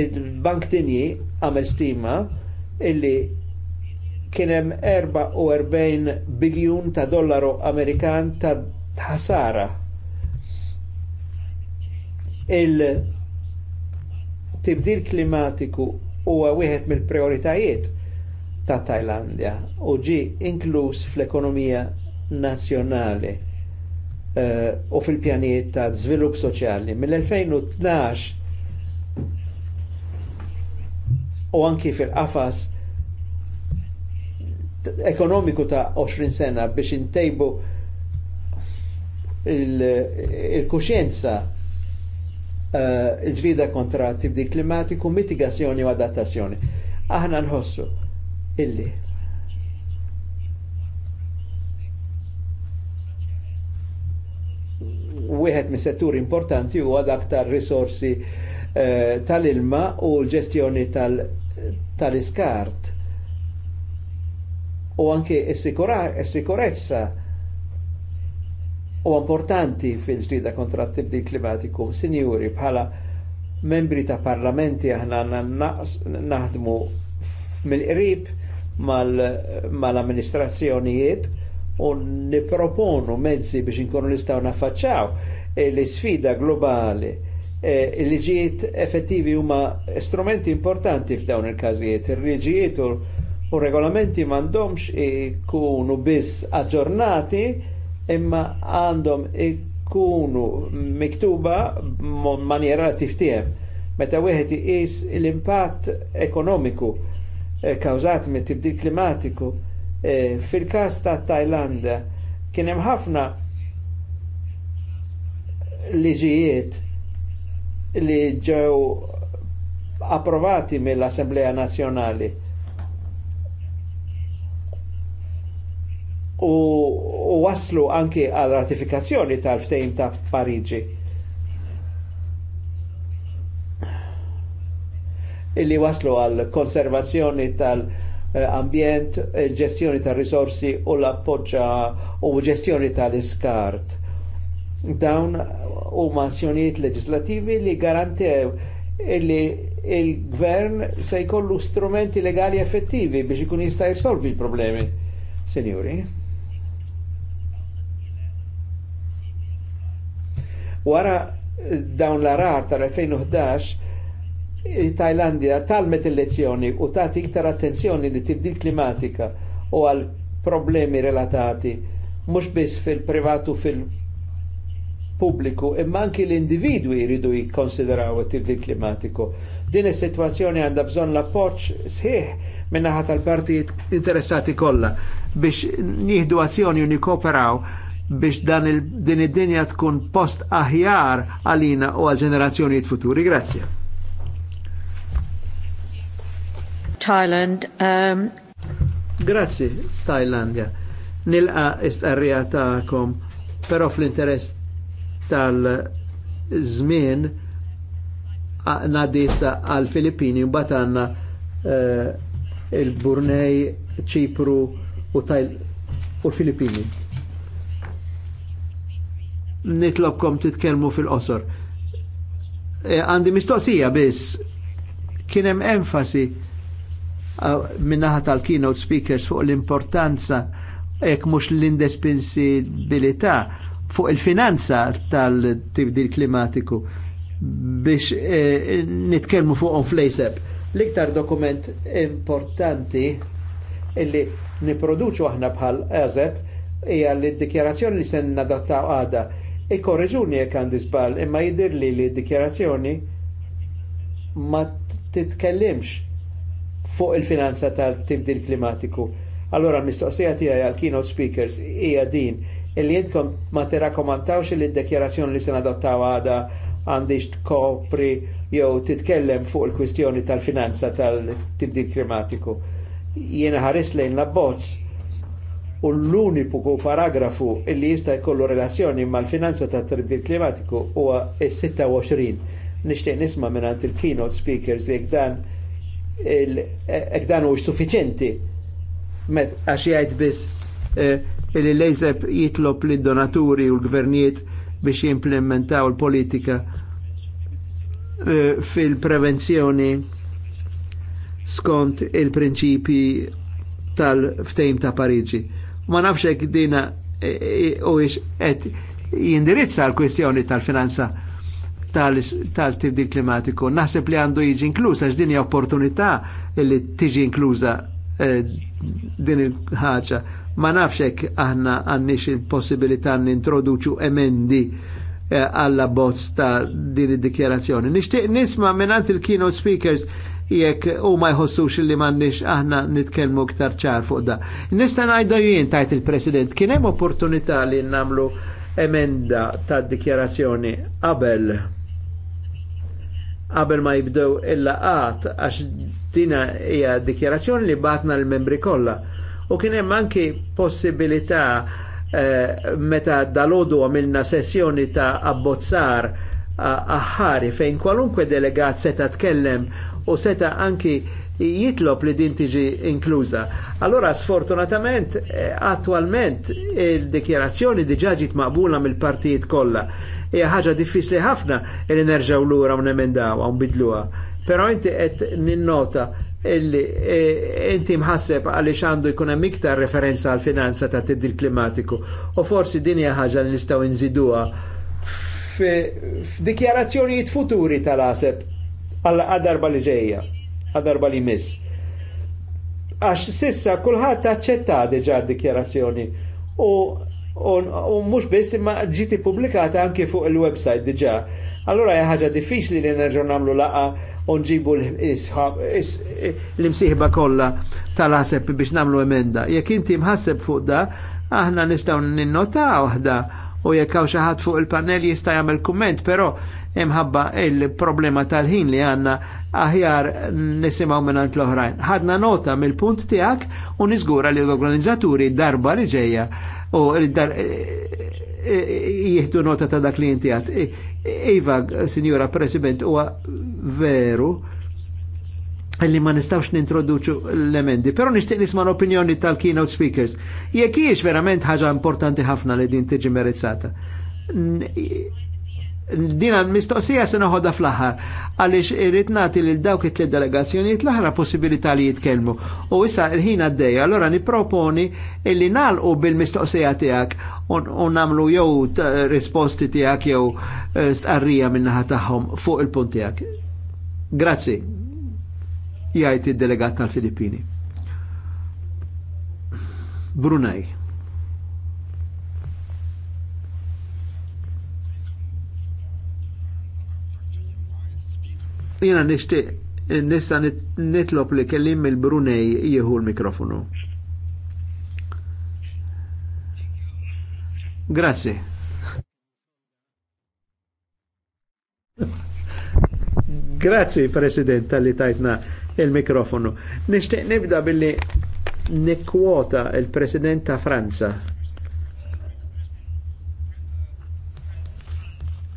Il-Bank Dinji għamel stima illi kienem 44 biljun ta' dollaru Amerikan ta' ħasara. Il-tibdil klimatiku huwa wieħed mill-prioritajiet ta' Tajlandja u ġi inkluż fl-ekonomija nazzjonali Eh, u fil-pjanijiet ta' żvilupp soċjali. Mill-2012 u anki fil-qafas ekonomiku ta' 20 sena biex intejbu il-kuxjenza eh, il ġvida kontra tibdi klimatiku, mitigazzjoni u adattazzjoni. Aħna nħossu illi wieħed mis settur importanti huwa dak tar-risorsi eh, tal-ilma u l-ġestjoni tal-iskart. U anke s-sikurezza u importanti fil-ġdida kontra t-tibdil klimatiku. Sinjuri, bħala membri ta' parlamenti aħna naħdmu mill-qrib mal-amministrazzjonijiet u niproponu mezzi biex inkunu nistaw naffaċċaw Eh, l-sfida globali eh, li ġiet effettivi huma strumenti importanti f'dawn il-każijiet. Il-liġijiet u regolamenti m'għandhomx ikunu biss aġġornati imma għandhom ikunu miktuba maniera tiftijem. Meta wieħed iqis l-impatt ekonomiku eh, kawżat mit tibdil klimatiku fil-każ ta' Tajlanda kien hemm ħafna liġijiet li ġew approvati mill-Assemblea Nazzjonali. U, u waslu anki għal ratifikazzjoni tal-ftejn ta' Pariġi. Illi waslu għal konservazzjoni tal-ambjent, il-ġestjoni tal-risorsi u l-appoġġa u ġestjoni tal-iskart Dawn huma azzjonijiet leġislativi li garantew li il-gvern se jkollu strumenti legali effettivi biex ikun jista' jirsolvi l-problemi. Sinjuri. Wara dawn l-arar tal-2011 Tajlandja talmet il-lezzjoni u ta' iktar attenzjoni li tibdil klimatika u għal problemi relatati mux biss fil-privatu fil-pubbliku pubbliku imma anki l-individwi jridu jikkonsideraw it-tibdil klimatiku. Din is-sitwazzjoni għandha bżonn l-appoġġ sħiħ minnaħa tal-partijiet interessati kollha biex nieħdu azzjoni u nikoperaw biex dan il, din id-dinja tkun post aħjar għalina u għal ġenerazzjonijiet futuri. Grazie. Thailand. Um... Grazzi, Thailandja. Nilqa istqarrija ta'kom, però fl-interess tal-żmien nadisa għal Filippini u batanna uh, eh, il-Burnej, ċipru u tajl u l-Filippini. Nitlobkom titkelmu fil-qosor. Eh, għandi mistoqsija biss, kienem enfasi uh, eh, naħa tal-keynote speakers fuq l-importanza jekk mux l-indispensabilità fuq il-finanza tal-tibdil klimatiku biex eh, nitkelmu fuqhom flejseb. L-iktar dokument importanti illi niproduċu aħna bħal eżeb hija li d-dikjarazzjoni li se nadottaw għada. Ikorreġuni jekk għandi żball, imma jidir li li d-dikjarazzjoni ma titkellimx fuq il-finanza tal-tibdil klimatiku. Allora mistoqsija tiegħi għal keynote speakers hija din illi jintkom ma tirakkomantawx li d-dekjerazzjoni li se nadottaw għada għandix tkopri jew titkellem fuq il-kwistjoni tal-finanza tal-tibdil klimatiku. Jiena ħares lejn la bozz u l-uniku paragrafu illi jista' jkollu relazzjoni mal-finanza tal tibdil klimatiku huwa s-26. Nixtieq nisma' mingħand il-keynote speakers jekk dan jekk dan huwiex suffiċenti għax jgħid biss eh, li lejzeb jitlob li donaturi u l-gvernijiet biex jimplementaw l-politika eh, fil-prevenzjoni skont il-prinċipi tal-ftejm ta' Pariġi. Ma nafxek dina eh, eh, u ix qed jindirizza l-kwestjoni tal-finanza tal-tibdil klimatiku. Naħseb li għandu jiġi inklusa, x'dini opportunità li tiġi inkluza din il-ħaġa. Ma nafxek aħna għannix il-possibilità nintroduċu emendi għalla eh, bozz ta' din id-dikjerazzjoni. Nixtieq nisma' minn il-keynote speakers jekk u ma jħossux li m'għandniex aħna nitkellmu ktar ċar fuq da. Nista' najdu jien tajt il-President kien hemm opportunità li nagħmlu emenda ta' dikjerazzjoni qabel qabel ma jibdew il-laqat għax dina hija dikjerazzjoni li batna l-membri kollha U kien hemm anki possibilità eh, meta dalodu għamilna sessjoni ta' abbozzar aħħari fejn kwalunkwe delegat seta' tkellem u seta' anki jitlob li din tiġi inkluża. Allora sfortunatament eh, attualment il-dikjarazzjoni diġa ġiet maqbula mill-partijiet kollha. Hija ħaġa diffiċli ħafna li nerġgħu lura u nemendaw u nbidluha. Però inti qed ninnota illi e, inti mħasseb għaliex għandu jkun hemm iktar referenza għal finanza ta' tiddil klimatiku. U forsi din hija ħaġa li nistgħu nżiduha f'dikjarazzjonijiet futuri tal-aseb għad-darba li ġejja, għad-darba li miss. Għax sissa kulħadd taċċetta diġà d-dikjarazzjoni u u mhux biss imma ġiet ippubblikata anke fuq il-website diġà Allura ħaġa diffiċli li nerġgħu nagħmlu laqa u nġibu l-imsieħba kollha tal-ħaseb biex nagħmlu emenda. Jekk inti mħasseb fuq da, aħna nistgħu ninnota waħda u jekk hawn xi ħadd fuq il-panel jista' jagħmel kumment, però imħabba il-problema tal-ħin li għanna aħjar nisimaw minnant l-oħrajn. Ħadna nota mill-punt tijak u nizgura li l-organizzaturi darba li ġeja u dar e, e, jihdu nota ta' dak li jinti għat. E, iva, Signora President, u veru li ma nistawx nintroduċu l-emendi. Pero nishtiq nisma l-opinjoni tal-keynote speakers. Jekk hiex verament ħaġa importanti ħafna li din tiġi merizzata dina mistoqsija se noħodha fl-aħħar għaliex irrid nagħti lil dawk it-tliet delegazzjonijiet l-aħra possibilità li jitkellmu. U issa l-ħin għaddej, allora nipproponi illi nalqu bil-mistoqsija tiegħek u nagħmlu jew risposti tiegħek jew eh, stqarrija min-naħa tagħhom fuq il-punt tiegħek. Grazzi, jgħid id-delegat tal-Filippini. Brunei. Jena nishtiq nista nitlop li kellim il-Brunej jieħu l-mikrofonu. Grazie. Grazie President tal-li tajtna il-mikrofonu. Nishtiq nibda billi nekwota il-President ta' Franza.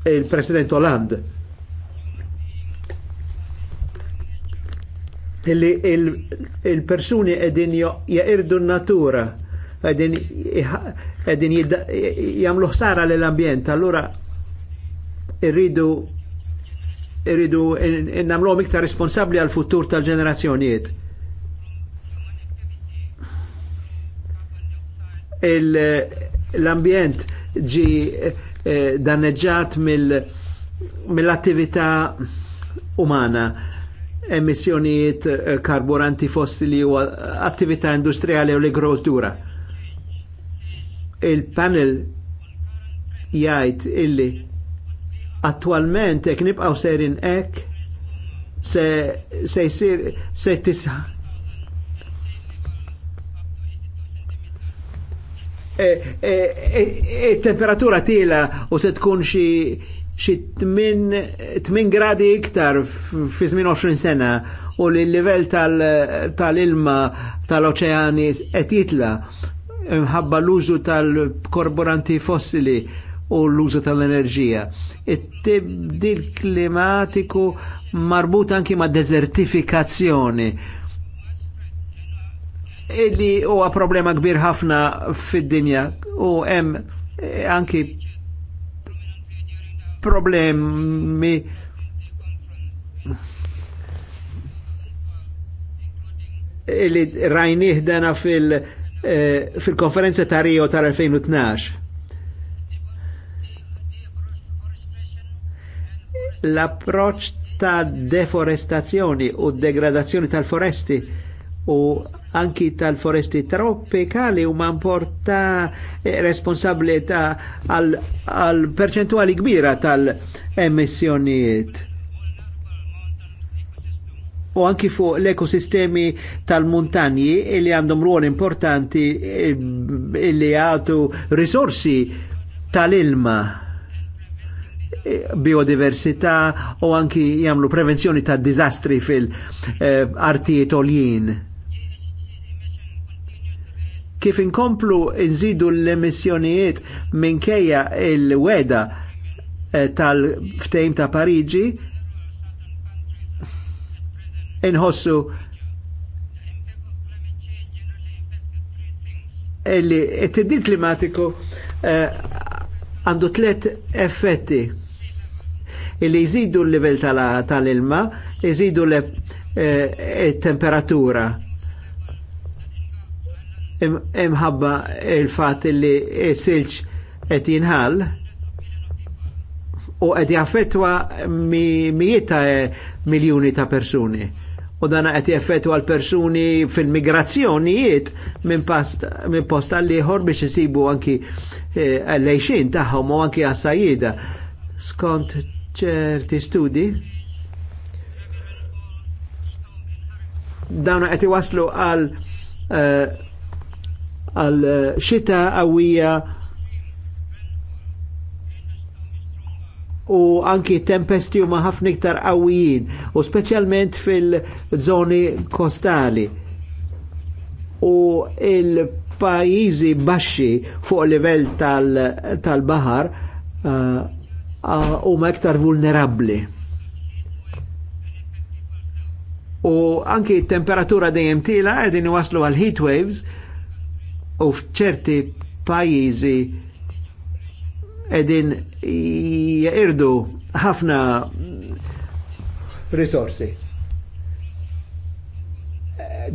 Il-President Hollande il il-persuni edin jaqirdu n-natura, edin, edin jamlu ħsara l-ambjent, allura irridu irridu namluhom iktar responsabli għal futur tal-ġenerazzjonijiet. L-ambjent ġi eh, danneġġat mill-attività umana emissjonijiet eh, karburanti fossili u attività industriali u l-agrikoltura. Il-panel jgħid illi attualment ek nibqaw serin ek se se jsir se tisa e, eh, e, eh, e, temperatura tila u se tkun xi xi 8 gradi iktar fi żmien 20 sena u li l-livell tal-ilma tal-oċeani qed jitla mħabba l-użu tal-korboranti fossili u l-użu tal-enerġija. It-tibdil klimatiku marbut anki ma' desertifikazzjoni illi huwa problema kbir ħafna fid-dinja u hemm anki problemi li rajnih dana fil- eh, fil-konferenza ta' Rio tal-2012. L-approċ ta' deforestazzjoni u degradazzjoni tal-foresti u anki tal-foresti tropikali u man porta eh, responsabli għal perċentuali kbira tal-emissjonijiet. U anki fuq l-ekosistemi tal-muntanji illi għandhom ruol importanti eh, illi għatu risorsi tal-ilma eh, biodiversità u anki jamlu prevenzjoni ta' dizastri fil-artijiet oljien kif inkomplu nżidu l-emissjonijiet minkejja il-weda eh, tal-ftejm ta' Pariġi, inħossu illi it-tibdil klimatiku eh, għandu uh, tlet effetti illi jżidu l-livell tal-ilma, jżidu eh, l-temperatura imħabba il-fat li silġ qed jinħall u qed jaffettwa mijiet ta' miljuni ta' persuni. U dan qed jaffettwa l-persuni fil-migrazzjonijiet minn min post għal ieħor biex isibu anki eh, lejxin tagħhom u anki għas-sajjieda. Skont ċerti studi, dawna qed iwaslu għal uh, għal eh, xita għawija u anki tempesti u maħafni iktar għawijin u specialment fil-żoni kostali. U il pajizi baxxi fuq livell tal bahar u eh, huma vulnerabli. U anki temperatura dejjem tila għedin waslu għal heat waves u fċerti pajizi edin jirdu ħafna risorsi.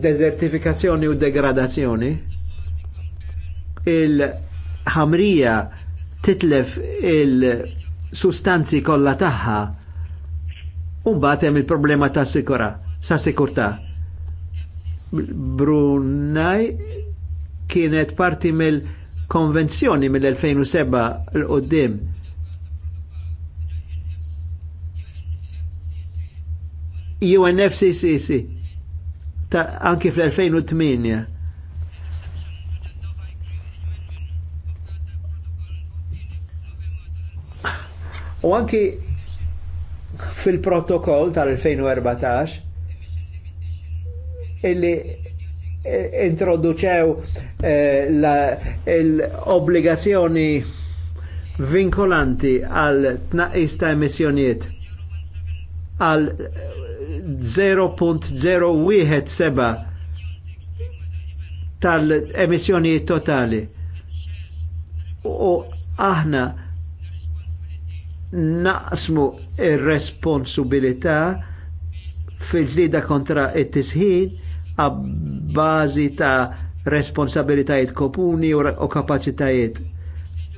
Desertifikazzjoni u degradazzjoni il-ħamrija titlef il-sustanzi kollha tagħha u mbagħad hemm il-problema ta' sikura sa' sikurta. Brunaj kienet parti mill-konvenzjoni mill-2007 l-qoddim. UNFCCC ta' anki fl-2008 u anki fil-protokoll tal-2014 illi introduċew eh, l-obbligazzjoni vinkolanti għal tnaqqis ta' emissjonijiet għal 0.017 tal-emissjonijiet totali. U aħna naqsmu ir-responsabilità fil-ġlida kontra it-tisħin għabbażi ta' responsabilitajiet kopuni u kapacitajiet.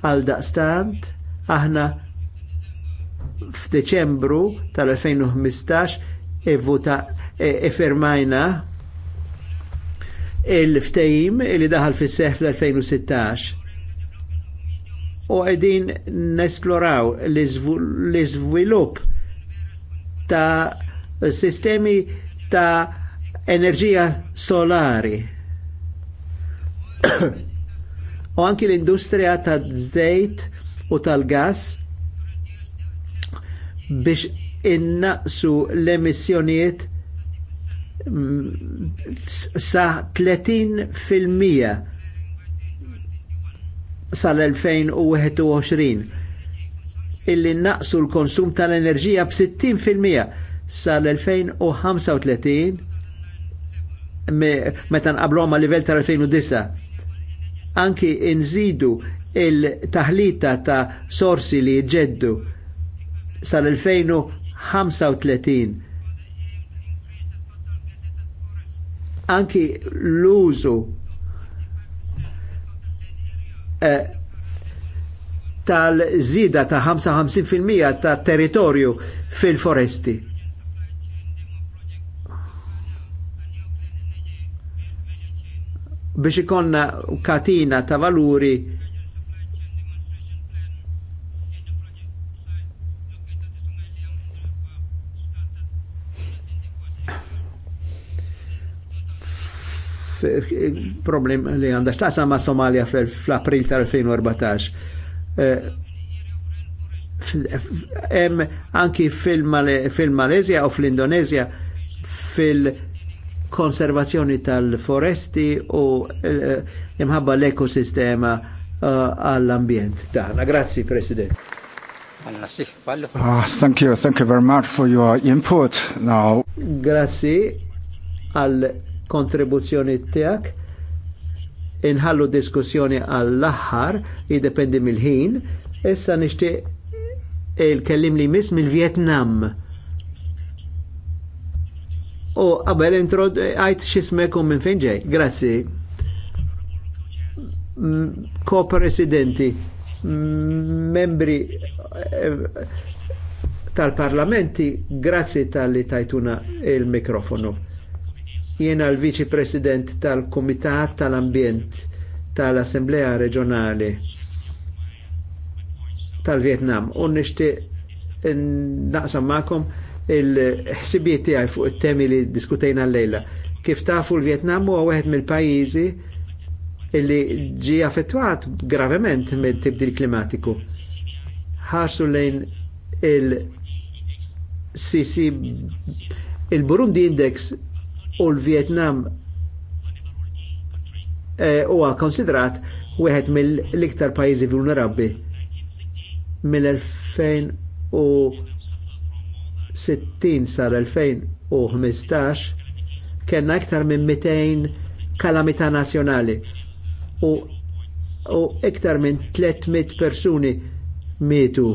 Għal daqstant, aħna f'Deċembru tal-2015 evvuta e-, il-ftejim li daħal fis seħħ fl-2016. U għedin nesploraw l-izvilup ta' sistemi ta' enerġija solari. u anki l-industrija ta' żejt u tal-gas biex innaqsu l-emissjonijiet mm, sa 30% sal-2021 illi naqsu l-konsum tal-enerġija b-60% sal-2035 meta nqablu għal livell tal-2009. Anki nżidu il-taħlita ta' sorsi li jġeddu sal-2035. Anki l-użu eh, tal-żida ta' 55% ta' territorju fil-foresti biex ikonna katina ta' valuri problem li għanda xtaqsa ma' Somalia fl-april tal-2014. Hemm eh, anki fil-Malezja u fl-Indonezja fil konservazzjoni tal-foresti u eh, imħabba l-ekosistema eh, għall-ambjent tagħna. Grazzi, President. Uh, thank you, thank you very much for your input now. Grazzi għal kontribuzzjoni tijak. Inħallu diskussjoni għall-aħħar, jidependi mill-ħin. Issa nixtieq il-kellim li miss mill-Vietnam. U qabel introd għajt xismekum minn fejn ġej. Grazzi. Ko-presidenti, membri eh, tal-parlamenti, grazzi tal-li tajtuna il-mikrofonu. Jena l vici president tal-Komitat tal ambient tal-Assemblea regionali tal-Vietnam. U nixtieq naqsam ma'kom il-ħsibiet tiegħi fuq it-temi li diskutejna l-lejla. Kif tafu l-Vietnam huwa wieħed mill-pajjiżi illi ġi affettwat gravement mill-tibdil klimatiku. Ħarsu lejn il-CC il-Burundi Index u l-Vietnam eh, huwa e, konsidrat wieħed mill-iktar pajjiżi vulnerabbi mill-2000 u 60 sar 2015 kena iktar minn 200 kalamita nazjonali u, u iktar minn 300 persuni mietu.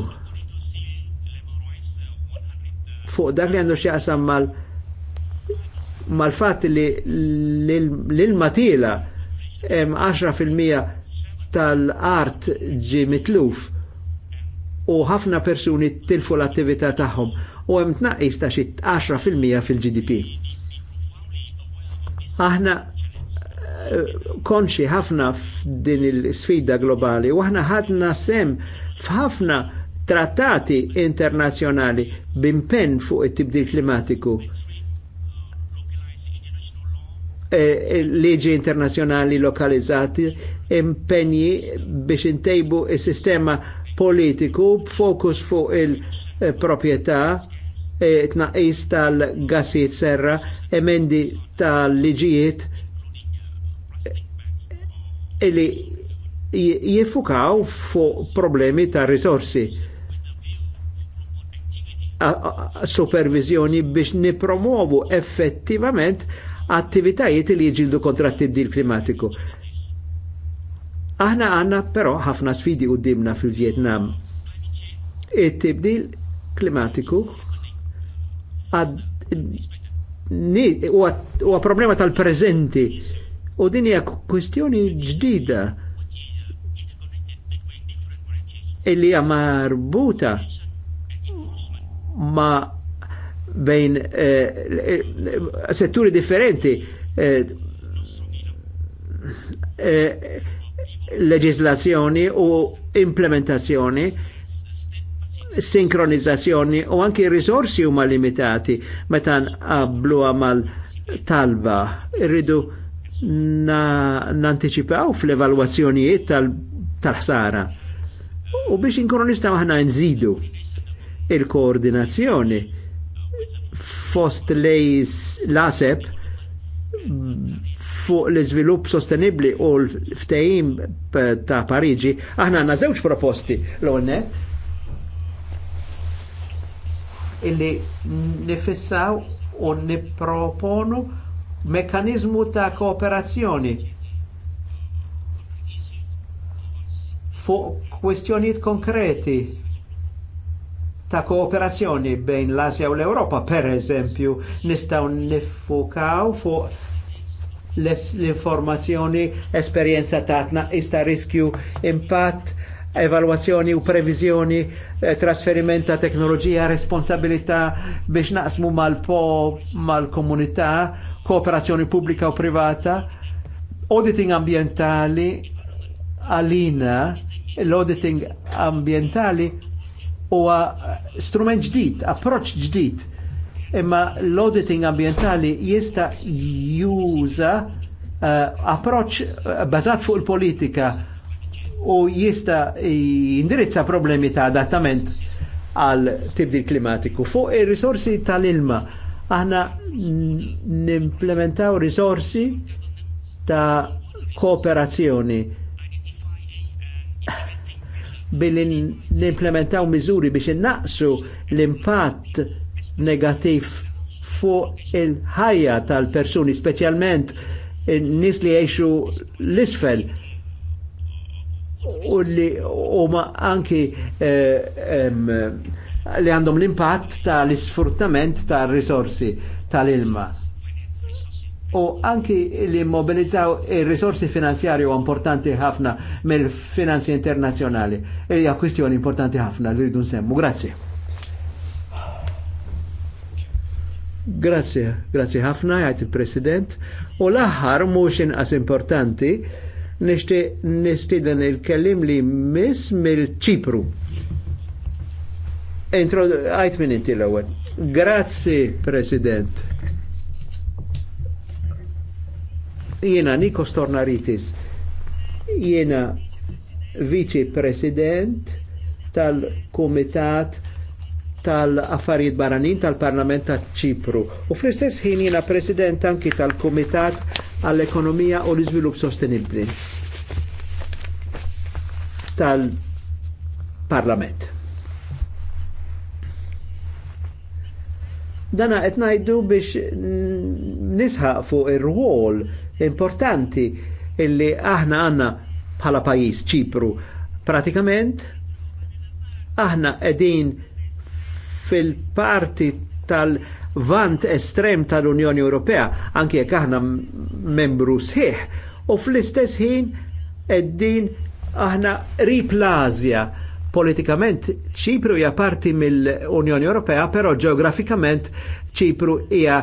Fuq dak li għandu xieqsam mal mal-fat li l-matila 10% tal-art ġi mitluf u ħafna persuni tilfu l-attività tagħhom u hemm tnaqqis ta' xi 10% fil-GDP. Aħna eh, konxi ħafna f'din il-sfida globali u aħna ħadna sem f'ħafna trattati internazzjonali b'impenn fuq it-tibdil klimatiku. Eh, Liġi Leġi internazzjonali lokalizzati impenji biex intejbu is-sistema politiku b'fokus fuq il-propieta e, tnaqis tal-gassijiet serra, emendi tal-liġijiet li jiffukaw fuq problemi ta' risorsi supervizjoni biex nipromovu effettivament attivitajiet li jġildu kontra t-tibdil klimatiku. Aħna għanna però ħafna sfidi qudiemna fil-Vjetnam. It-tibdil klimatiku huwa problema tal-preżenti u din hija kwestjoni ġdida illi hija marbuta ma bejn eh, setturi differenti eh, eh, leġislazzjoni u implementazzjoni sinkronizzazzjoni u anki risorsi huma limitati meta nqablu mal talba irridu nanticipaw na fl-evalwazzjonijiet tal-ħsara. Tal u biex inkunu nistgħu aħna nżidu il-koordinazzjoni fost lejs l-asep fuq l-iżvilupp sostenibli u l-ftehim ta' Pariġi, aħna għanna zewġ proposti l-ewwel net illi nifissaw u niproponu mekanizmu ta' kooperazzjoni fuq kwestjonijiet konkreti ta' kooperazzjoni bejn l-Asja u l-Europa, per eżempju, nistaw nifukaw fuq l-informazzjoni, esperienza tatna, ista riskju, impatt, evalwazzjoni u previżjoni, eh, trasferiment ta' teknoloġija, responsabilità biex naqsmu mal-po, mal-komunità, kooperazzjoni pubblika u privata, auditing ambientali, għalina, l-auditing ambientali huwa strument ġdid, approċ ġdid imma l-auditing ambientali jista juża uh, approċ eh, bazat fuq il-politika u jista jindirizza problemi ta' adattament għal tibdil klimatiku. Fuq ir-risorsi tal-ilma, aħna nimplementaw risorsi ta' kooperazzjoni billi nimplementaw miżuri biex innaqsu l-impatt negativ fuq il-ħajja tal-persuni, specialment nis li jiexu l-isfel u li huma anki eh, em, li għandhom l-impatt tal-isfruttament tal-risorsi tal-ilma. U anki li mobilizzaw il-risorsi finanzjarju importanti ħafna mill-finanzi internazjonali. Ija kwistjoni importanti ħafna li rridu nsemmu. Grazie. Grazie, grazie ħafna, għajt il-President. U l-aħħar mux inqas importanti, nixtieq il-kellim li miss mill-Ċipru. Għajt minn inti l-ewwel. Grazie, President. Jena Nikos Tornaritis, jena Vice President tal-Kumitat tal-affarijiet barranin tal-Parlament ta' ċipru u fl-istess ħin jiena President anki tal-Kumitat għall-Ekonomija u l-Iżvilupp Sostenibbli tal-Parlament. Dana qed ngħidu biex nisħaq fuq ir-rwol importanti illi aħna għandna bħala pajjiż Ċipru pratikament aħna qegħdin fil-parti tal-vant estrem tal-Unjoni Ewropea, anki jekk aħna membru sħiħ, u fl-istess ħin eddin aħna rip l-Azja. Politikament ċipru hija parti mill-Unjoni Ewropea, però ġeografikament ċipru hija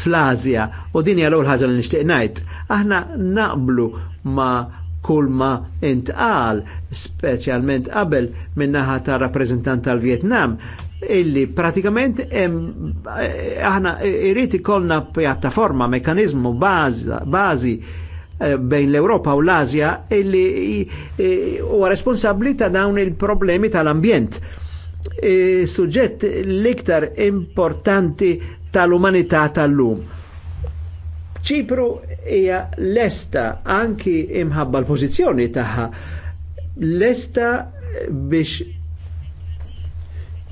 fl-Azja. U din hija l-ewwel ħaġa li nixtieq ngħid. Aħna naqblu ma' kull ma intqal, speċjalment qabel minnaħa ta' rappreżentant tal-Vjetnam, illi pratikament eh, aħna eh, irrit ikollna pjattaforma, mekanizmu, bazi eh, bejn l-Europa u l-Azja illi huwa responsabbli ta' dawn il-problemi tal-ambjent. Suġġett l-iktar importanti tal-umanità tal-lum. Ċipru hija l-esta anki imħabba l-pożizzjoni tagħha esta biex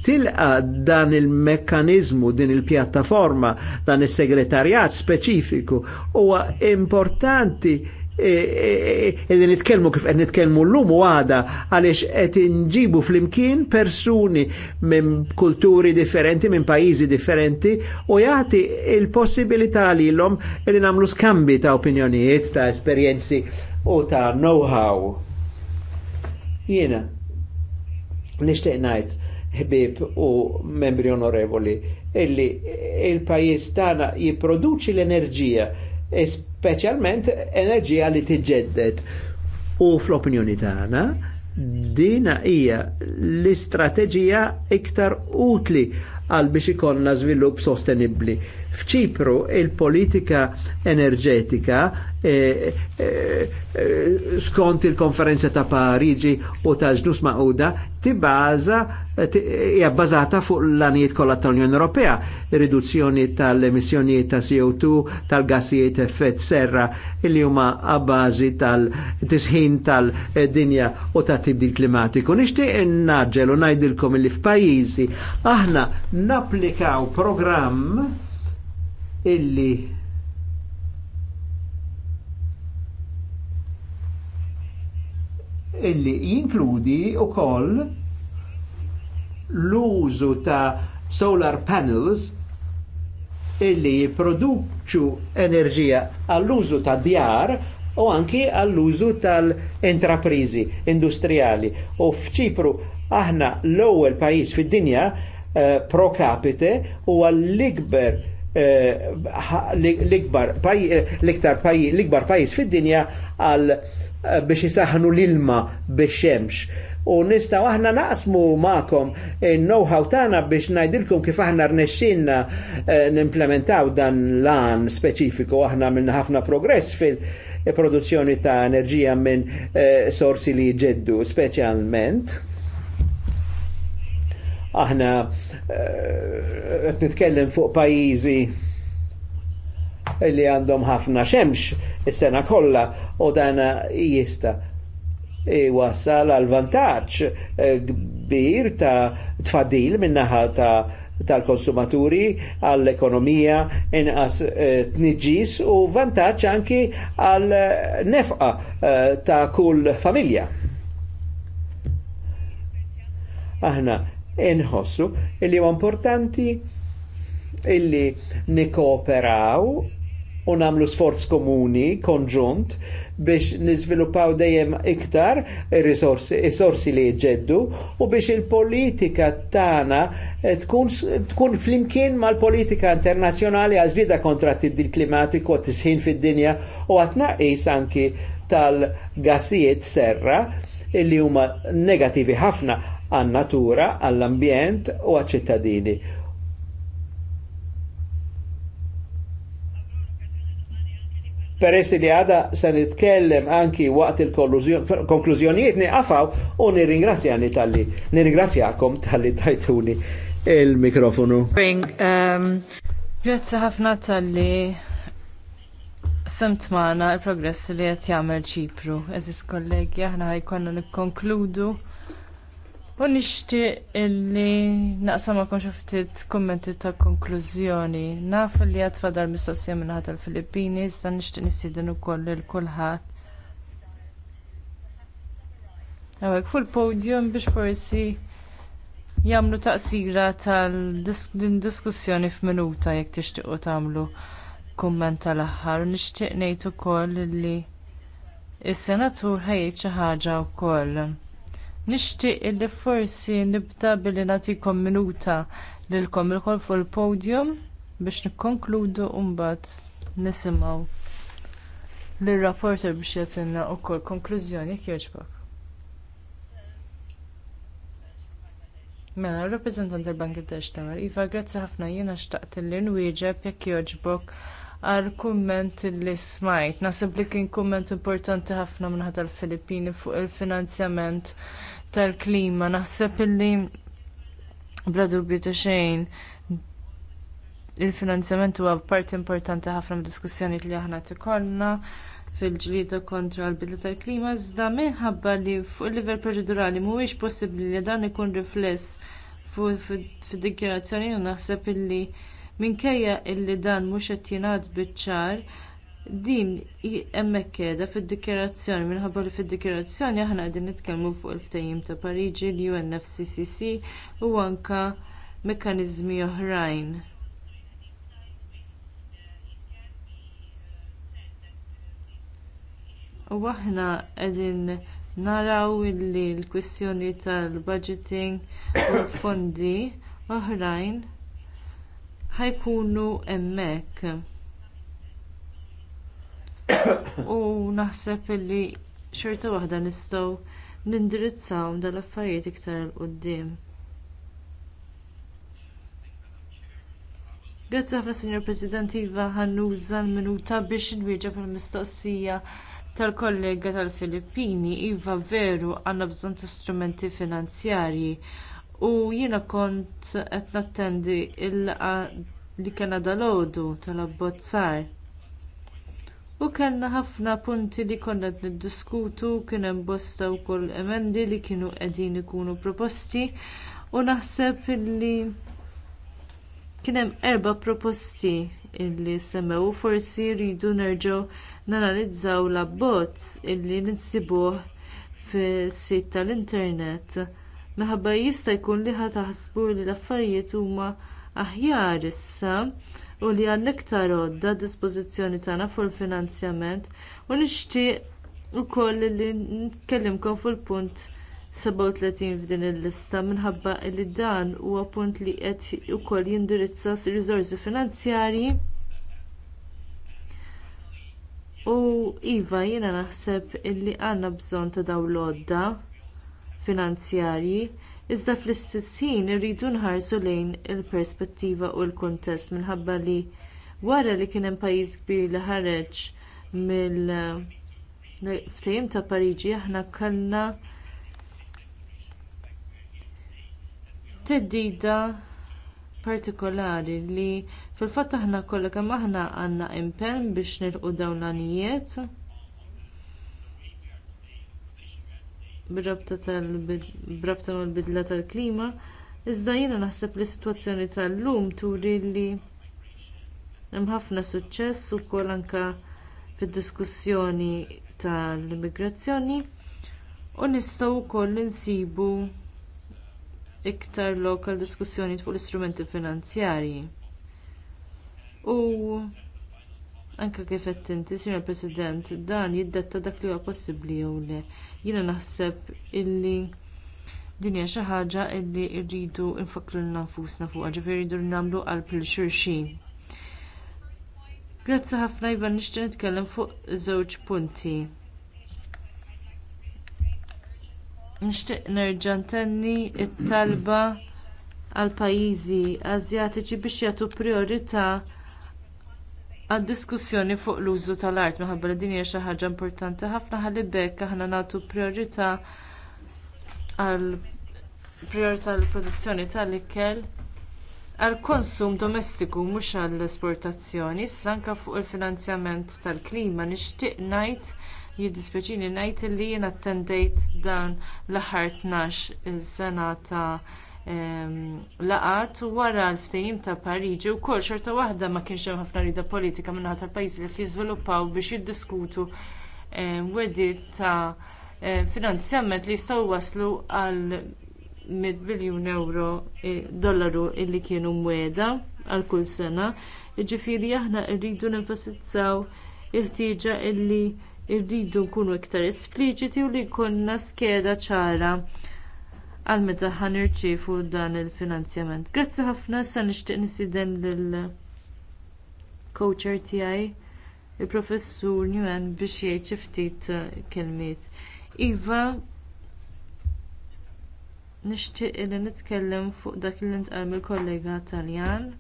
tilqa dan il-mekkanizmu, din il-pjattaforma, dan il-segretarjat speċifiku huwa importanti Illi e, e, e, nitkellmu kif qed nitkellmu llum u għada għaliex qed inġibu flimkien persuni minn kulturi differenti, minn pajjiżi differenti u jagħti il-possibilità lilhom li nagħmlu skambi ta' opinjonijiet, ta' esperjenzi u ta' know-how. Jiena nixtieq ngħid ħbib u membri onorevoli, illi il-pajis tana jiproduċi l-enerġija, specialment enerġija li tiġġeddet. U fl-opinjoni tana, dina hija l-istrateġija iktar utli għal biex ikonna żvilupp sostenibbli F'ċipru il-politika enerġetika e, e, e, skont il-konferenza ta' Pariġi u ta' ġnus ma'uda tibbaża hija bbażata fuq l-anijiet kollha tal-Unjoni Ewropea, riduzzjoni tal-emissjonijiet ta' CO2, tal-gassijiet effett serra li huma abbażi tal-tisħin tal-dinja u ta' tibdil klimatiku. Nixtieq naġġel u ngħidilkom li f'pajjiżi aħna napplikaw programm illi illi jinkludi u koll l-użu ta' solar panels illi jiproduċu enerġija għall-użu ta' djar u anki għall-użu tal entraprizi industrijali. U fċipru aħna l-ewwel pajjiż fid-dinja uh, pro capite u għall-ikber l-ikbar pajis, l-ikbar pajjiż fid-dinja għal eh, biex jisaħnu l-ilma biex xemx. U nistaw aħna naqsmu ma'kom il-know-how tagħna biex ngħidilkom kif aħna rnexxinna eh, nimplementaw dan lan specifiku speċifiku aħna minn ħafna progress fil- produzzjoni ta' enerġija minn eh, sorsi li jġeddu, specialment Aħna eh, qed nitkellem fuq pajjiżi li għandhom ħafna xemx is-sena kollha u dan jista' wasal għal vantaġġ eh, kbir ta' tfadil minnaħa ta' tal-konsumaturi, għall-ekonomija, inqas eh, tniġġis u vantaġġ anki għal nefqa ta' kull familja. Aħna inħossu illi huwa importanti illi nikkooperaw u namlu sforz komuni, konġunt, biex nizviluppaw dejjem iktar il-risorsi li jġeddu u biex il-politika tana tkun, tkun flimkien mal-politika internazjonali għal ġlida kontra tibdil klimatiku u tisħin fid-dinja u għatnaqis anki tal-gassijiet serra illi huma negativi ħafna għan-natura, għall-ambjent u għaċ-ċittadini. Peressi li għada se nitkellem anki waqt il-konklużjonijiet niqafaw u nirringrazzjani tal-li, nirringrazzjakom tal-li tajtuni il-mikrofonu. Grazie um, Grazzi ħafna tal-li semt magħna l progress li qed jagħmel ċipru. Eżis kollegi, aħna ħajkonna nikkonkludu. U nixtieq illi naqsam ma ftit kummenti ta' konklużjoni. Naf li għat fadal mistoqsija minn ħadd tal-Filippini, iżda nixtieq nissieden ukoll lil kulħadd. Għawek fuq il-podium biex forsi jagħmlu taqsira tal-diskussjoni f'minuta jekk tixtiequ tagħmlu kumment tal-aħħar u nixtieq ngħid ukoll li is-senatur ħejjed xi ħaġa wkoll. Nixtieq li forsi nibda billi nagħtikom minuta lilkom ilkoll fuq il-podium biex nikkonkludu u mbagħad nisimgħu lir rapporter biex jagħtilna wkoll konklużjoni jekk jogħġbok. Mela, r-rappresentant tal-Bangladesh Tamar, Iva, grazzi ħafna jiena xtaqt li nwieġeb jekk jogħġbok għal kumment li smajt. Nasib li kien kumment importanti ħafna minn ħadal Filippini fuq il-finanzjament tal-klima. Naħseb illi bla dubju ta' xejn il-finanzjament huwa parti importanti ħafna mid-diskussjoni li aħna tikollna fil-ġlieda kontra l-bidla tal-klima, iżda minħabba li fuq il-livell proċedurali mhuwiex possibbli li dan ikun rifless fid-dikjarazzjoni naħseb illi minkejja li dan mhux qed jingħad biċ-ċar din hemmhekk qiegħda fid-dikjarazzjoni minħabba li fid-dikjarazzjoni aħna qegħdin nitkellmu fuq il-ftehim ta' Pariġi, l-UNFCCC u anke mekkaniżmi oħrajn. U aħna qegħdin naraw li l-kwistjoni tal-budgeting u fondi oħrajn ħajkunu hemmhekk. U naħseb li xorta waħda nistgħu nindirizzaw dal-affarijiet iktar il qudiem Grazie ħafna Sinjor President Iva ħannuża l-minuta biex inwieġeb il-mistoqsija tal-kollega tal-Filippini Iva veru għandna bżonn ta' strumenti finanzjarji u jiena kont qed nattendi l-laqgħa li kellna dalgħodu tal-abbozzar u kellna ħafna punti li konna qed niddiskutu kien hemm bosta wkoll emendi li kienu qegħdin ikunu proposti u naħseb li kien hemm erba' proposti illi semmew u forsi rridu nerġgħu nanalizzaw l-abbozz illi ninsibuh fis-sit tal-internet Meħabba jista' jkun li ħataħsbu li l-affarijiet huma aħjar issa u li għandna iktar għodda dispożizzjoni tagħna fuq il-finanzjament u nixtieq ukoll li nkellimkom fuq il-punt 37 f'din il-lista minħabba li dan huwa punt li qed ukoll jindirizza s riżorsi finanzjarji u iva jiena naħseb illi għandna bżonn ta' dawn l odda finanzjarji, iżda fl-istess ħin irridu nħarsu lejn il-perspettiva u l-kuntest minħabba li wara li kien hemm pajjiż kbir li ħareġ mill ftehim ta' Pariġi aħna kellna theddida partikolari li fil-fatt aħna kollha kemm aħna għandna impenn biex nilqu dawn l-għanijiet brabta mal-bidla tal-klima, iżda jiena naħseb li s-sitwazzjoni tal-lum turi li hemm ħafna suċċess ukoll anke fid-diskussjoni tal-immigrazzjoni u nistgħu wkoll insibu iktar lokal diskussjoni fuq l-istrumenti finanzjarji. U Anke kif qed inti, President, dan jiddetta dak li huwa possibbli jew le. Jiena naħseb illi din hija xi ħaġa li rridu nfakru lil nfusna fuqha, ġifieri rridu nagħmlu qalb lil xulxin. Grazzi ħafna Ivan nixtieq nitkellem fuq żewġ punti. Nixtieq nerġa' ntenni t talba għal pajjiżi Asjatiċi biex jagħtu priorità għad-diskussjoni fuq l-użu tal-art minħabba li din hija xi ħaġa importanti ħafna ħalli bekk aħna nagħtu priorità għal priorità l produzzjoni tal-ikel għall konsum domestiku mhux għall-esportazzjoni, issa anke fuq il-finanzjament tal-klima nixtieq ngħid jiddispjaċini ngħid li jien attendejt dan l-aħħar tnax-il sena ta' laqat wara l-ftehim ta' Pariġi wkoll xorta waħda ma kienx hemm ħafna rida politika min-naħa tal-pajjiżi li qed jiżviluppaw biex jiddiskutu wedid ta' finanzjament li jistgħu waslu għal 100 biljun euro e, dollaru illi kienu mweda għal kull sena. Jiġifieri aħna rridu nenfasizzaw il-ħtieġa illi rridu nkunu iktar espliċiti u li jkollna skeda ċara għal meta ħan irċievu dan il-finanzjament. Grazzi ħafna sa nixtieq nisiden lil coacher tiegħi il-professur Njuan biex jgħid xi ftit uh, kelmiet. Iva nixtieq li nitkellem fuq dak li ntqal mill-kollega Taljan.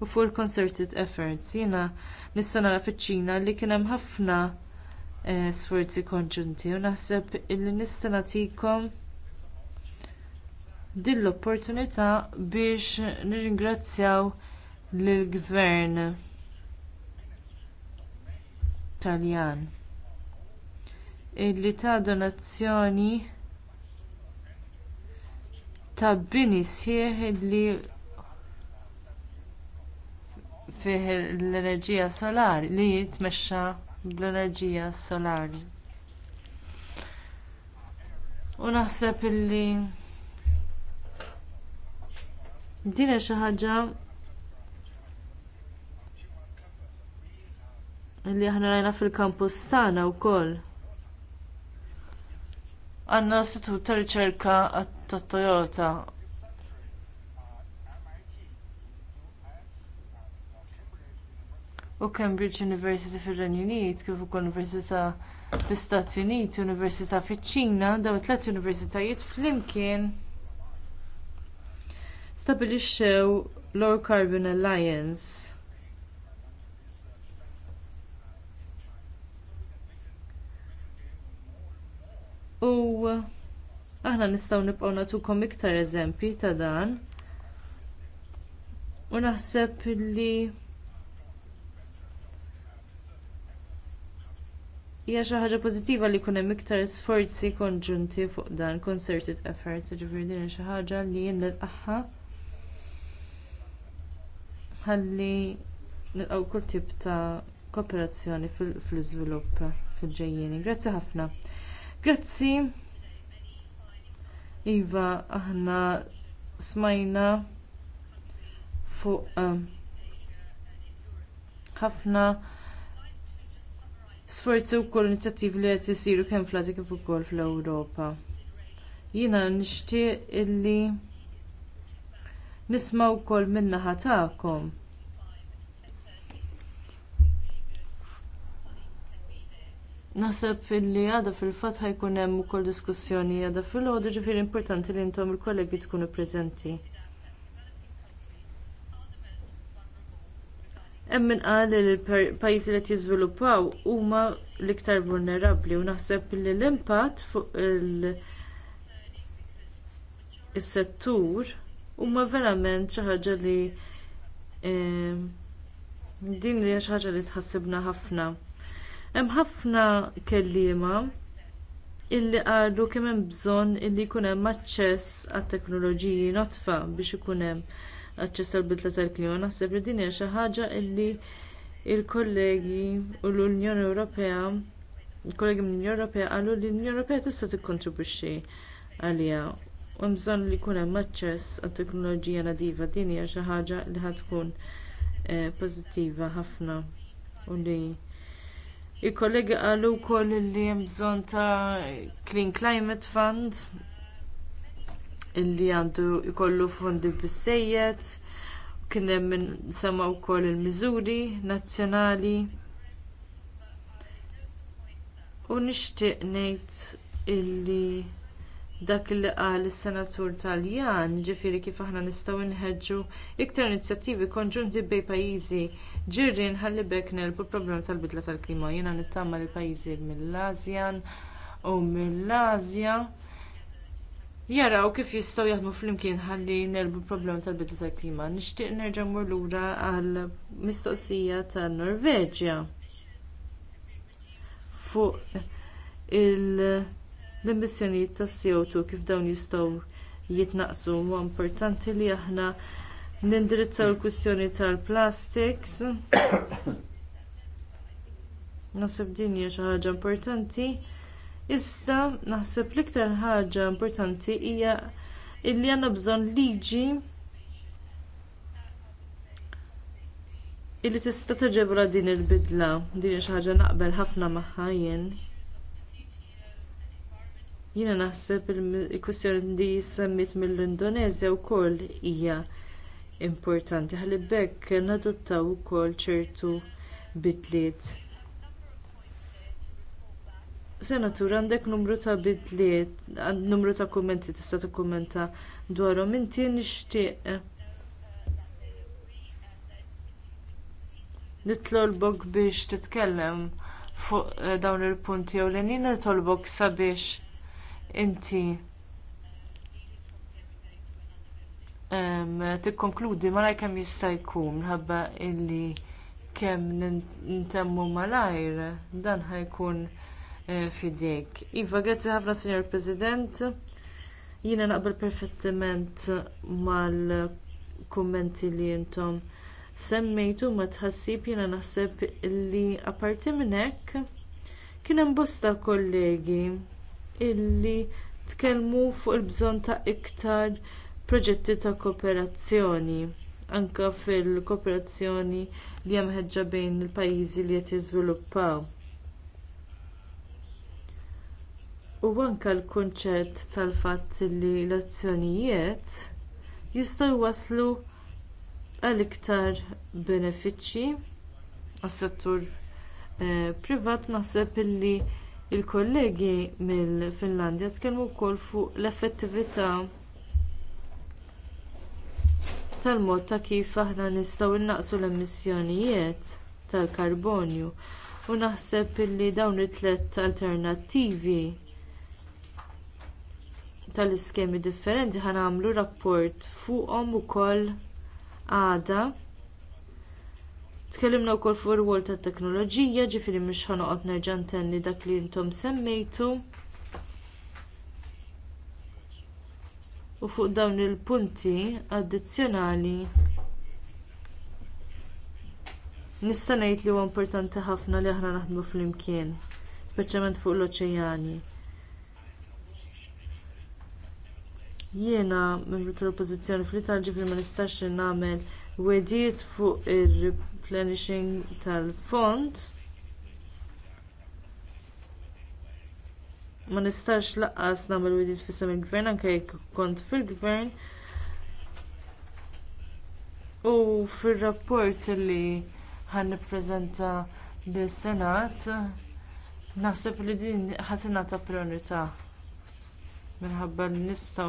U fuq il-concerted efforts jiena nista' nara fiċ-Ċina li kien hemm ħafna Eh, sforzi konġunti u naħseb illi nista' nagħtikom din l-opportunità biex nirringrazzjaw lill-Gvern Taljan illi ta' donazzjoni ta' bini sħiħ illi fih l-enerġija solari li jitmexxa bl-enerġija solari. U naħseb illi din xi ħaġa li aħna rajna fil-kampus tagħna wkoll. Għandna istitut ta' riċerka tat Toyota u Cambridge University fir-Renju Unit kif ukoll Università fl-Istati Uniti, Università fiċ-Ċina, dawn tliet universitajiet flimkien stabilixxew Low Carbon Alliance. U aħna nistgħu nibqgħu nagħtukom iktar eżempji ta' dan. U naħseb li hija xi ħaġa pożittiva li jkun hemm iktar sforzi konġunti fuq dan concerted effort, ġifieri din xi ħaġa li jien nilqaħħa ħalli nilqgħu kull tip ta' kooperazzjoni fl-iżvilupp fil-ġejjieni. Grazzi ħafna. Grazzi. Iva, aħna smajna fuq eh, ħafna uh, sforzi wkoll inizjattivi li qed isiru kemm fl-Asja kif ukoll fl-Ewropa. Jiena nixtieq illi nisma' wkoll min-naħa tagħkom. Naħseb illi għadha fil-fatt ħajkun hemm ukoll diskussjoni għadha fil-ħodu ġifieri importanti li intom il-kollegi tkunu preżenti. hemm min qal li l-pajjiżi li qed jiżviluppaw huma l-iktar vulnerabbli u naħseb li l-impatt fuq is-settur huma verament xi ħaġa li din hija xi ħaġa li tħassibna ħafna. Hemm ħafna kelliema illi qalu kemm hemm bżonn illi jkun hemm aċċess għat-teknoloġiji notfa biex ikun hemm aċċess għall bidla tal-klima. Naħseb li din hija xi ħaġa li l kollegi u l-Unjoni Ewropea il-kollegi mill-Unjoni Ewropea qalu li l-Unjoni Ewropea tista' tikkontribwixxi għaliha. U bżonn li jkun hemm aċċess għat-teknoloġija nadiva din hija xi ħaġa li ħad tkun eh, pożittiva ħafna u li il-kollegi qalu wkoll li hemm bżonn ta' Clean Climate Fund illi għandu jkollu fondi bissejjed, kien hemm sema wkoll il-miżuri nazzjonali. U nixtieq ngħid illi dak li qal is-senatur Taljan, ġifieri kif aħna nistgħu nħeġġu iktar inizjattivi konġunti bejn pajjiżi ġirien ħalli bekk nelbu problemi tal-bidla tal-klima. Jiena nittama li pajjiżi mill-Asjan u mill-Asja jaraw kif jistgħu jaħdmu flimkien ħalli nerbu problema tal-bidla tal-klima. Nixtieq nerġa' mmur lura għal mistoqsija tan-Norveġja fuq l-emissjonijiet tas CO2 kif dawn jistgħu jitnaqsu huwa importanti li aħna nindirizzaw il-kwistjoni tal-plastics. Nasib din hija xi ħaġa importanti. Iżda naħseb l-iktar ħaġa importanti hija li għandna bżonn liġi illi tista' tiġebra din il-bidla, din xi ħaġa naqbel ħafna magħha jien. Jiena naħseb il-kwistjoni li semmit mill-Indonezja wkoll hija importanti ħalli b'hekk nadottaw ukoll ċertu bidliet Senatur, għandek numru ta' bidliet, numru ta' kummenti tista' tikkumenta dwarhom inti nixtieq nitlolbok biex titkellem fuq eh, dawn il-punti u l nitolbok sabiex inti tikkonkludi malaj kemm jista' jkun minħabba illi kemm nintemmu malajr dan ħajkun Eh, fidejk. Iva, grazzi ħafna, Signor President. Jiena naqbel perfettament mal-kummenti li intom semmejtu ma tħassib jiena naħseb li apparti minn hekk kien hemm bosta kollegi illi tkellmu fuq il-bżonn ta' iktar proġetti ta' kooperazzjoni anke fil-kooperazzjoni li hemm ħeġġa bejn il-pajjiżi li qed jiżviluppaw. U anke l-kunċett tal-fatt li l-azzjonijiet jistgħu jwasslu għal iktar benefiċċji għas-settur eh, privat naħseb illi l kollegi mill-Finlandja tkellmu wkoll fuq l-effettività tal-mod ta' kif aħna nistgħu innaqsu l-emissjonijiet tal-karbonju u naħseb illi dawn it-tliet alternattivi tal-iskemi differenti ħan għamlu rapport fuqhom ukoll għada. Tkellimna wkoll fuq ir-wol tat-teknoloġija, ġifieri mhux ħanoqgħod nerġa' ntenni dak li intom semmejtu. U fuq dawn il-punti addizzjonali nista' ngħid li huwa importanti ħafna li aħna naħdmu flimkien, speċjalment fuq l-oċeani. Jiena membru tal-Oppożizzjoni fl-Italja ġifri ma nistax nagħmel wedijiet fuq ir-replenishing tal-fond. Ma nistax laqqas nagħmel wedijiet fisem il-gvern anke jekk kont fil-gvern. U fir-rapport li ħan nippreżenta senat naħseb li din ingħata priorità minħabba li nistgħu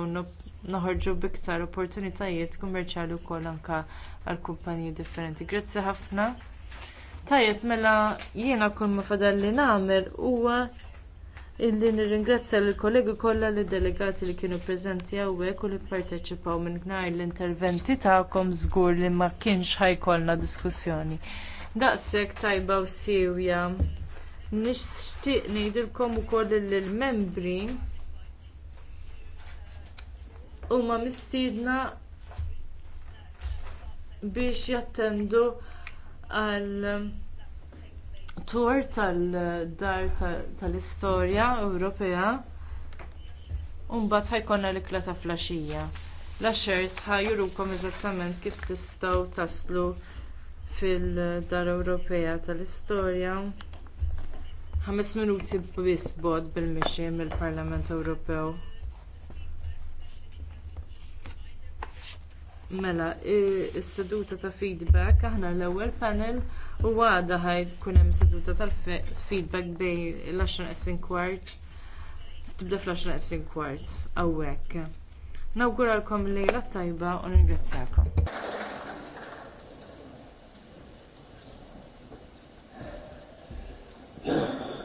noħorġu b'iktar opportunitajiet kummerċjali wkoll anke għal kumpaniji differenti. Grazzi ħafna. Tajjeb mela jiena kull ma fadal li nagħmel huwa illi nirringrazzja lill kollegi kollha li delegati li kienu preżenti hawnhekk u li pparteċipaw mingħajr l-interventi tagħkom żgur li ma kienx ħajkollna diskussjoni. Daqshekk tajba u sewja. Nixtieq ngħidilkom ukoll lill-membri huma mistiedna biex jattendu għal um, tur tal-dar tal-istorja Ewropea u mbagħad ħajkonna l-ikla ta' flaxija. L-axers ħajurukom eżattament kif tistgħu taslu fil-dar Ewropea tal-istorja. Ħames minuti biss bod bil-mixi mill-Parlament Ewropew. Mela, is-seduta ta' feedback, aħna l-ewwel panel u għada ħajkun hemm seduta tal-feedback bejn l-10 kwart. Tibda fl-10 qesin kwart hawnhekk. Nawguralkom lejla tajba u ningrazzjakom. Yeah.